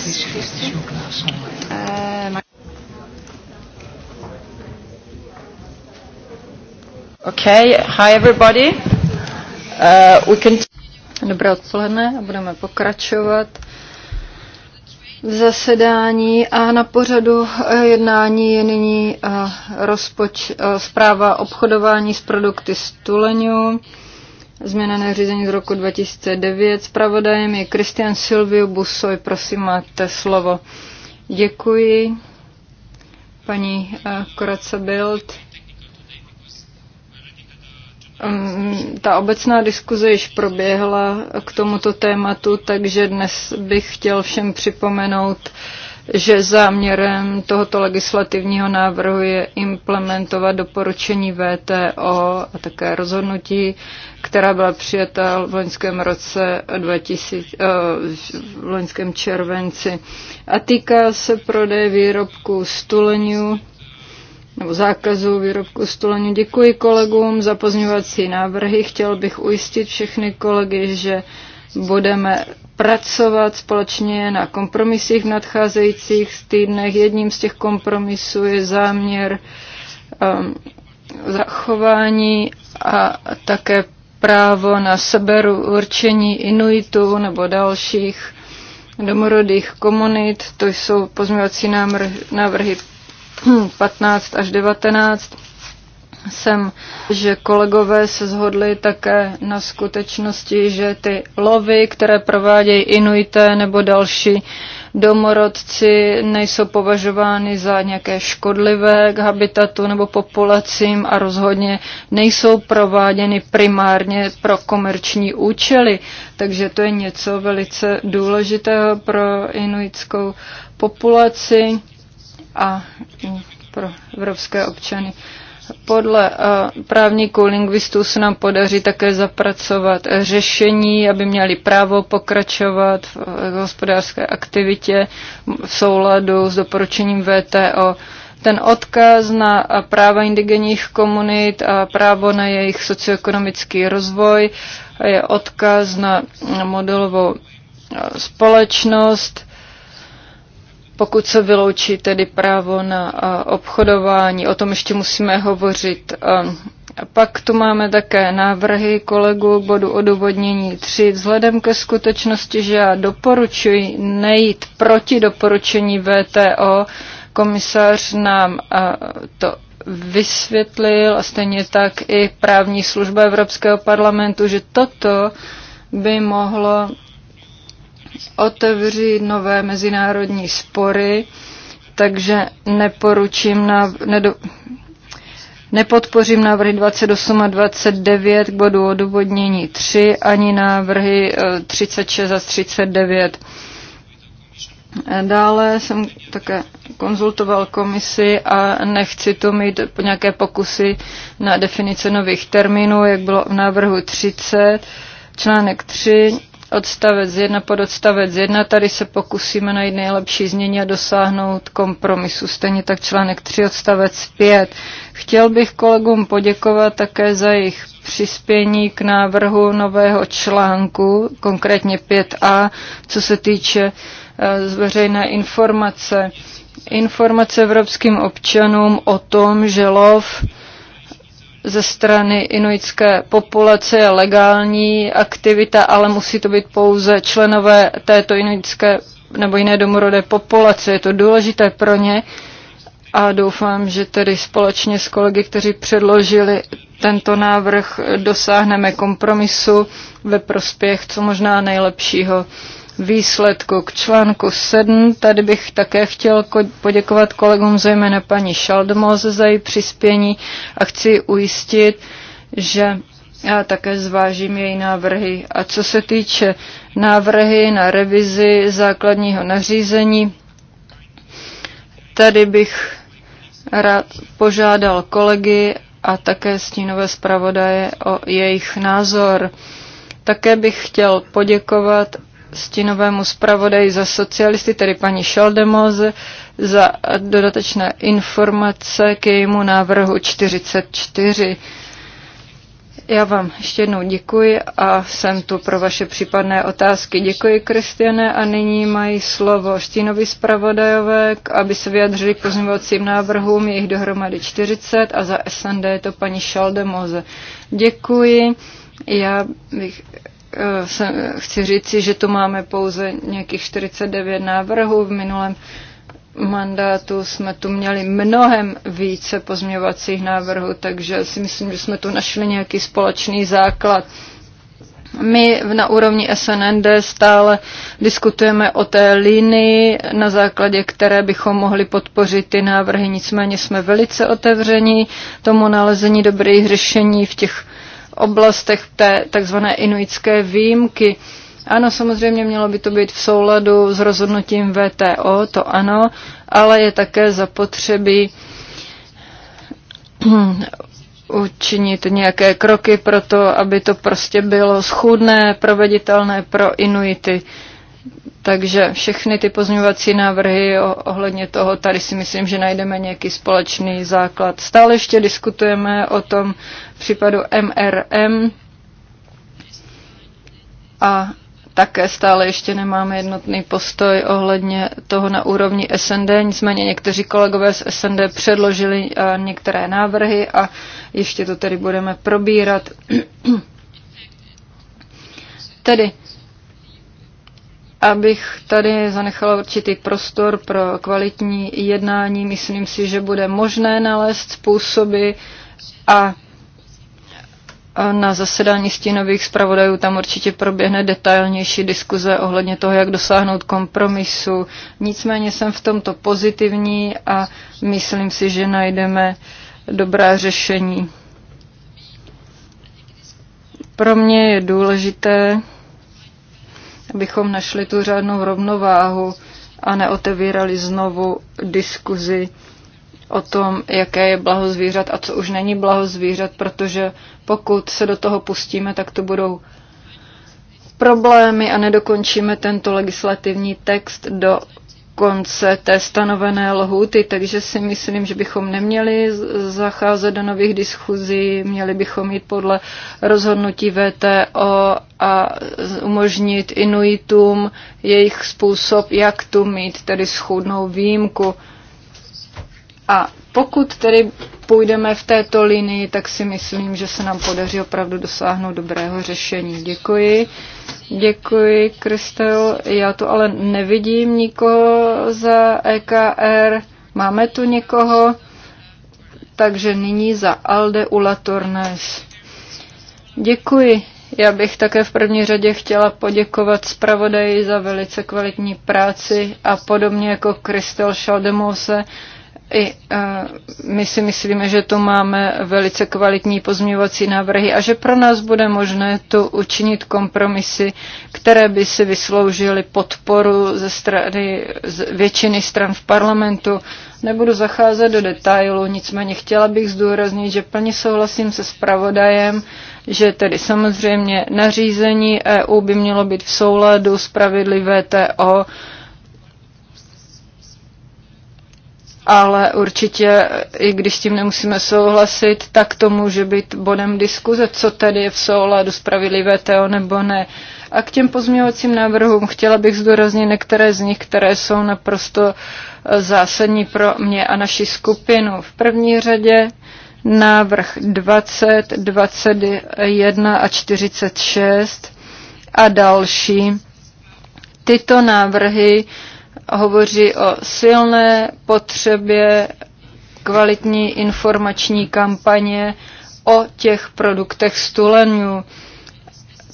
is this? Your uh, my Okay, hi everybody. Uh, we can... Dobré odpoledne a budeme pokračovat v zasedání a na pořadu jednání je nyní eh, rozpoč, eh, zpráva obchodování s produkty z tuleňů. Změna nařízení z roku 2009. zpravodajem je Kristian Silvio Busoj. Prosím, máte slovo. Děkuji. Paní eh, Koraca Bild. Ehm, ta obecná diskuze již proběhla k tomuto tématu, takže dnes bych chtěl všem připomenout, že záměrem tohoto legislativního návrhu je implementovat doporučení VTO a také rozhodnutí, která byla přijata v loňském roce 2000, eh, v loňském červenci. A týká se prodeje výrobků z nebo zákazu výrobku stolení. Děkuji kolegům za pozměňovací návrhy. Chtěl bych ujistit všechny kolegy, že budeme pracovat společně na kompromisích v nadcházejících týdnech. Jedním z těch kompromisů je záměr um, zachování a také právo na seberu určení Inuitů nebo dalších domorodých komunit. To jsou pozměňovací návrhy 15 až 19 jsem, že kolegové se zhodli také na skutečnosti, že ty lovy, které provádějí Inuité nebo další domorodci, nejsou považovány za nějaké škodlivé k habitatu nebo populacím a rozhodně nejsou prováděny primárně pro komerční účely. Takže to je něco velice důležitého pro inuitskou populaci a pro evropské občany. Podle eh, právníků lingvistů se nám podaří také zapracovat řešení, aby měli právo pokračovat v hospodářské aktivitě v souladu s doporučením VTO ten odkaz na práva indigenních komunit a právo na jejich socioekonomický rozvoj je odkaz na modelovou eh, společnost, pokud se vyloučí tedy právo na obchodování, o tom ještě musíme hovořit. A pak tu máme také návrhy kolegů k bodu odůvodnění 3. Vzhledem ke skutečnosti, že já doporučuji nejít proti doporučení VTO, komisař nám to vysvětlil a stejně tak i právní služba Evropského parlamentu, že toto by mohlo otevří nové mezinárodní spory, takže neporučím na, nedo, Nepodpořím návrhy 28 a 29 k bodu odůvodnění 3 ani návrhy 36 eh, a 39. Dále jsem také konzultoval komisi a nechci tu mít nějaké pokusy na definice nových termínů, jak bylo v návrhu 30. Článek 3 odstavec 1 pod odstavec 1. Tady se pokusíme najít nejlepší znění a dosáhnout kompromisu. Stejně tak článek 3 odstavec 5. Chtěl bych kolegům poděkovat také za jejich přispění k návrhu nového článku, konkrétně 5a, co se týče eh, zveřejné informace. Informace evropským občanům o tom, že lov ze strany inuitské populace je legální aktivita, ale musí to být pouze členové této inuitské nebo jiné domorodé populace. Je to důležité pro ně a doufám, že tedy společně s kolegy, kteří předložili tento návrh, dosáhneme kompromisu ve prospěch co možná nejlepšího výsledku. K článku 7 tady bych také chtěl poděkovat kolegům, zejména paní Šaldmoze, za její přispění a chci ujistit, že já také zvážím její návrhy. A co se týče návrhy na revizi základního nařízení, tady bych rád požádal kolegy a také stínové zpravodaje o jejich názor. Také bych chtěl poděkovat stinovému zpravodaji za socialisty, tedy paní Šaldemoze, za dodatečné informace k jejímu návrhu 44. Já vám ještě jednou děkuji a jsem tu pro vaše případné otázky. Děkuji, Kristiane, a nyní mají slovo štínovi zpravodajové, aby se vyjadřili k pozměňovacím návrhům, je jich dohromady 40 a za SND je to paní Šaldemoze. Děkuji. Já bych Eh, se, chci říci, že tu máme pouze nějakých 49 návrhů. V minulém mandátu jsme tu měli mnohem více pozměvacích návrhů, takže si myslím, že jsme tu našli nějaký společný základ. My na úrovni SNND stále diskutujeme o té linii, na základě které bychom mohli podpořit ty návrhy, nicméně jsme velice otevření tomu nalezení dobrých řešení v těch oblastech té takzvané inuitské výjimky. Ano, samozřejmě mělo by to být v souladu s rozhodnutím VTO, to ano, ale je také zapotřebí (clears throat) učinit nějaké kroky pro to, aby to prostě bylo schůdné, proveditelné pro Inuity. Takže všechny ty pozměňovací návrhy ohledně toho, tady si myslím, že najdeme nějaký společný základ. Stále ještě diskutujeme o tom případu MRM a také stále ještě nemáme jednotný postoj ohledně toho na úrovni SND, nicméně někteří kolegové z SND předložili eh, některé návrhy a ještě to tedy budeme probírat. (clears throat) Tedy abych tady zanechala určitý prostor pro kvalitní jednání. Myslím si, že bude možné nalézt způsoby a na zasedání stínových zpravodajů tam určitě proběhne detailnější diskuze ohledně toho, jak dosáhnout kompromisu. Nicméně jsem v tomto pozitivní a myslím si, že najdeme dobrá řešení. Pro mě je důležité, abychom našli tu řádnou rovnováhu a neotevírali znovu diskuzi o tom, jaké je blaho zvířat a co už není blaho zvířat, protože pokud se do toho pustíme, tak to budou problémy a nedokončíme tento legislativní text do konce té stanovené lhuty, takže si myslím, že bychom neměli zacházet do nových diskuzí, měli bychom jít podle rozhodnutí VTO a umožnit Inuitům jejich způsob, jak tu mít tedy schůdnou výjimku. A pokud tedy půjdeme v této linii, tak si myslím, že se nám podaří opravdu dosáhnout dobrého řešení. Děkuji. Děkuji, Kristel. Já tu ale nevidím nikoho za EKR. Máme tu někoho? Takže nyní za Alde Ulatornes. Děkuji. Já bych také v první řadě chtěla poděkovat zpravodaji za velice kvalitní práci a podobně jako Kristel Šaldemose i e, my si myslíme, že tu máme velice kvalitní pozměňovací návrhy a že pro nás bude možné tu učinit kompromisy, které by si vysloužily podporu ze strany z většiny stran v parlamentu. Nebudu zacházet do detailu, nicméně chtěla bych zdůraznit, že plně souhlasím se spravodajem, že tedy samozřejmě nařízení EU by mělo být v souladu s pravidly VTO, ale určitě, i když s tím nemusíme souhlasit, tak to může být bodem diskuze, co tedy je v souladu spravedlivé TO nebo ne. A k těm pozměňovacím návrhům chtěla bych zdůraznit některé z nich, které jsou naprosto eh, zásadní pro mě a naši skupinu. V první řadě návrh 20, 21 a 46 a další. Tyto návrhy uh, hovoří o silné potřebě kvalitní informační kampaně o těch produktech stulenů.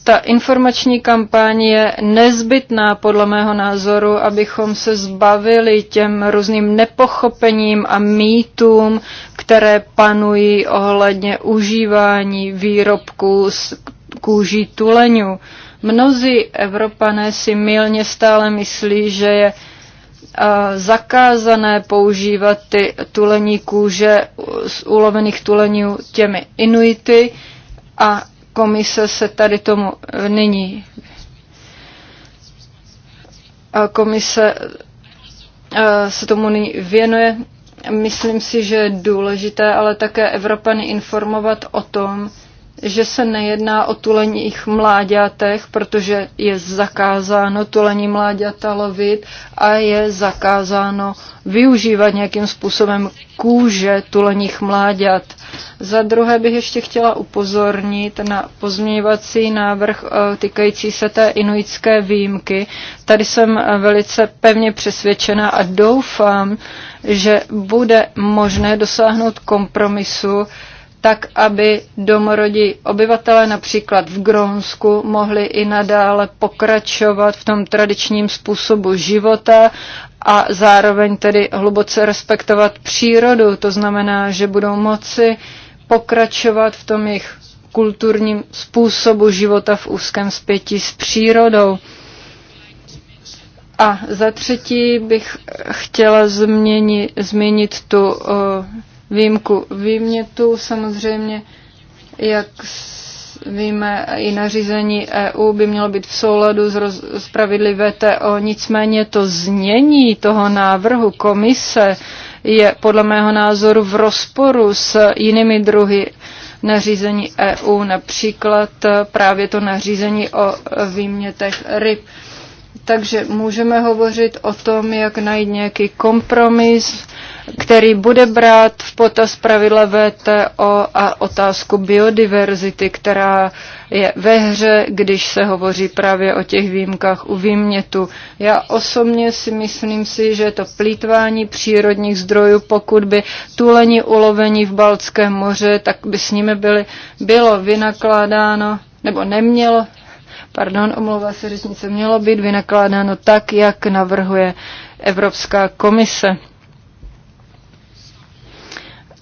Ta informační kampaň je nezbytná podle mého názoru, abychom se zbavili těm různým nepochopením a mýtům, které panují ohledně užívání výrobků z kůží tuleňů. Mnozí Evropané si milně stále myslí, že je zakázané používat ty tulení kůže z ulovených tuleniů těmi inuity a komise se tady tomu nyní komise se tomu nyní věnuje. Myslím si, že je důležité ale také Evropany informovat o tom, že se nejedná o tuleních mláďatech, protože je zakázáno tulení mláďata lovit a je zakázáno využívat nějakým způsobem kůže tuleních mláďat. Za druhé bych ještě chtěla upozornit na pozměňovací návrh eh, týkající se té inuitské výjimky. Tady jsem eh, velice pevně přesvědčena a doufám, že bude možné dosáhnout kompromisu, tak aby domorodí obyvatelé například v Grónsku mohli i nadále pokračovat v tom tradičním způsobu života a zároveň tedy hluboce respektovat přírodu. To znamená, že budou moci pokračovat v tom jejich kulturním způsobu života v úzkém spěti s přírodou. A za třetí bych chtěla změnit, změnit tu uh, výjimku výmětu. Samozřejmě, jak víme, i nařízení EU by mělo být v souladu s, roz, s pravidly VTO. Nicméně to znění toho návrhu komise je podle mého názoru v rozporu s jinými druhy nařízení EU, například právě to nařízení o výmětech ryb. Takže můžeme hovořit o tom, jak najít nějaký kompromis, který bude brát v potaz pravidla VTO a otázku biodiverzity, která je ve hře, když se hovoří právě o těch výjimkách u výmětu. Já osobně si myslím si, že to plítvání přírodních zdrojů, pokud by tulení ulovení v Balckém moře, tak by s nimi byly, bylo vynakládáno nebo nemělo pardon, omlouvá se řečnice, mělo být vynakládáno tak, jak navrhuje Evropská komise.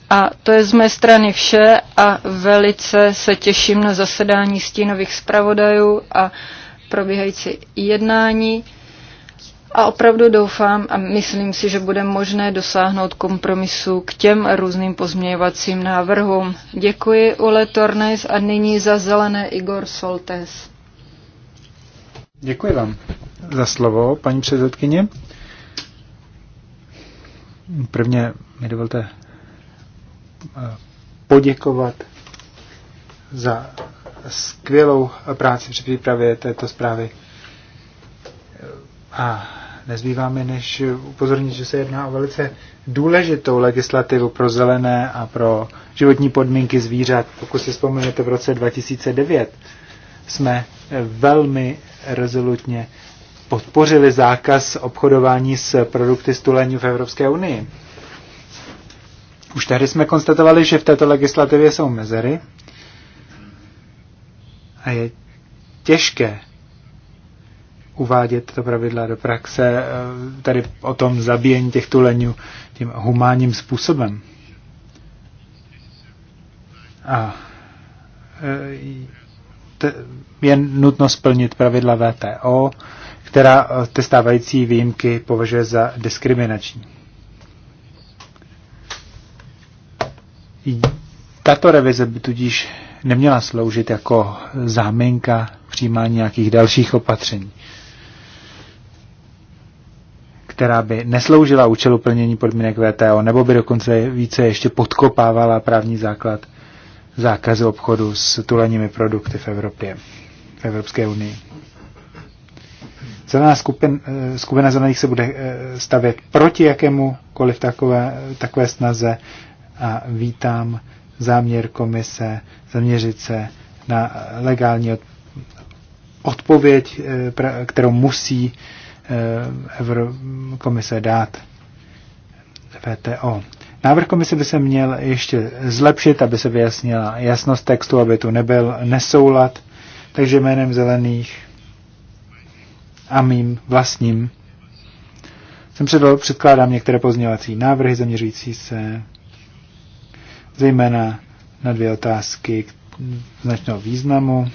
A to je z mé strany vše a velice se těším na zasedání stínových zpravodajů a probíhající jednání. A opravdu doufám a myslím si, že bude možné dosáhnout kompromisu k těm různým pozměňovacím návrhům. Děkuji Ule Tornes a nyní za zelené Igor Soltes. Děkuji vám za slovo, paní předsedkyně. Prvně mi dovolte eh, poděkovat za skvělou práci při přípravě této zprávy. A nezbývá mi, než upozornit, že se jedná o velice důležitou legislativu pro zelené a pro životní podmínky zvířat. Pokud si vzpomenete, v roce 2009 jsme velmi rezolutně podpořili zákaz obchodování s produkty z tuleňů v Evropské unii. Už tady jsme konstatovali, že v této legislativě jsou mezery a je těžké uvádět to pravidla do praxe, eh, tady o tom zabíjení těch tuleňů tím humánním způsobem. A eh, je nutno splnit pravidla VTO, která eh, ty stávající výjimky považuje za diskriminační. Tato revize by tudíž neměla sloužit jako záminka přijímání nějakých dalších opatření, která by nesloužila účelu plnění podmínek VTO, nebo by dokonce více ještě podkopávala právní základ zákazu obchodu s tuleními produkty v Evropě, v Evropské unii. Zelená skupin, eh, skupina zelených se bude eh, stavět proti jakémukoliv takové, takové snaze a vítám záměr komise zaměřit se na legální odpověď, eh, kterou musí komise dát VTO. Návrh komise by se měl ještě zlepšit, aby se vyjasnila jasnost textu, aby tu nebyl nesoulad. Takže jménem zelených a mým vlastním jsem předl, předkládám některé pozměňovací návrhy zaměřující se zejména na dvě otázky značného významu.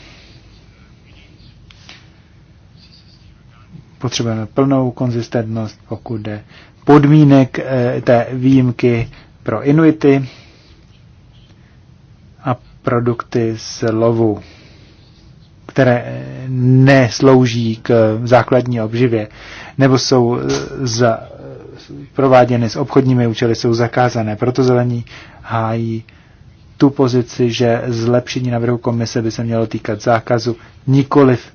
Potřebujeme plnou konzistentnost, pokud jde podmínek eh, té výjimky pro Inuity a produkty z lovu, které eh, neslouží k základní obživě nebo jsou eh, za, prováděny s obchodními účely, jsou zakázané. Proto zelení hájí tu pozici, že zlepšení návrhu komise by se mělo týkat zákazu, nikoliv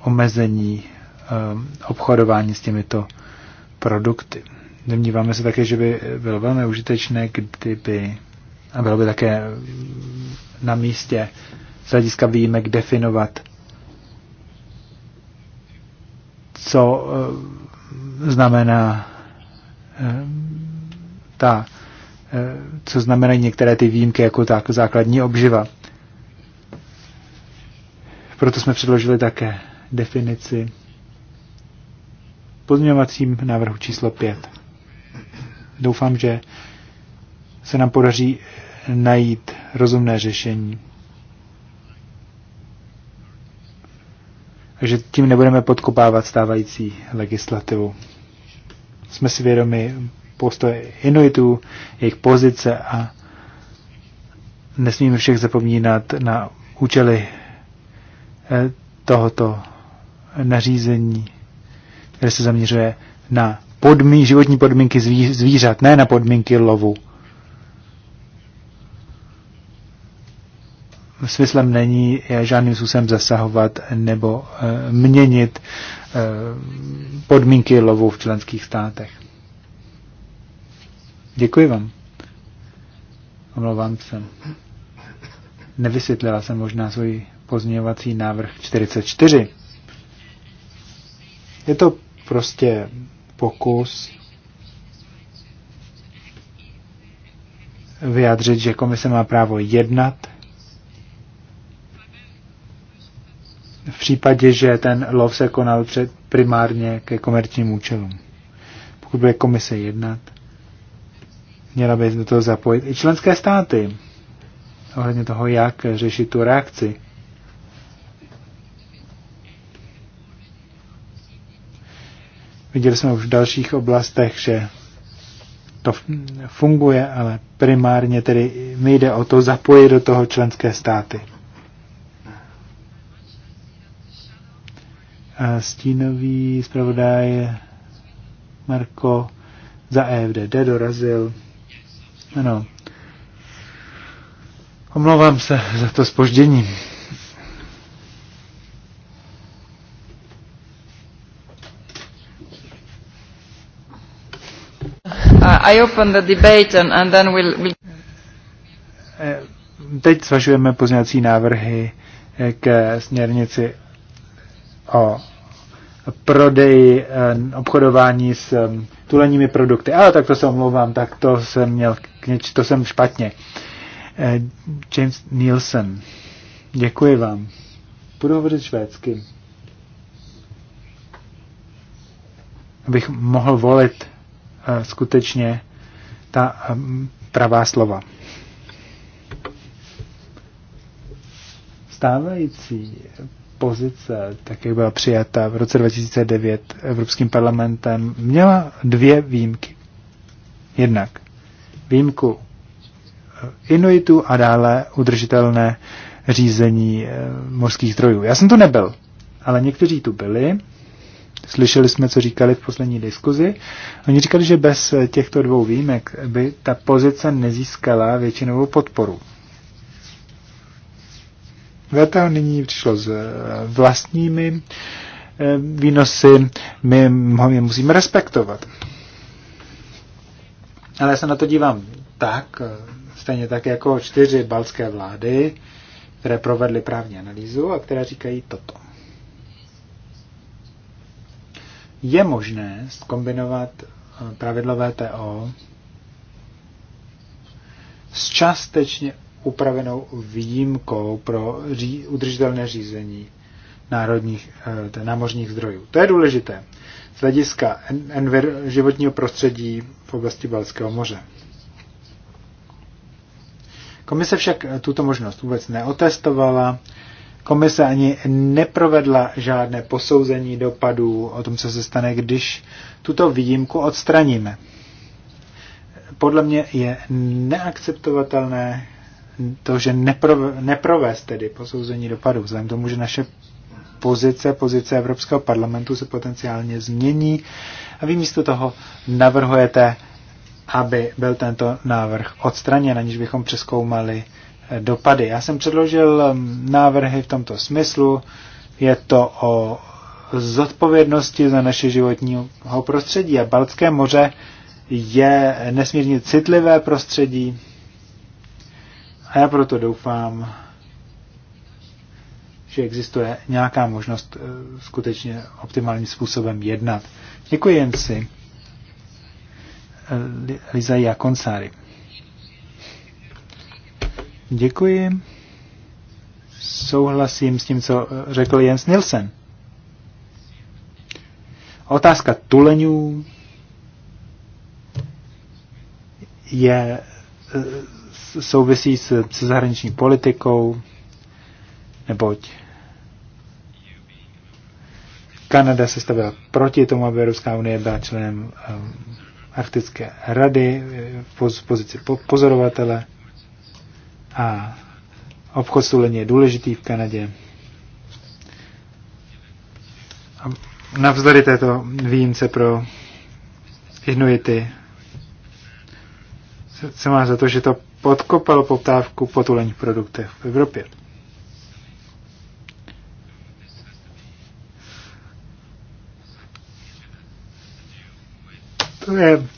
omezení um, obchodování s těmito produkty. Domníváme se také, že by bylo velmi užitečné, kdyby, a bylo by také na místě z hlediska výjimek definovat, co eh, znamená eh, ta, eh, co znamenají některé ty výjimky jako tak základní obživa. Proto jsme předložili také definici pozměňovacím návrhu číslo 5. Doufám, že se nám podaří najít rozumné řešení. Takže tím nebudeme podkopávat stávající legislativu. Jsme si vědomi postoje Inuitů, jejich pozice a nesmíme všech zapomínat na účely eh, tohoto nařízení kde se zaměřuje na podmí, životní podmínky zví, zvířat, ne na podmínky lovu. Smyslem není eh, žádným způsobem zasahovat nebo e, měnit e, podmínky lovu v členských státech. Děkuji vám. Omlouvám se. Nevysvětlila jsem možná svůj pozměňovací návrh 44. Je to prostě pokus vyjádřit, že komise má právo jednat v případě, že ten lov se konal před primárně ke komerčním účelům. Pokud bude komise jednat, měla by do toho zapojit i členské státy ohledně toho, jak řešit tu reakci. Viděli jsme už v dalších oblastech, že to funguje, ale primárně tedy mi jde o to zapojit do toho členské státy. A stínový zpravodaj Marko za EFDD dorazil. Ano. Omlouvám se za to spoždění. I open the debate and, and then we'll, we'll... Eh, teď zvažujeme pozměňovací návrhy eh, k směrnici o prodeji, eh, obchodování s tuleními produkty. Ale tak to se omlouvám, tak to jsem měl, to jsem špatně. James Nielsen, děkuji vám. Budu hovořit švédsky. Abych mohl volit skutečně ta um, pravá slova. Stávající pozice, tak jak byla přijata v roce 2009 Evropským parlamentem, měla dvě výjimky. Jednak výjimku uh, Inuitu a dále udržitelné řízení uh, mořských zdrojů. Já jsem tu nebyl, ale někteří tu byli Slyšeli jsme, co říkali v poslední diskuzi. Oni říkali, že bez těchto dvou výjimek by ta pozice nezískala většinovou podporu. VTO nyní přišlo s eh, vlastními eh, výnosy, my ho je musíme respektovat. Ale já se na to dívám tak, eh, stejně tak jako čtyři balské vlády, které provedly právní analýzu a které říkají toto. je možné skombinovat eh, pravidlo VTO s částečně upravenou výjimkou pro ří, udržitelné řízení národních e, námořních zdrojů. To je důležité z hlediska envir, životního prostředí v oblasti Balského moře. Komise však eh, tuto možnost vůbec neotestovala Komise ani neprovedla žádné posouzení dopadů o tom, co se stane, když tuto výjimku odstraníme. Podle mě je neakceptovatelné to, že neprov, neprovést tedy posouzení dopadů, vzhledem tomu, že naše pozice, pozice Evropského parlamentu se potenciálně změní a vy místo toho navrhujete, aby byl tento návrh odstraněn, aniž bychom přeskoumali dopady. Já jsem předložil um, návrhy v tomto smyslu. Je to o zodpovědnosti za naše životního prostředí. A Baltské moře je nesmírně citlivé prostředí. A já proto doufám, že existuje nějaká možnost eh, skutečně optimálním způsobem jednat. Děkuji jen si. Eh, Liza Jakonsári. Děkuji. Souhlasím s tím, co eh, řekl Jens Nilsen. Otázka tuleňů je eh, souvisí s, s zahraniční politikou, neboť Kanada se stavila proti tomu, aby Evropská unie byla členem um, Arktické rady v poz, pozici po, pozorovatele. A obchod s je důležitý v Kanadě. A navzdory této výjimce pro Inuity se má za to, že to podkopalo poptávku po tuleních produktech v Evropě. To je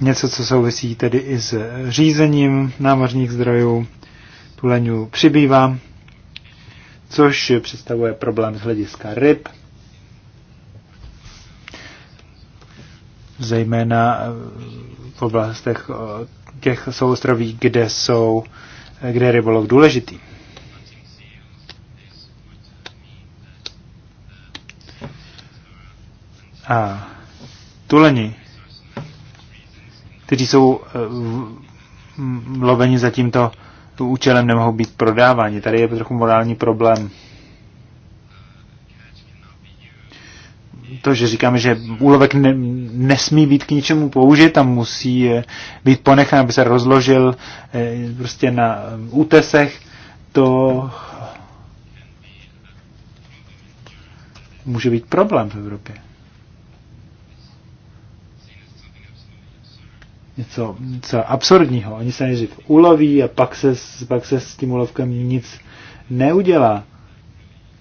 něco, co souvisí tedy i s řízením námořních zdrojů. Tuleňů přibývá, což představuje problém z hlediska ryb. Zejména eh, v oblastech eh, těch souostroví, kde jsou, eh, kde je rybolov důležitý. A tuleni kteří jsou eh, loveni za tímto účelem, nemohou být prodáváni. Tady je trochu morální problém. To, že říkáme, že úlovek ne, nesmí být k ničemu použit a musí eh, být ponechán, aby se rozložil eh, prostě na útesech, to může být problém v Evropě. něco, něco absurdního. Oni se nejdřív uloví a pak se, pak se s tím ulovkem nic neudělá.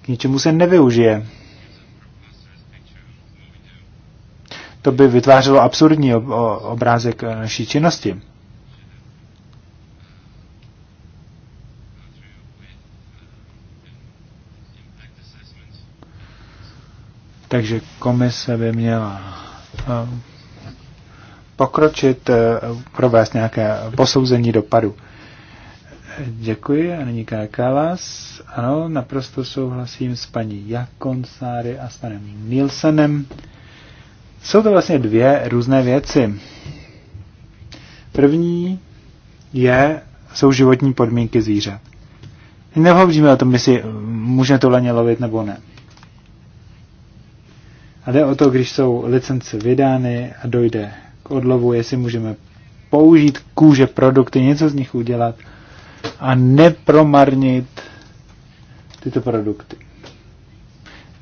K ničemu se nevyužije. To by vytvářelo absurdní ob, obrázek eh, naší činnosti. Takže komise by měla um, pokročit, eh, provést nějaké posouzení dopadu. Děkuji a nyní Kalas. Ano, naprosto souhlasím s paní Jakonsáry a s panem Nielsenem. Jsou to vlastně dvě různé věci. První je, jsou životní podmínky zvířat. Nehovoříme o tom, jestli můžeme to leně lovit nebo ne. A jde o to, když jsou licence vydány a dojde k odlovu, jestli můžeme použít kůže, produkty, něco z nich udělat a nepromarnit tyto produkty.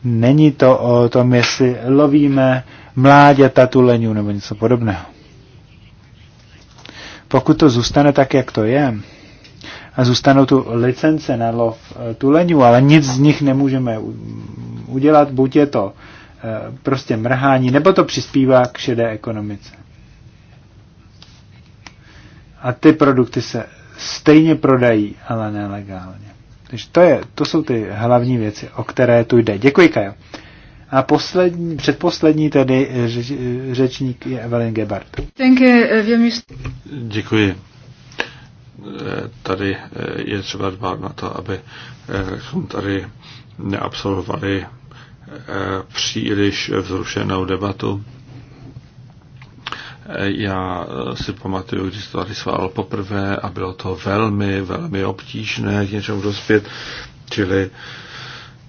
Není to o tom, jestli lovíme mláďata tuleňů nebo něco podobného. Pokud to zůstane tak, jak to je, a zůstanou tu licence na lov eh, tuleňů, ale nic z nich nemůžeme udělat, buď je to eh, prostě mrhání, nebo to přispívá k šedé ekonomice. A ty produkty se stejně prodají, ale nelegálně. Takže to, je, to jsou ty hlavní věci, o které tu jde. Děkuji, Kajo. A poslední, předposlední tedy řeč, řečník je Evelyn Gebhardt. Eh, Děkuji. Eh, tady eh, je třeba dbát na to, aby tady neabsolvovali příliš vzrušenou debatu. Já eh, si pamatuju, když to tady sválil poprvé a bylo to velmi, velmi obtížné k něčemu dospět, čili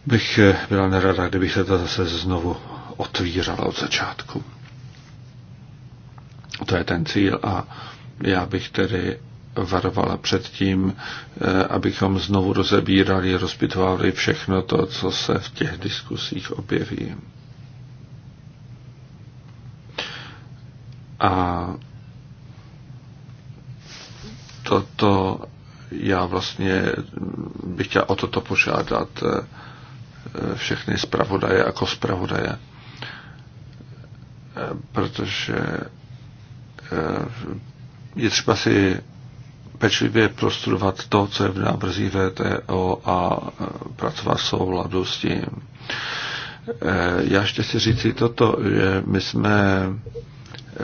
bych eh, byla nerada, kdybych se to zase znovu otvírala od začátku. To je ten cíl a já bych tedy varovala před tím, eh, abychom znovu rozebírali, rozpitovali všechno to, co se v těch diskusích objeví. A toto já vlastně bych chtěl o toto požádat eh, všechny zpravodaje jako zpravodaje, eh, protože eh, je třeba si pečlivě prostudovat to, co je v návrzích VTO a pracovat v souladu s tím. Já ještě si říci toto, že my jsme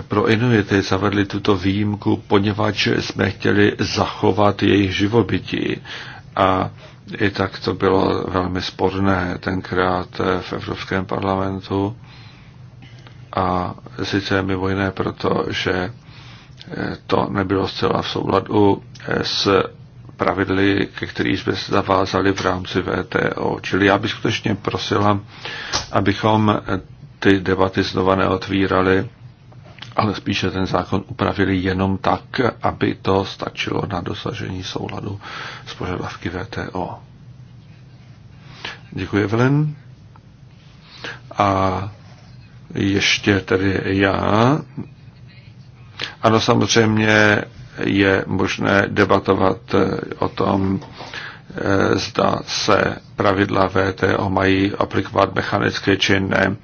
pro Inuity zavedli tuto výjimku, poněvadž jsme chtěli zachovat jejich živobytí. A i tak to bylo velmi sporné tenkrát v Evropském parlamentu. A sice mimo jiné proto, že eh, to nebylo zcela v souladu eh, s pravidly, ke kterým jsme se zavázali v rámci VTO. Čili já bych skutečně prosila, abychom eh, ty debaty znova neotvírali, ale spíše ten zákon upravili jenom tak, aby to stačilo na dosažení souladu s požadavky VTO. Děkuji, Evelyn. A ještě tedy já. Ano, samozřejmě je možné debatovat eh, o tom, eh, zda se pravidla VTO mají aplikovat mechanické či ne.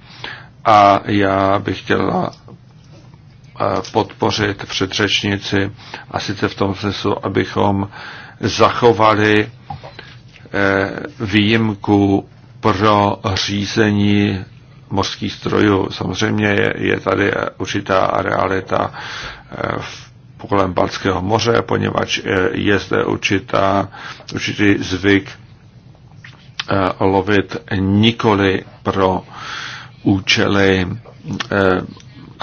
A já bych chtěla podpořit předřečnici a sice v tom smyslu, abychom zachovali eh, výjimku pro řízení mořských strojů. Samozřejmě je, je tady určitá realita eh, v kolem Balckého moře, poněvadž eh, je zde určitá, určitý zvyk lovit nikoli pro účely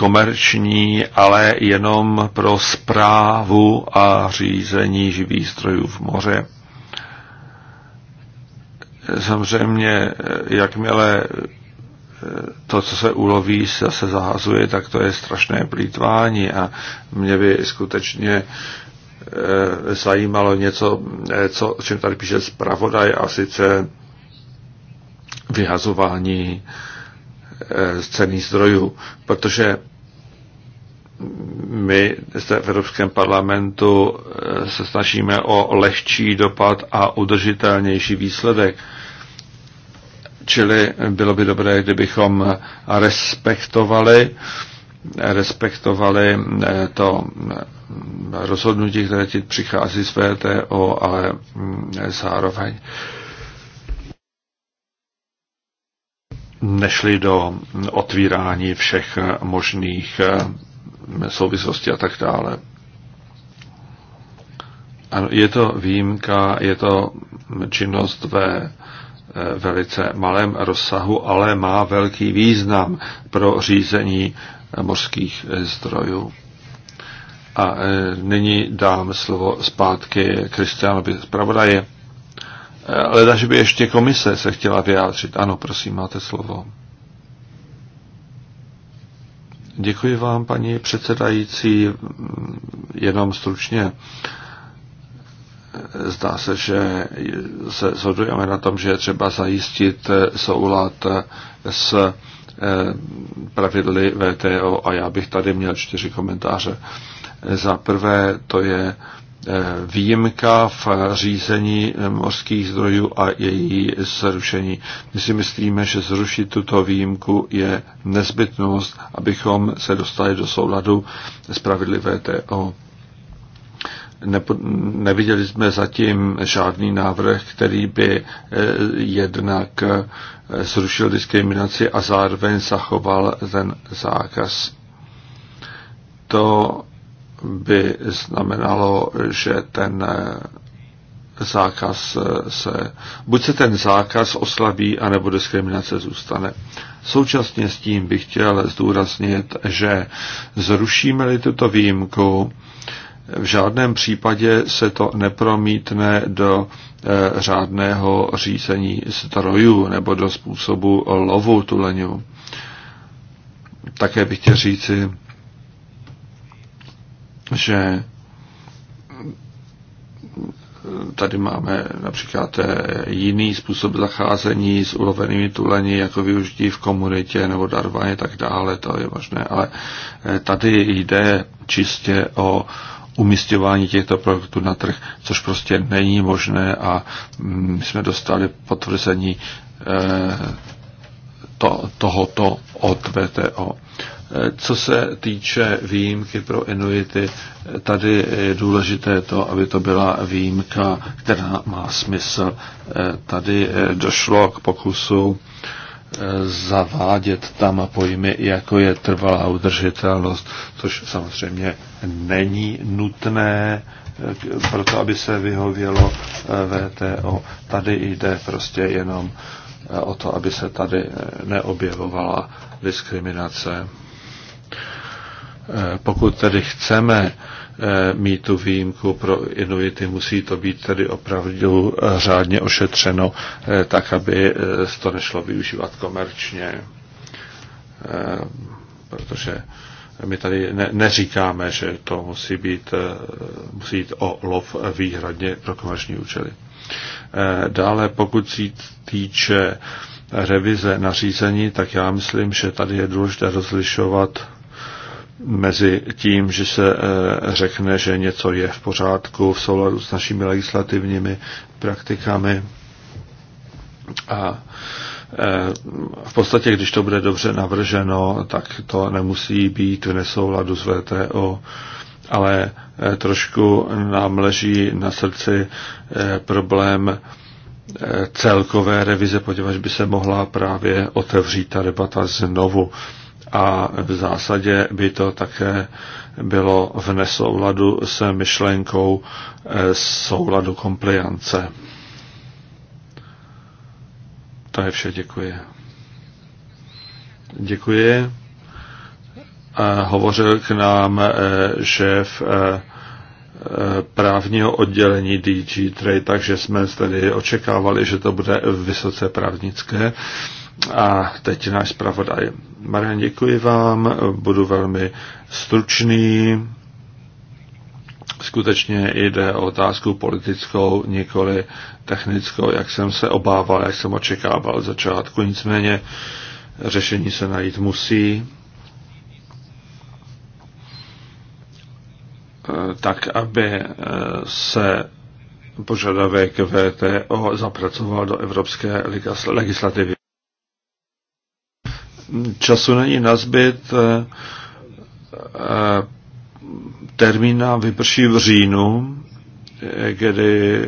komerční, ale jenom pro zprávu a řízení živých strojů v moře. Samozřejmě, jakmile eh, to, co se uloví, se zase zahazuje, tak to je strašné plítvání a mě by skutečně eh, zajímalo něco, eh, co, čím tady píše zpravodaj, a sice vyhazování z cených zdrojů, protože my zde v Evropském parlamentu eh, se snažíme o lehčí dopad a udržitelnější výsledek. Čili bylo by dobré, kdybychom respektovali, respektovali eh, to eh, rozhodnutí, které ti přichází z VTO, ale mm, zároveň nešli do otvírání všech možných souvislosti a tak dále. Ano, je to výjimka, je to činnost ve eh, velice malém rozsahu, ale má velký význam pro řízení mořských zdrojů. A eh, nyní dám slovo zpátky Kristianovi zpravodaji. Eh, Leda, že by ještě komise se chtěla vyjádřit. Ano, prosím, máte slovo. Děkuji vám, paní předsedající. Jenom stručně. Zdá se, že se shodujeme na tom, že je třeba zajistit soulad s eh, pravidly VTO a já bych tady měl čtyři komentáře. Za prvé, to je Eh, výjimka v řízení eh, mořských zdrojů a její zrušení. My si myslíme, že zrušit tuto výjimku je nezbytnost, abychom se dostali do souladu s pravidly VTO. Neviděli jsme zatím žádný návrh, který by eh, jednak zrušil diskriminaci a zároveň zachoval ten zákaz. To by znamenalo, že ten eh, zákaz eh, se, buď se ten zákaz oslabí, anebo diskriminace zůstane. Současně s tím bych chtěl zdůraznit, že zrušíme-li tuto výjimku, v žádném případě se to nepromítne do e, řádného řízení strojů nebo do způsobu lovu tuleňů. Také bych chtěl říci, že tady máme například eh, jiný způsob zacházení s ulovenými tuleni, jako využití v komunitě nebo darovaně tak dále, to je možné, ale eh, tady jde čistě o umistování těchto produktů na trh, což prostě není možné a mm, my jsme dostali potvrzení eh, to, tohoto od VTO. Co se týče výjimky pro Inuity, tady je důležité to, aby to byla výjimka, která má smysl. Tady došlo k pokusu eh, zavádět tam pojmy, jako je trvalá udržitelnost, což samozřejmě není nutné eh, proto, aby se vyhovělo eh, VTO. Tady jde prostě jenom o to, aby se tady neobjevovala diskriminace. Eh, pokud tedy chceme eh, mít tu výjimku pro Inuity, musí to být tedy opravdu eh, řádně ošetřeno, tak aby to nešlo využívat komerčně. Protože my tady ne, neříkáme, že to musí být musí být o lov výhradně pro komerční účely. Dále, pokud si týče revize nařízení, tak já myslím, že tady je důležité rozlišovat mezi tím, že se eh, řekne, že něco je v pořádku v souladu s našimi legislativními praktikami a eh, v podstatě, když to bude dobře navrženo, tak to nemusí být v nesouladu s VTO, ale eh, trošku nám leží na srdci problém celkové revize, poněvadž by se mohla právě otevřít ta debata znovu a v zásadě by to také bylo v nesouladu s myšlenkou eh, souladu kompliance. To je vše, děkuji. Děkuji. Hovořil k nám eh, šéf eh, právního oddělení DG Trade, takže jsme tedy očekávali, že to bude vysoce právnické. A teď náš zpravodaj. Marian, děkuji vám, budu velmi stručný. Skutečně jde o otázku politickou, nikoli technickou, jak jsem se obával, jak jsem očekával v začátku. Nicméně řešení se najít musí. tak, aby se požadavek VTO zapracoval do evropské legislativy. Času není nazbyt. Eh, eh, termín nám vyprší v říjnu, eh, kdy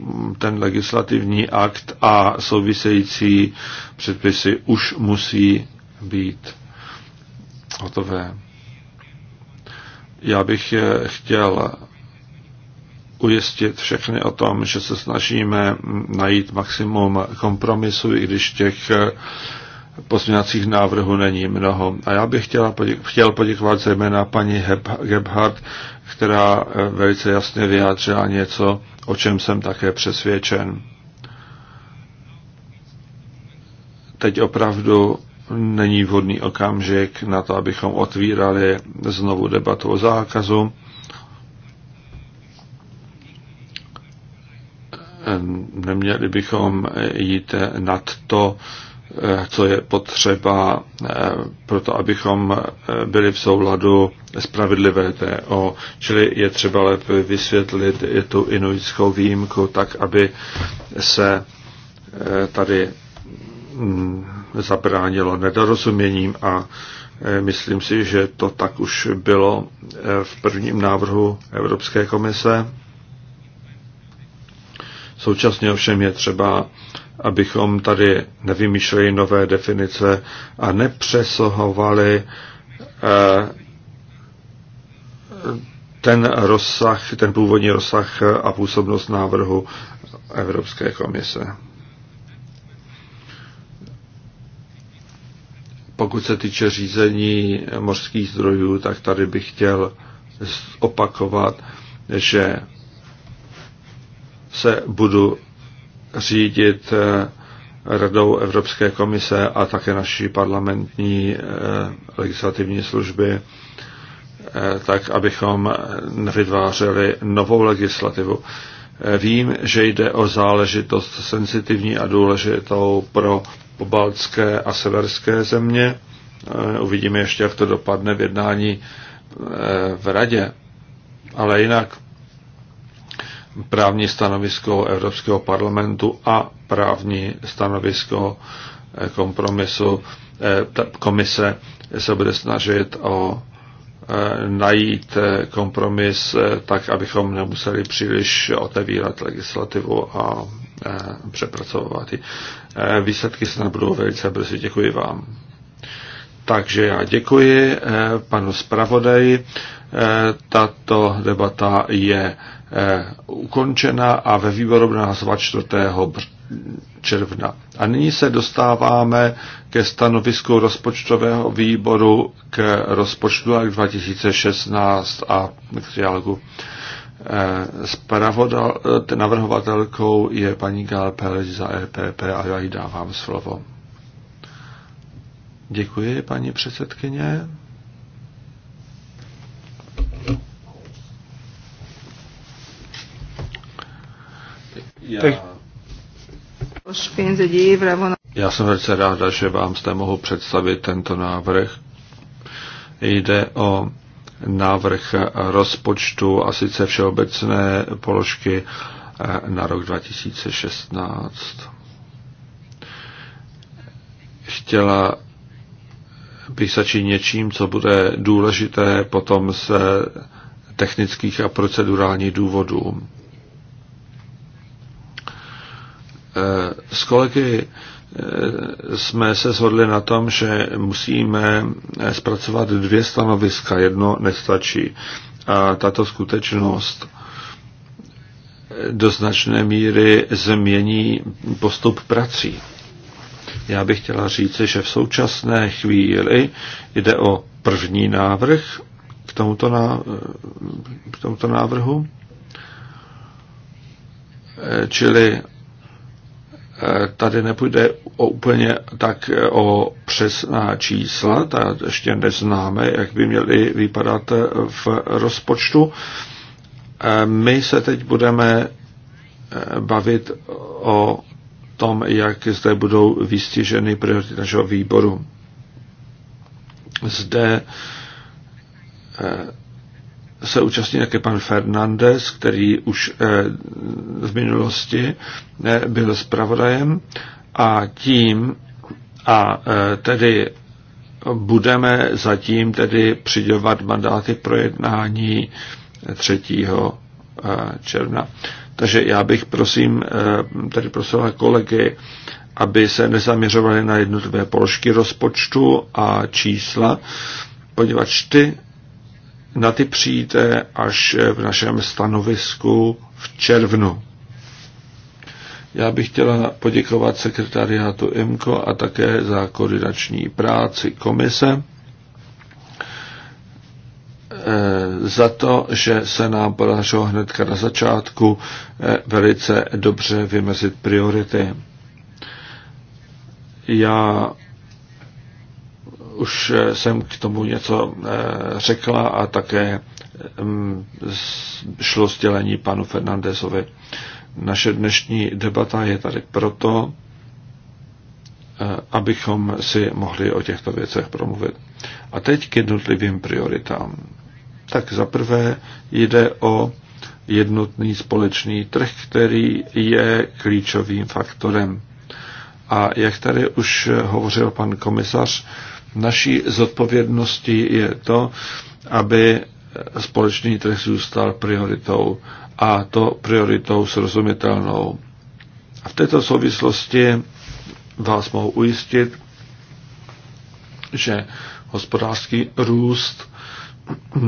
mm, ten legislativní akt a související předpisy už musí být hotové. Já bych chtěl ujistit všechny o tom, že se snažíme mm, najít maximum kompromisu, i když těch pozměňovacích návrhů není mnoho. A já bych chtěla poděk, chtěl poděkovat zejména paní Gebhardt, která eh, velice jasně vyjádřila něco, o čem jsem také přesvědčen. Teď opravdu není vhodný okamžik na to, abychom otvírali znovu debatu o zákazu. Neměli bychom jít nad to, Eh, co je potřeba eh, pro to, abychom eh, byli v souladu s pravidly VTO. Čili je třeba lépe vysvětlit i tu inuitskou výjimku tak, aby se tady mm, zabránilo nedorozuměním a myslím si, že to tak už bylo v prvním návrhu Evropské komise. Současně ovšem je třeba abychom tady nevymýšleli nové definice a nepřesahovali eh, ten rozsah, ten původní rozsah a působnost návrhu Evropské komise. Pokud se týče řízení mořských zdrojů, tak tady bych chtěl opakovat, že se budu řídit eh, radou Evropské komise a také naší parlamentní eh, legislativní služby, eh, tak abychom nevytvářeli novou legislativu. Vím, že jde o záležitost sensitivní a důležitou pro pobaltské a severské země. Uvidíme ještě, jak to dopadne v jednání v radě. Ale jinak právní stanovisko Evropského parlamentu a právní stanovisko eh, kompromisu eh, komise se bude snažit o eh, najít kompromis tak, abychom nemuseli příliš otevírat legislativu a přepracovat ji. Výsledky se budou velice brzy. Děkuji vám. Takže já děkuji panu zpravodaji. Tato debata je Eh, ukončena a ve výboru bude hlasovat 4. června. A nyní se dostáváme ke stanovisku rozpočtového výboru k rozpočtu 2016 a k dialogu. Eh, spravodal, eh, navrhovatelkou je paní Gál Pelec za EPP a já jí dávám slovo. Děkuji, paní předsedkyně. Já... Já jsem velice ráda, že vám zde mohu představit tento návrh. Jde o návrh rozpočtu a sice všeobecné položky eh, na rok 2016. Chtěla bych začít něčím, co bude důležité potom z technických a procedurálních důvodů. Eh, s kolegy eh, jsme se shodli na tom, že musíme eh, zpracovat dvě stanoviska, jedno nestačí. A tato skutečnost do značné míry změní postup prací. Já bych chtěla říci, že v současné chvíli jde o první návrh k tomuto, ná, k tomuto návrhu, čili Tady nepůjde o úplně tak eh, o přesná čísla, ta ještě neznáme, jak by měly vypadat eh, v rozpočtu. Eh, my se teď budeme bavit o tom, jak zde budou vystiženy priority našeho výboru. Zde se účastní také pan Fernandez, který už eh, v minulosti eh, byl zpravodajem a tím a eh, tedy budeme zatím tedy přidělovat mandáty pro jednání 3. června. Takže já bych prosím, tedy prosím kolegy, aby se nezaměřovali na jednotlivé položky rozpočtu a čísla, poněvadž ty na ty přijde až v našem stanovisku v červnu. Já bych chtěla poděkovat sekretariátu IMCO a také za koordinační práci komise eh, za to, že se nám podařilo hned na začátku eh, velice dobře vymezit priority. Já už eh, jsem k tomu něco eh, řekla a také mm, šlo sdělení panu Fernandezovi. Naše dnešní debata je tady proto, eh, abychom si mohli o těchto věcech promluvit. A teď k jednotlivým prioritám. Tak za prvé jde o jednotný společný trh, který je klíčovým faktorem. A jak tady už hovořil pan komisař, Naší zodpovědností je to, aby společný trh zůstal prioritou a to prioritou srozumitelnou. V této souvislosti vás mohu ujistit, že hospodářský růst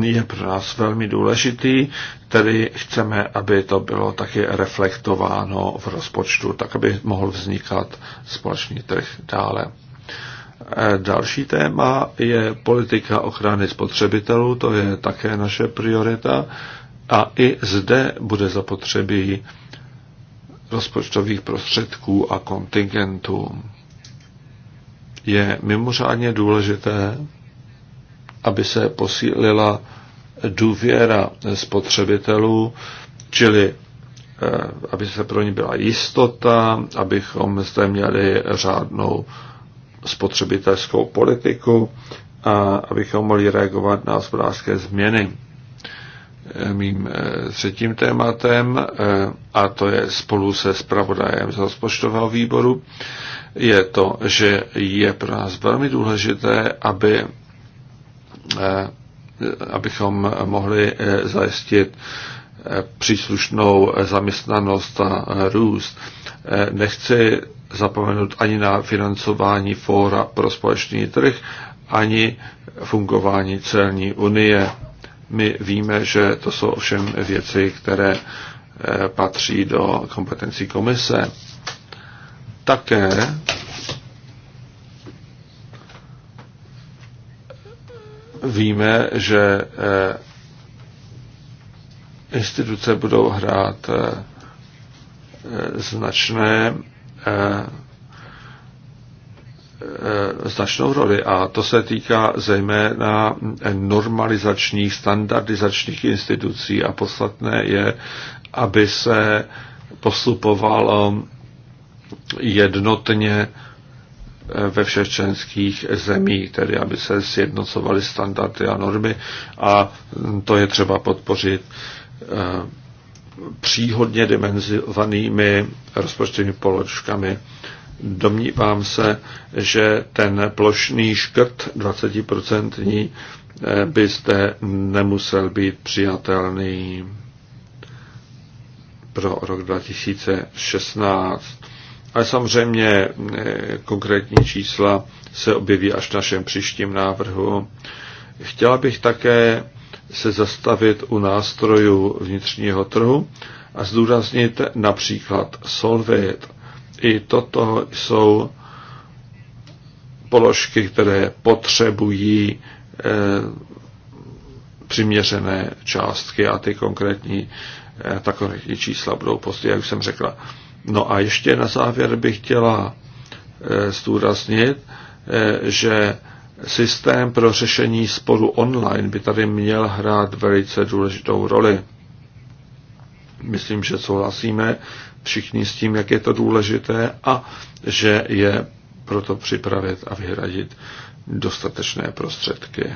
je pro nás velmi důležitý, tedy chceme, aby to bylo taky reflektováno v rozpočtu, tak aby mohl vznikat společný trh dále. Další téma je politika ochrany spotřebitelů, to je také naše priorita a i zde bude zapotřebí rozpočtových prostředků a kontingentů. Je mimořádně důležité, aby se posílila důvěra spotřebitelů, čili eh, aby se pro ně byla jistota, abychom zde měli řádnou spotřebitelskou politiku a abychom mohli reagovat na hospodářské změny. Mým eh, třetím tématem, eh, a to je spolu se zpravodajem z rozpočtového výboru, je to, že je pro nás velmi důležité, aby eh, abychom mohli zajistit příslušnou zaměstnanost a růst. Eh, nechci zapomenout ani na financování fóra pro společný trh, ani fungování celní unie. My víme, že to jsou ovšem věci, které eh, patří do kompetencí komise. Také víme, že eh, instituce budou hrát Eh, značné eh, eh, značnou roli a to se týká zejména normalizačních, standardizačních institucí a podstatné je, aby se postupovalo jednotně ve všech členských zemích, tedy aby se sjednocovaly standardy a normy a to je třeba podpořit příhodně dimenzovanými rozpočtovými položkami. Domnívám se, že ten plošný škrt 20% eh, by zde nemusel být přijatelný pro rok 2016. Ale samozřejmě eh, konkrétní čísla se objeví až v našem příštím návrhu. Chtěla bych také se zastavit u nástrojů vnitřního trhu a zdůraznit například Solvit. I toto jsou položky, které potřebují eh, přiměřené částky a ty konkrétní, eh, ta konkrétní čísla budou později, jak jsem řekla. No a ještě na závěr bych chtěla eh, zdůraznit, že systém pro řešení sporu online by tady měl hrát velice důležitou roli. Myslím, že souhlasíme všichni s tím, jak je to důležité a že je proto připravit a vyhradit dostatečné prostředky.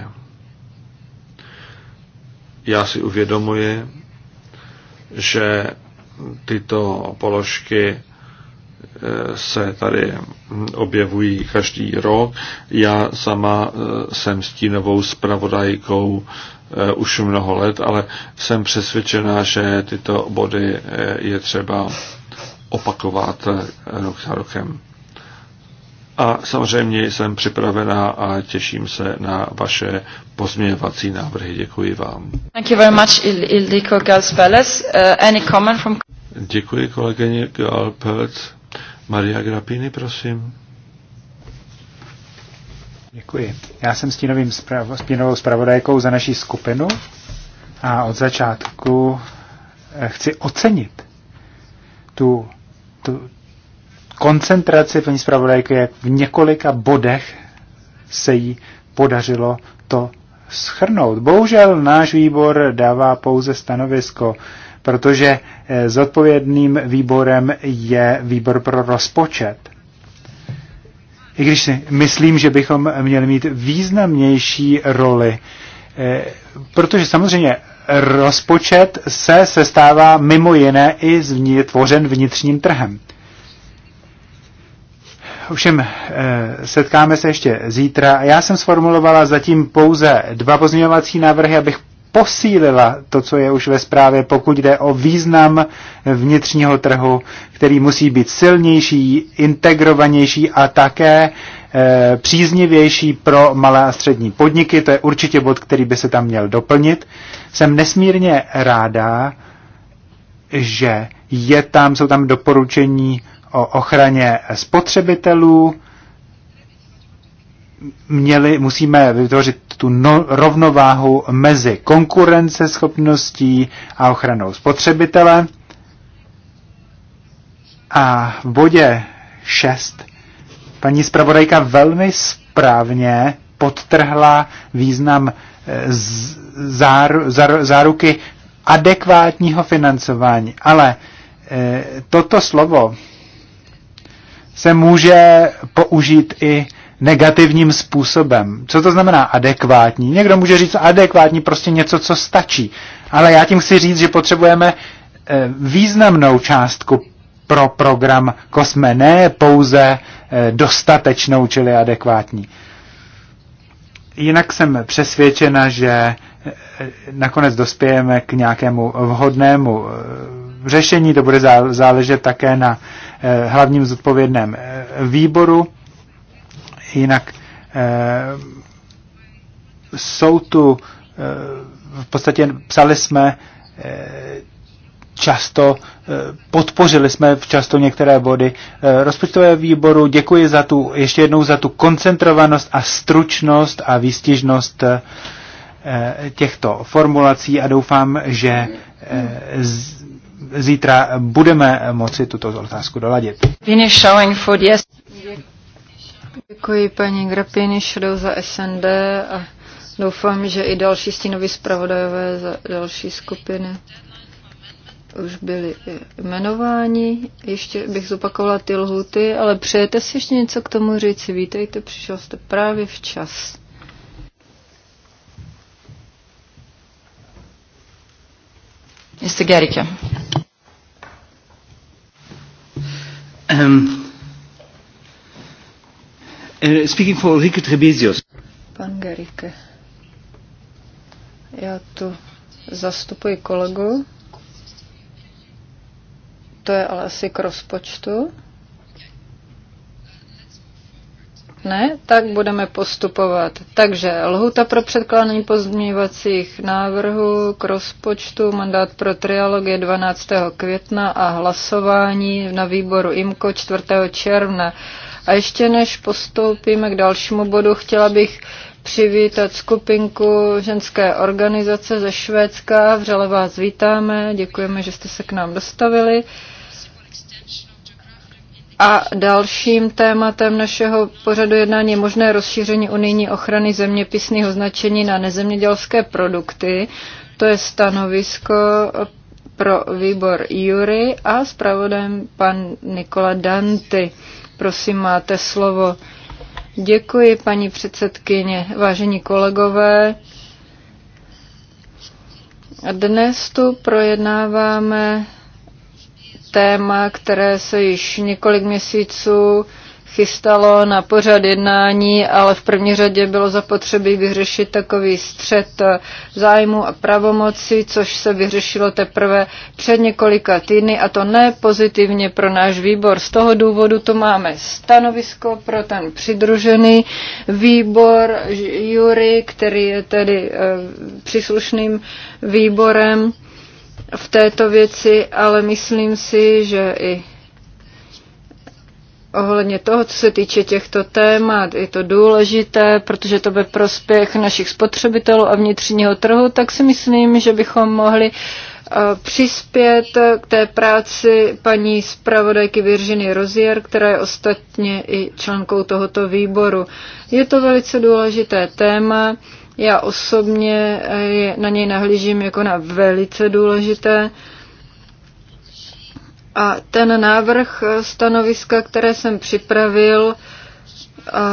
Já si uvědomuji, že tyto položky se tady objevují každý rok. Já sama e, jsem stínovou zpravodajkou e, už mnoho let, ale jsem přesvědčená, že tyto body e, je třeba opakovat rok za rokem. A samozřejmě jsem připravená a těším se na vaše pozměňovací návrhy. Děkuji vám. Thank you very much, Ildiko Galspeles. Uh, any comment from... Děkuji kolegyně Galpelec. Maria Grapini, prosím. Děkuji. Já jsem stínovým spravo, stínovou zpravodajkou za naší skupinu a od začátku eh, chci ocenit tu, tu koncentraci paní zpravodajky, jak v několika bodech se jí podařilo to schrnout. Bohužel náš výbor dává pouze stanovisko protože eh, zodpovědným výborem je výbor pro rozpočet. I když si myslím, že bychom měli mít významnější roli, eh, protože samozřejmě rozpočet se sestává mimo jiné i zvnitř, tvořen vnitřním trhem. Ovšem, eh, setkáme se ještě zítra. Já jsem sformulovala zatím pouze dva pozměňovací návrhy, abych posílila to, co je už ve zprávě, pokud jde o význam vnitřního trhu, který musí být silnější, integrovanější a také e, příznivější pro malé a střední podniky. To je určitě bod, který by se tam měl doplnit. Jsem nesmírně ráda, že je tam, jsou tam doporučení o ochraně spotřebitelů, měli, musíme vytvořit tu no, rovnováhu mezi konkurenceschopností a ochranou spotřebitele. A v bodě 6 paní zpravodajka velmi správně podtrhla význam eh, záru, záru, záruky adekvátního financování. Ale e, toto slovo se může použít i negativním způsobem. Co to znamená adekvátní? Někdo může říct adekvátní prostě něco, co stačí. Ale já tím chci říct, že potřebujeme eh, významnou částku pro program Kosme, ne pouze eh, dostatečnou, čili adekvátní. Jinak jsem přesvědčena, že eh, nakonec dospějeme k nějakému vhodnému řešení. To bude záležet také na hlavním zodpovědném výboru Jinak eh, jsou tu, eh, v podstatě psali jsme eh, často, eh, podpořili jsme často některé body eh, rozpočtové výboru. Děkuji za tu, ještě jednou za tu koncentrovanost a stručnost a výstižnost eh, těchto formulací a doufám, že zítra budeme moci tuto otázku doladit. Děkuji paní Grapini Šedou za SND a doufám, že i další stínoví zpravodajové za další skupiny už byli jmenováni. Ještě bych zopakovala ty lhuty, ale přejete si ještě něco k tomu říci? Vítejte, přišel jste právě včas. Jste Gerike. Ehm, Uh, speaking for Ulrike Trebesius. Pan Gerike. Já tu zastupuji kolegu. To je ale asi k rozpočtu. Ne, tak budeme postupovat. Takže lhuta pro předkládání pozměňovacích návrhů k rozpočtu, mandát pro trialog je 12. května a hlasování na výboru IMKO 4. června. A ještě než postoupíme k dalšímu bodu, chtěla bych přivítat skupinku ženské organizace ze Švédska. Vřele vás vítáme, děkujeme, že jste se k nám dostavili. A dalším tématem našeho pořadu jednání je možné rozšíření unijní ochrany zeměpisných označení na nezemědělské produkty. To je stanovisko pro výbor Jury a zpravodajem pan Nikola Danty. Prosím, máte slovo. Děkuji, paní předsedkyně, vážení kolegové. Dnes tu projednáváme téma, které se již několik měsíců chystalo na pořad jednání, ale v první řadě bylo zapotřebí vyřešit takový střed zájmu a pravomoci, což se vyřešilo teprve před několika týdny a to ne pozitivně pro náš výbor. Z toho důvodu to máme stanovisko pro ten přidružený výbor Jury, který je tedy eh, příslušným výborem v této věci, ale myslím si, že i ohledně toho, co se týče těchto témat, je to důležité, protože to ve prospěch našich spotřebitelů a vnitřního trhu, tak si myslím, že bychom mohli eh, přispět k té práci paní zpravodajky Virginie Rozier, která je ostatně i členkou tohoto výboru. Je to velice důležité téma, já osobně eh, na něj nahlížím jako na velice důležité a ten návrh stanoviska, které jsem připravil,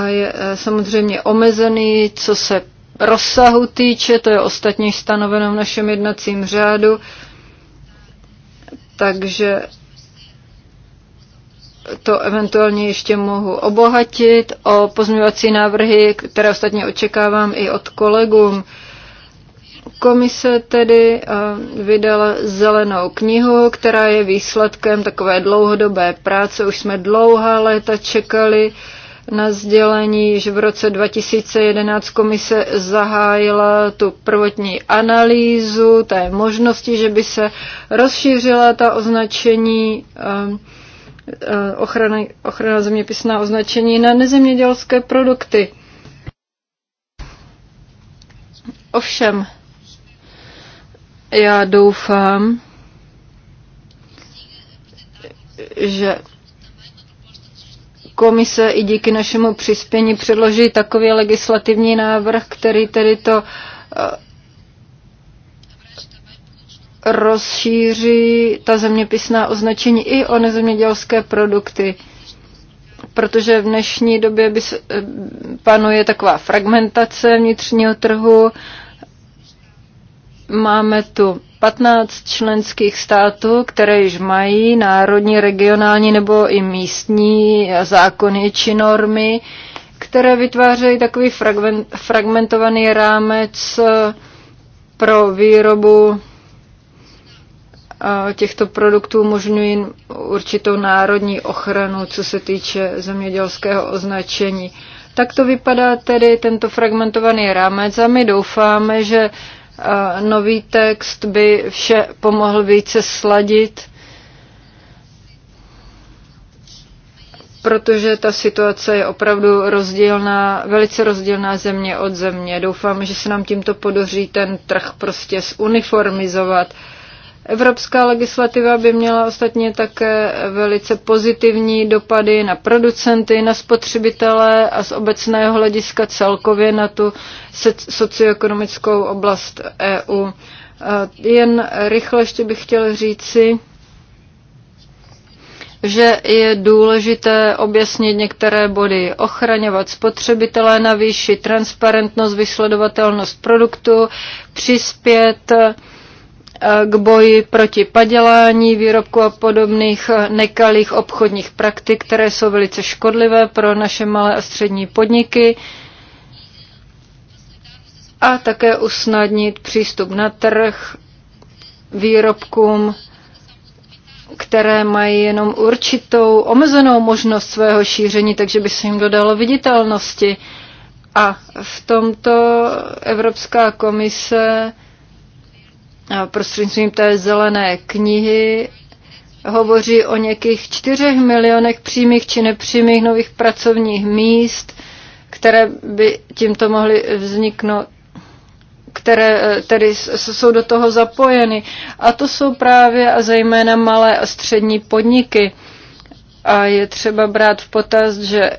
je e, samozřejmě omezený, co se rozsahu týče, to je ostatně stanoveno v našem jednacím řádu, takže to eventuálně ještě mohu obohatit o pozměňovací návrhy, které ostatně očekávám i od kolegům. Komise tedy eh, vydala zelenou knihu, která je výsledkem takové dlouhodobé práce. Už jsme dlouhá léta čekali na sdělení, že v roce 2011 komise zahájila tu prvotní analýzu té možnosti, že by se rozšířila ta označení eh, eh, ochrana, ochrana zeměpisná označení na nezemědělské produkty. Ovšem, já doufám, že komise i díky našemu přispění předloží takový legislativní návrh, který tedy to eh, rozšíří ta zeměpisná označení i o nezemědělské produkty. Protože v dnešní době eh, panuje taková fragmentace vnitřního trhu Máme tu 15 členských států, které již mají národní, regionální nebo i místní zákony či normy, které vytvářejí takový fragmentovaný rámec eh, pro výrobu eh, těchto produktů umožňují určitou národní ochranu, co se týče zemědělského označení. Tak to vypadá tedy tento fragmentovaný rámec a my doufáme, že Nový text by vše pomohl více sladit, protože ta situace je opravdu rozdílná, velice rozdílná země od země. Doufám, že se nám tímto podaří ten trh prostě zuniformizovat. Uh, Evropská legislativa by měla ostatně také velice pozitivní dopady na producenty, na spotřebitele a z obecného hlediska celkově na tu socioekonomickou oblast EU. Jen rychle ještě bych chtěl říci, že je důležité objasnit některé body, ochraňovat na výši, transparentnost, vysledovatelnost produktu, přispět k boji proti padělání výrobku a podobných eh, nekalých obchodních praktik, které jsou velice škodlivé pro naše malé a střední podniky a také usnadnit přístup na trh výrobkům, které mají jenom určitou omezenou možnost svého šíření, takže by se jim dodalo viditelnosti. A v tomto Evropská komise prostřednictvím té zelené knihy hovoří o nějakých čtyřech milionech přímých či nepřímých nových pracovních míst, které by tímto mohly vzniknout které eh, tedy jsou do toho zapojeny. A to jsou právě a zejména malé a střední podniky. A je třeba brát v potaz, že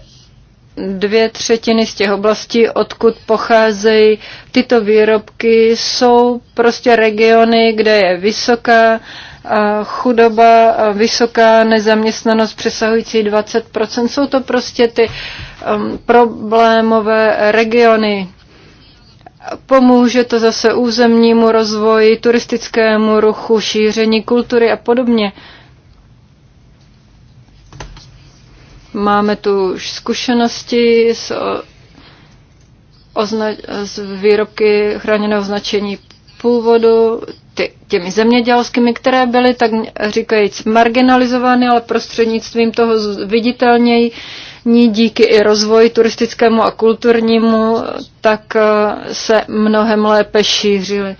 dvě třetiny z těch oblastí, odkud pocházejí tyto výrobky, jsou prostě regiony, kde je vysoká chudoba, vysoká nezaměstnanost přesahující 20%. Jsou to prostě ty um, problémové regiony. Pomůže to zase územnímu rozvoji, turistickému ruchu, šíření kultury a podobně. Uh, Máme tu už zkušenosti s, ozna- s výrobky chráněného značení původu, ty, těmi zemědělskými, které byly, tak říkajíc, marginalizovány, ale prostřednictvím toho viditelněji díky i rozvoji turistickému a kulturnímu, tak e, se mnohem lépe šířily.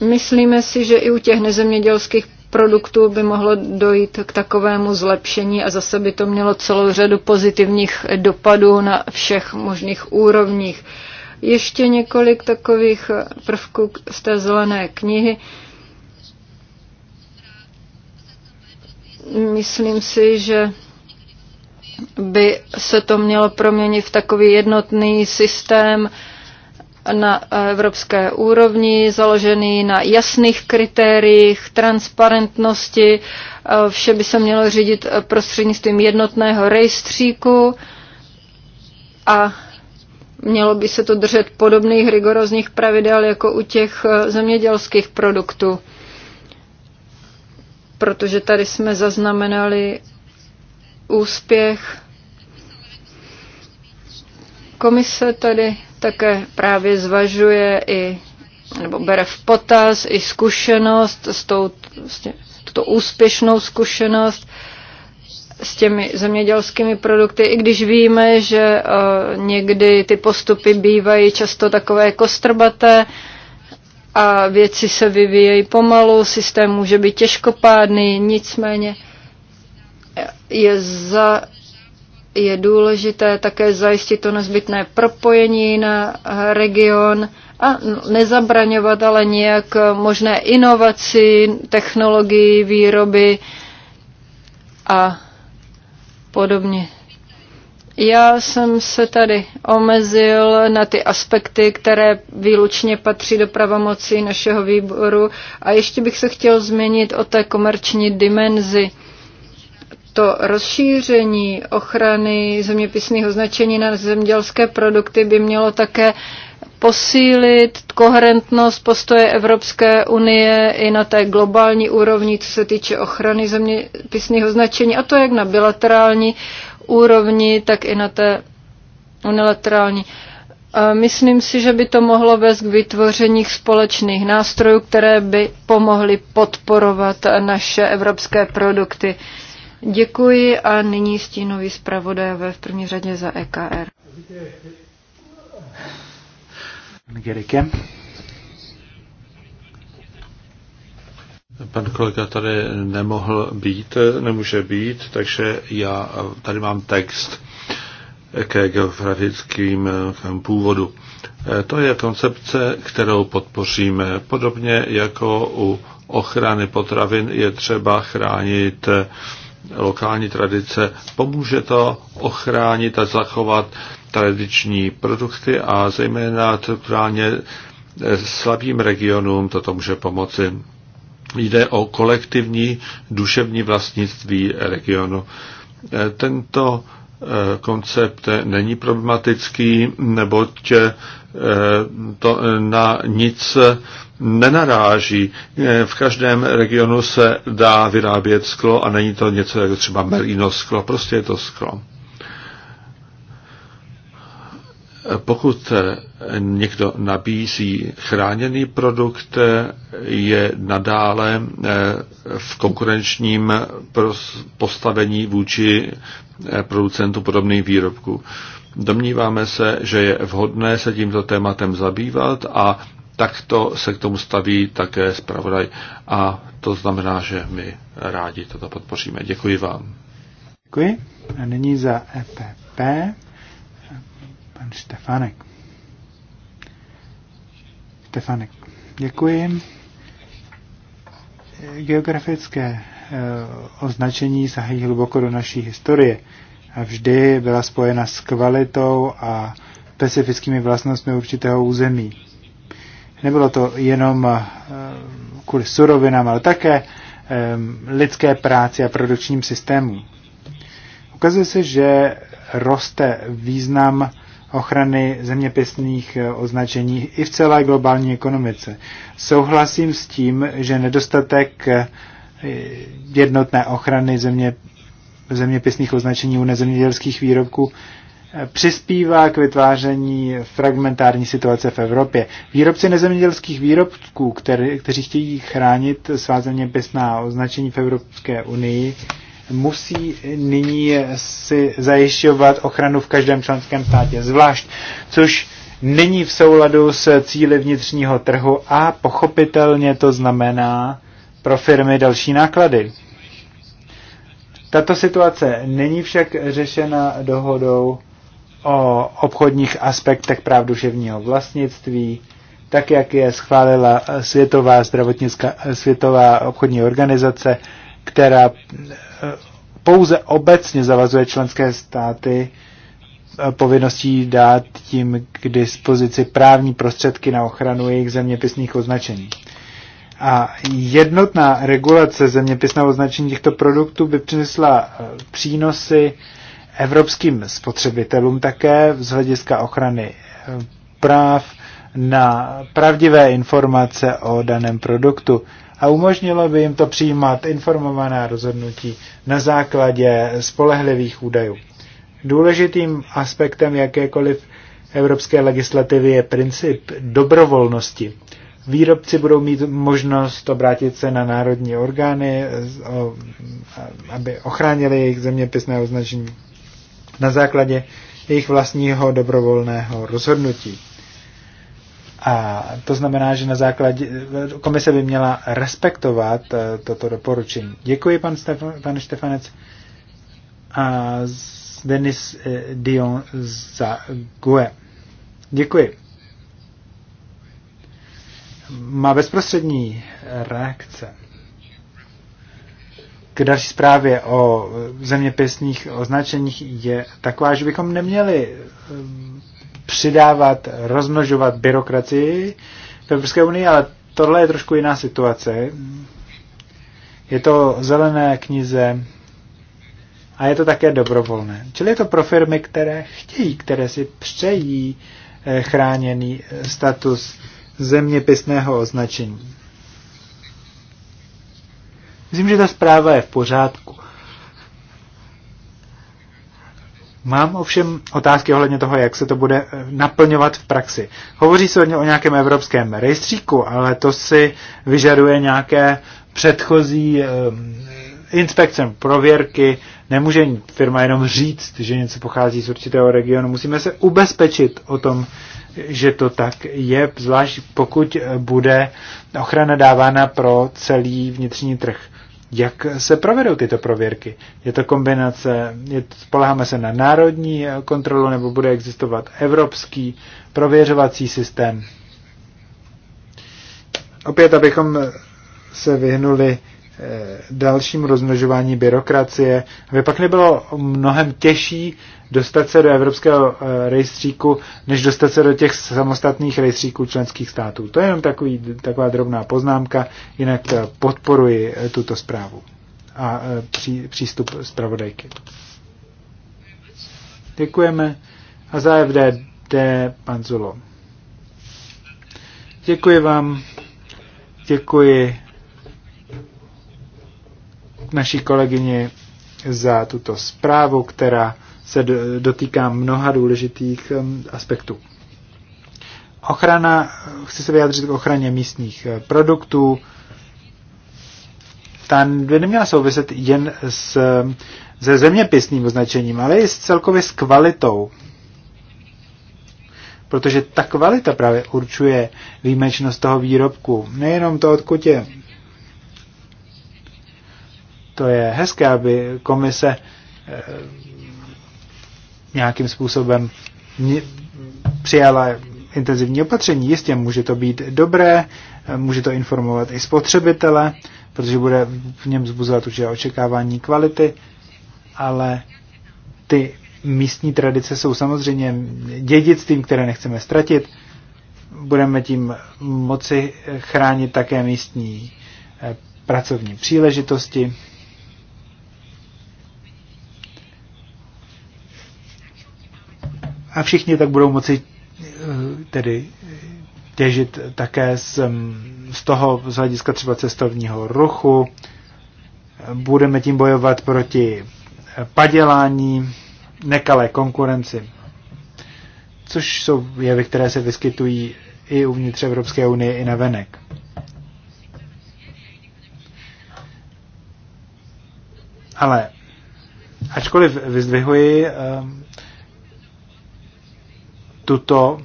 Myslíme si, že i u těch nezemědělských produktů by mohlo dojít k takovému zlepšení a zase by to mělo celou řadu pozitivních dopadů na všech možných úrovních. Ještě několik takových prvků z té zelené knihy. Myslím si, že by se to mělo proměnit v takový jednotný systém, na evropské úrovni, založený na jasných kritériích, transparentnosti. Vše by se mělo řídit prostřednictvím jednotného rejstříku a mělo by se to držet podobných rigorózních pravidel jako u těch eh, zemědělských produktů. Protože tady jsme zaznamenali úspěch Komise tady také právě zvažuje i, nebo bere v potaz i zkušenost s tou, vlastně, tuto úspěšnou zkušenost s těmi zemědělskými produkty, i když víme, že uh, někdy ty postupy bývají často takové kostrbaté a věci se vyvíjejí pomalu, systém může být těžkopádný, nicméně je za je důležité také zajistit to nezbytné propojení na region a nezabraňovat ale nějak možné inovaci, technologii, výroby a podobně. Já jsem se tady omezil na ty aspekty, které výlučně patří do pravomocí našeho výboru a ještě bych se chtěl změnit o té komerční dimenzi to rozšíření ochrany zeměpisného značení na zemědělské produkty by mělo také posílit koherentnost postoje Evropské unie i na té globální úrovni, co se týče ochrany zeměpisného značení, a to jak na bilaterální úrovni, tak i na té unilaterální. Myslím si, že by to mohlo vést k vytvoření společných nástrojů, které by pomohly podporovat naše evropské produkty. Děkuji a nyní stínový zpravodajové v první řadě za EKR. Gerike. Pan kolega tady nemohl být, nemůže být, takže já tady mám text ke geografickým původu. E, to je koncepce, kterou podpoříme. Podobně jako u ochrany potravin je třeba chránit eh, lokální tradice. Pomůže to ochránit a zachovat tradiční produkty a zejména strukturálně eh, slabým regionům toto může pomoci. Jde o kolektivní duševní vlastnictví regionu. Eh, tento eh, koncept není problematický, neboť to na nic nenaráží. Eh, v každém regionu se dá vyrábět sklo a není to něco jako třeba merino sklo, prostě je to sklo. Eh, pokud eh, někdo nabízí chráněný produkt, je nadále v konkurenčním postavení vůči producentu podobných výrobků. Domníváme se, že je vhodné se tímto tématem zabývat a tak to se k tomu staví také zpravodaj a to znamená, že my rádi toto podpoříme. Děkuji vám. Děkuji. A nyní za EPP pan Štefanek. Štefanek. Děkuji. Geografické eh, označení sahají hluboko do naší historie a vždy byla spojena s kvalitou a specifickými vlastnostmi určitého území. Nebylo to jenom eh, kvůli surovinám, ale také eh, lidské práci a produkčním systémům. Ukazuje se, že roste význam ochrany zeměpisných eh, označení i v celé globální ekonomice. Souhlasím s tím, že nedostatek jednotné ochrany země, zeměpisných označení u nezemědělských výrobků přispívá k vytváření fragmentární situace v Evropě. Výrobci nezemědělských výrobků, který, kteří chtějí chránit svá zeměpisná označení v Evropské unii, musí nyní si zajišťovat ochranu v každém členském státě zvlášť, což není v souladu s cíly vnitřního trhu a pochopitelně to znamená pro firmy další náklady. Tato situace není však řešena dohodou o obchodních aspektech práv duševního vlastnictví, tak jak je schválila Světová, zdravotnická, Světová obchodní organizace, která eh, pouze obecně zavazuje členské státy eh, povinností dát tím k dispozici právní prostředky na ochranu jejich zeměpisných označení. A jednotná regulace zeměpisného označení těchto produktů by přinesla eh, přínosy evropským spotřebitelům také z hlediska ochrany eh, práv na pravdivé informace o daném produktu a umožnilo by jim to přijímat informovaná rozhodnutí na základě spolehlivých údajů. Důležitým aspektem jakékoliv evropské legislativy je princip dobrovolnosti. Výrobci budou mít možnost obrátit se na národní orgány, eh, aby ochránili jejich zeměpisné označení na základě jejich vlastního dobrovolného rozhodnutí. A to znamená, že na základě komise by měla respektovat eh, toto doporučení. Děkuji, pan Stefan, pane Štefanec. A Denis eh, Dion za GUE. Děkuji. Má bezprostřední reakce k další zprávě o zeměpisných označeních je taková, že bychom neměli ehm, přidávat, rozmnožovat byrokracii v Evropské unii, ale tohle je trošku jiná situace. Je to zelené knize a je to také dobrovolné. Čili je to pro firmy, které chtějí, které si přejí eh, chráněný status zeměpisného označení. Myslím, že ta zpráva je v pořádku. Mám ovšem otázky ohledně toho, jak se to bude eh, naplňovat v praxi. Hovoří se o nějakém evropském rejstříku, ale to si vyžaduje nějaké předchozí ehm, inspekce, prověrky. Nemůže firma jenom říct, že něco pochází z určitého regionu. Musíme se ubezpečit o tom, že to tak je, zvlášť pokud eh, bude ochrana dávána pro celý vnitřní trh. Jak se provedou tyto prověrky? Je to kombinace, je, spoleháme se na národní eh, kontrolu nebo bude existovat evropský prověřovací systém? Opět, abychom se vyhnuli eh, dalším rozmnožování byrokracie, aby pak nebylo mnohem těžší dostat se do evropského eh, rejstříku, než dostat se do těch samostatných rejstříků členských států. To je jenom takový, taková drobná poznámka, jinak eh, podporuji eh, tuto zprávu a pří, přístup zpravodajky. Děkujeme. A za FDD pan Zulo. Děkuji vám. Děkuji naší kolegyni za tuto zprávu, která se dotýká mnoha důležitých um, aspektů. Ochrana, chci se vyjádřit k ochraně místních eh, produktů. Ta by neměla souviset jen s, se zeměpisným označením, ale i s celkově s kvalitou. Protože ta kvalita právě určuje výjimečnost toho výrobku. Nejenom to, odkud je. To je hezké, aby komise eh, nějakým způsobem přijala intenzivní opatření. Jistě může to být dobré, může to informovat i spotřebitele, protože bude v něm zbuzovat určitě očekávání kvality, ale ty místní tradice jsou samozřejmě dědictvím, které nechceme ztratit. Budeme tím moci chránit také místní eh, pracovní příležitosti. A všichni tak budou moci eh, tedy těžit také z, mm, z toho z hlediska třeba cestovního ruchu. Budeme tím bojovat proti padělání, nekalé konkurenci, což jsou jevy, které se vyskytují i uvnitř Evropské unie, i na venek. Ale ačkoliv vyzdvihuji eh, tuto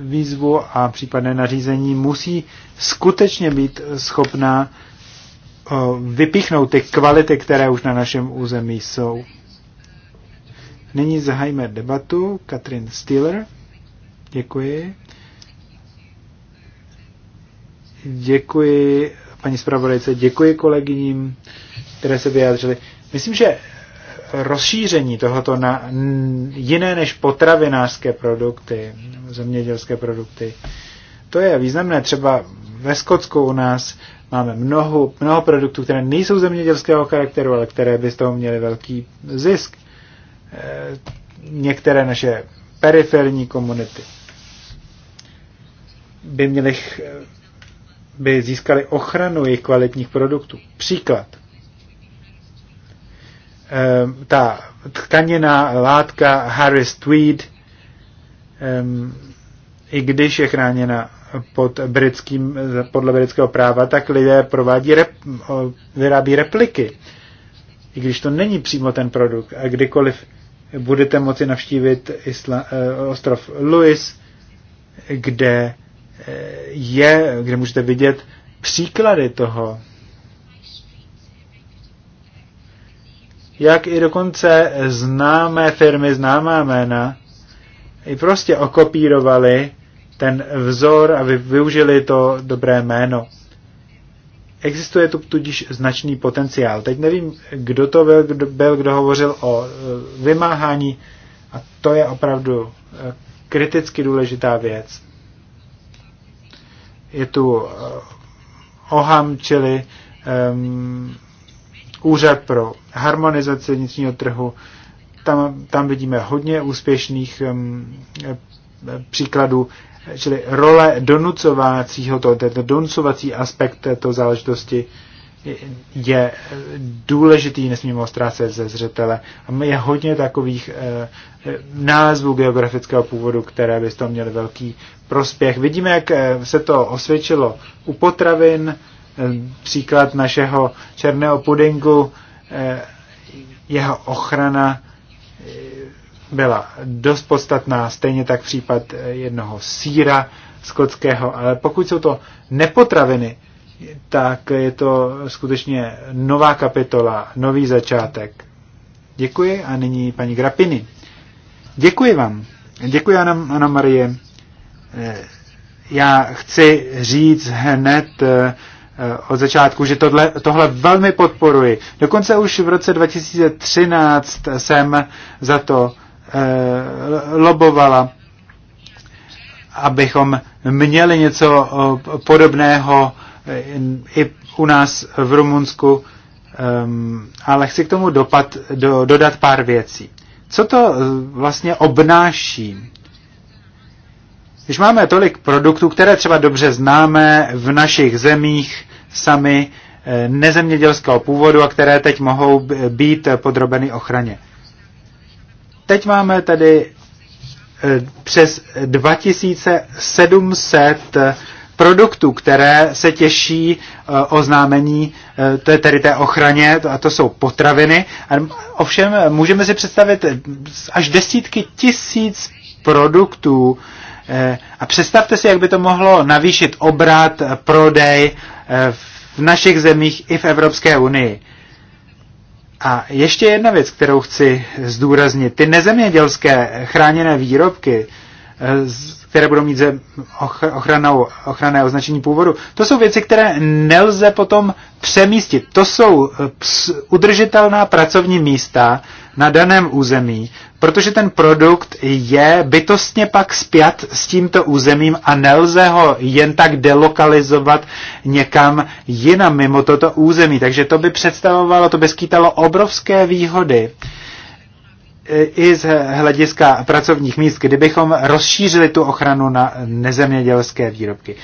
výzvu a případné nařízení musí skutečně být schopná eh, vypíchnout ty kvality, které už na našem území jsou. Nyní zahajíme debatu. Katrin Steeler. Děkuji. Děkuji paní zpravodajce, děkuji kolegyním, které se vyjádřily. Myslím, že rozšíření tohoto na jiné než potravinářské produkty, zemědělské produkty. To je významné. Třeba ve Skotsku u nás máme mnoho, mnoho produktů, které nejsou zemědělského charakteru, ale které by z toho měly velký zisk. E, některé naše periferní komunity by měli by získali ochranu jejich kvalitních produktů. Příklad. Ehm, ta tkaněná látka Harris Tweed, ehm, i když je chráněna pod britským, podle britského práva, tak lidé provádí rep, vyrábí repliky. I když to není přímo ten produkt. A kdykoliv budete moci navštívit Isla, eh, ostrov Lewis, kde eh, je, kde můžete vidět příklady toho, jak i dokonce známé firmy, známá jména, i prostě okopírovali ten vzor a využili to dobré jméno. Existuje tu tudíž značný potenciál. Teď nevím, kdo to byl, kdo, byl, kdo hovořil o e, vymáhání a to je opravdu e, kriticky důležitá věc. Je tu e, oham, čili um, úřad pro harmonizaci vnitřního trhu. Tam, tam vidíme hodně úspěšných um, příkladů, čili role donucovacího, to, tento donucovací aspekt této záležitosti je důležitý, nesmíme ho ztrácet ze zřetele. A je hodně takových e, e, názvů geografického původu, které by z toho měly velký prospěch. Vidíme, jak e, se to osvědčilo u potravin, Eh, příklad našeho černého pudingu, eh, jeho ochrana eh, byla dost podstatná, stejně tak případ jednoho síra skotského, ale pokud jsou to nepotraviny, tak je to skutečně nová kapitola, nový začátek. Děkuji a nyní paní Grapiny. Děkuji vám. Děkuji, Ana, Ana Marie. Já chci říct hned, Eh, od začátku, že tohle, tohle velmi podporuji. Dokonce už v roce 2013 jsem za to eh, lobovala, abychom měli něco eh, podobného i u nás v Rumunsku, ale chci k tomu dopad, do, dodat pár věcí. Co to vlastně obnáší když máme tolik produktů, které třeba dobře známe v našich zemích sami eh, nezemědělského původu a které teď mohou být podrobeny ochraně. Teď máme tedy eh, přes 2700 eh, produktů, které se těší oznámení, to je tedy té ochraně, a to jsou potraviny. Ovšem můžeme si představit až desítky tisíc produktů, Eh, a představte si, jak by to mohlo navýšit obrat, eh, prodej eh, v našich zemích i v Evropské unii. A ještě jedna věc, kterou chci zdůraznit. Ty nezemědělské chráněné výrobky, které budou mít ochranou, ochranné označení původu. To jsou věci, které nelze potom přemístit. To jsou udržitelná pracovní místa na daném území protože ten produkt je bytostně pak spjat s tímto územím a nelze ho jen tak delokalizovat někam jinam mimo toto území. Takže to by představovalo, to by skýtalo obrovské výhody eh, i z hlediska pracovních míst, kdybychom rozšířili tu ochranu na nezemědělské výrobky.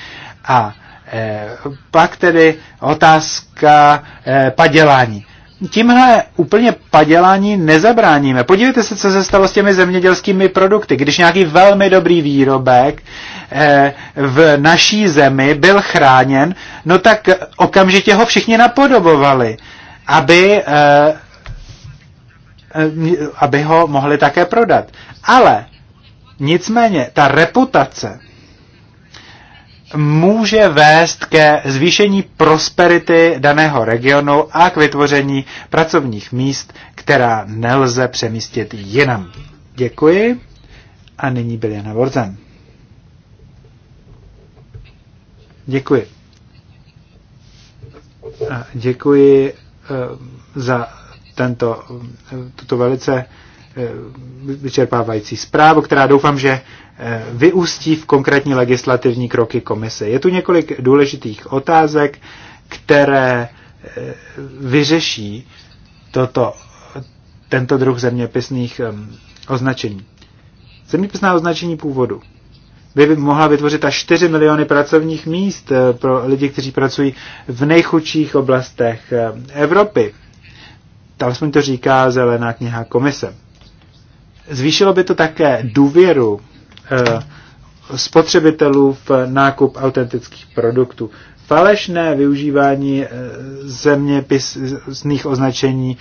A eh, pak tedy otázka eh, padělání tímhle úplně padělání nezabráníme. Podívejte se, co se stalo s těmi zemědělskými produkty. Když nějaký velmi dobrý výrobek eh, v naší zemi byl chráněn, no tak okamžitě ho všichni napodobovali, aby, eh, eh, aby ho mohli také prodat. Ale nicméně ta reputace může vést ke zvýšení prosperity daného regionu a k vytvoření pracovních míst, která nelze přemístit jinam. Děkuji. A nyní byl Jana Borzan. Děkuji. A děkuji eh, za tento, eh, tuto velice eh, vyčerpávající zprávu, která doufám, že Eh, vyústí v konkrétní legislativní kroky komise. Je tu několik důležitých otázek, které eh, vyřeší toto, tento druh zeměpisných označení. Zeměpisná označení původu by mohla vytvořit až 4 miliony pracovních míst eh, pro lidi, kteří pracují v nejchudších oblastech Evropy. Tam jsme to říká Zelená kniha komise. Zvýšilo by to také důvěru Eh, spotřebitelů v nákup autentických produktů. Falešné využívání eh, zeměpisných označení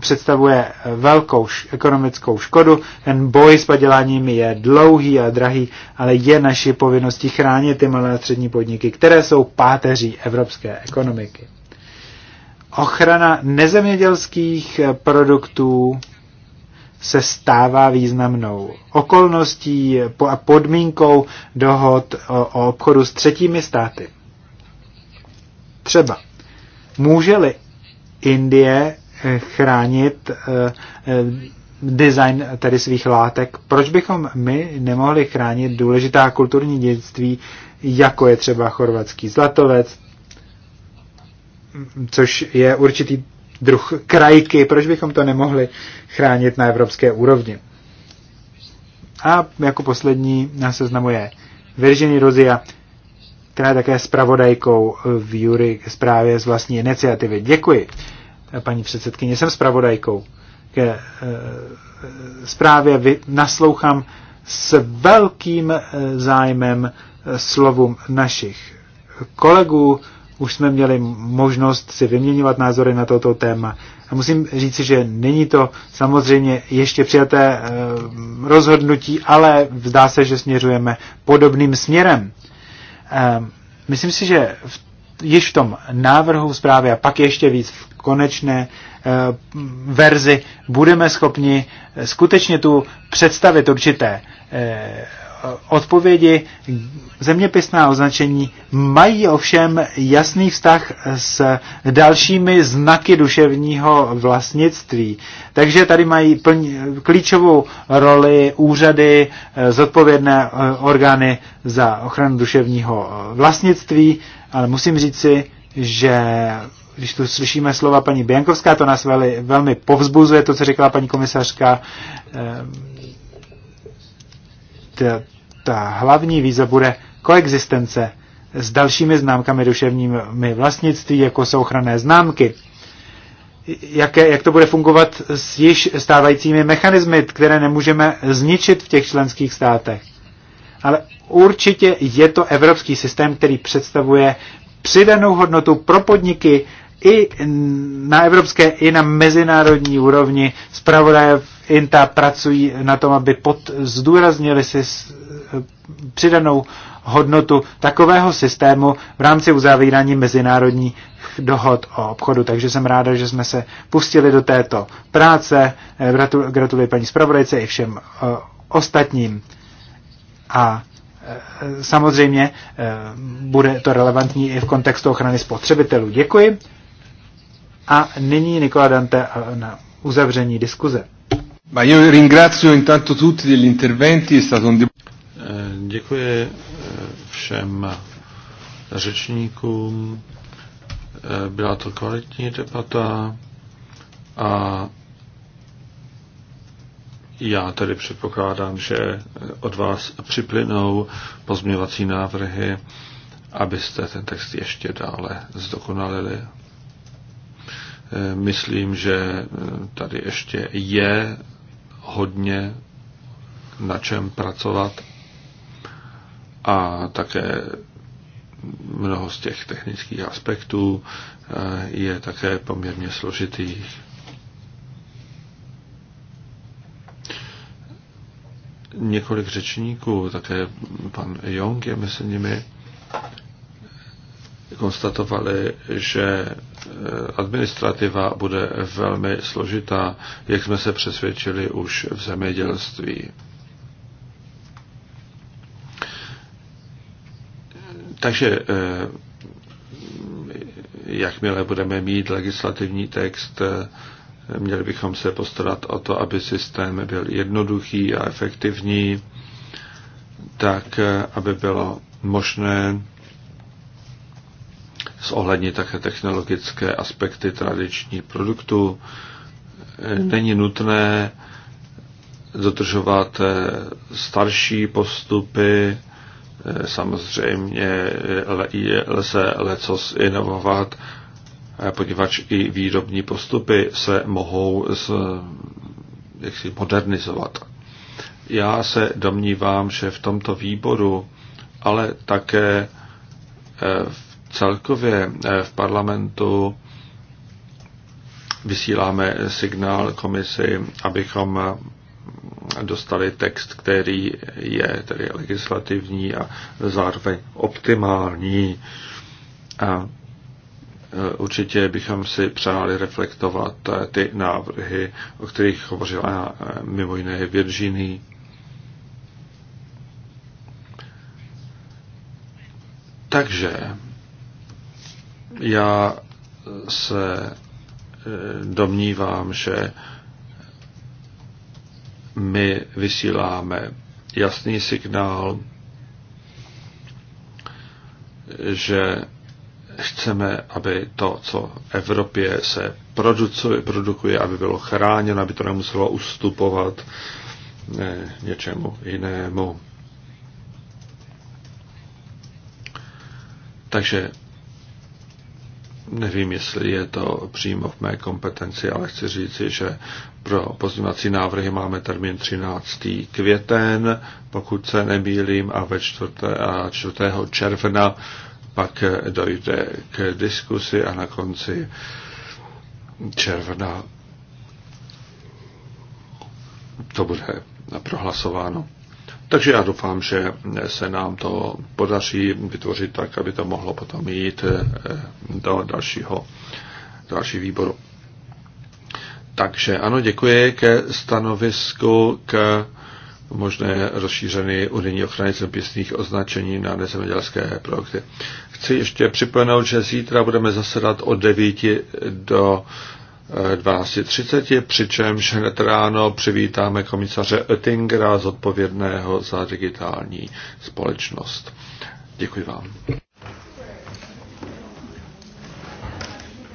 představuje velkou ekonomickou škodu. Ten boj s paděláním je dlouhý a drahý, ale je naší povinností chránit ty malé a střední podniky, které jsou páteří evropské ekonomiky. Ochrana nezemědělských eh, produktů se stává významnou okolností a podmínkou dohod o, obchodu s třetími státy. Třeba může-li Indie eh, chránit eh, eh, design tedy svých látek, proč bychom my nemohli chránit důležitá kulturní dědictví, jako je třeba chorvatský zlatovec, což je určitý druh krajky, proč bychom to nemohli chránit na evropské úrovni. A jako poslední na seznamu je Virginie Rozia, která je také zpravodajkou v Jury zprávě z vlastní iniciativy. Děkuji, paní předsedkyně, jsem zpravodajkou ke eh, zprávě. Naslouchám s velkým eh, zájmem eh, slovům našich kolegů, už jsme měli možnost si vyměňovat názory na toto téma. A musím říci, že není to samozřejmě ještě přijaté eh, rozhodnutí, ale zdá se, že směřujeme podobným směrem. Eh, myslím si, že v, již v tom návrhu zprávy a pak ještě víc v konečné eh, verzi budeme schopni skutečně tu představit určité Eh, odpovědi zeměpisná označení mají ovšem jasný vztah s dalšími znaky duševního vlastnictví. Takže tady mají plň, klíčovou roli úřady, eh, zodpovědné eh, orgány za ochranu duševního vlastnictví, ale musím říci, že když tu slyšíme slova paní Biankovská, to nás veli, velmi povzbuzuje, to, co řekla paní komisařka, ta, eh, ta hlavní výzva bude koexistence s dalšími známkami duševními vlastnictví, jako jsou ochranné známky. Jaké, jak to bude fungovat s již stávajícími mechanismy, které nemůžeme zničit v těch členských státech. Ale určitě je to evropský systém, který představuje přidanou hodnotu pro podniky i na evropské, i na mezinárodní úrovni. Zpravodaje INTA pracují na tom, aby pod, zdůraznili si eh, přidanou hodnotu takového systému v rámci uzavírání mezinárodních dohod o obchodu. Takže jsem ráda, že jsme se pustili do této práce. Eh, gratuluji paní zpravodajce i všem eh, ostatním. A samozřejmě bude to relevantní i v kontextu ochrany spotřebitelů. Děkuji. A nyní Nikola Dante na uzavření diskuze. Ma io ringrazio intanto tutti degli interventi, è stato un eh, Děkuji eh, všem eh, řečníkům. Byla to kvalitní debata a já tedy předpokládám, že od vás připlynou pozměvací návrhy, abyste ten text ještě dále zdokonalili. Myslím, že tady ještě je hodně na čem pracovat a také mnoho z těch technických aspektů eh, je také poměrně složitých. Několik řečníků, také pan Jong je mezi nimi, konstatovali, že administrativa bude velmi složitá, jak jsme se přesvědčili už v zemědělství. Takže eh, jakmile budeme mít legislativní text, eh, měli bychom se postarat o to, aby systém byl jednoduchý a efektivní, tak eh, aby bylo možné zohlednit také technologické aspekty tradičních produktů. Není nutné dodržovat eh, starší postupy, eh, samozřejmě lze lecos inovovat, eh, poněvadž i výrobní postupy se mohou z, jaksi modernizovat. Já se domnívám, že v tomto výboru, ale také v Celkově eh, v parlamentu vysíláme signál komisi, abychom eh, dostali text, který je tedy legislativní a zároveň optimální. A eh, určitě bychom si přáli reflektovat ty návrhy, o kterých hovořila mimo jiné Virginy. Takže já se eh, domnívám, že my vysíláme jasný signál, že chceme, aby to, co v Evropě se produkuje, produkuje aby bylo chráněno, aby to nemuselo ustupovat eh, něčemu jinému. Takže Nevím, jestli je to přímo v mé kompetenci, ale chci říci, že pro pozměňovací návrhy máme termín 13. květen, pokud se nemýlím, a ve 4. 4. června pak dojde k diskusi a na konci června to bude prohlasováno. Takže já doufám, že se nám to podaří vytvořit tak, aby to mohlo potom jít eh, do dalšího, další výboru. Takže ano, děkuji ke stanovisku k možné rozšířené unijní ochrany zeměpisných označení na nezemědělské produkty. Chci ještě připomenout, že zítra budeme zasedat od 9 do 12.30, přičemž hned ráno přivítáme komisaře Oettingera, zodpovědného za digitální společnost. Děkuji vám.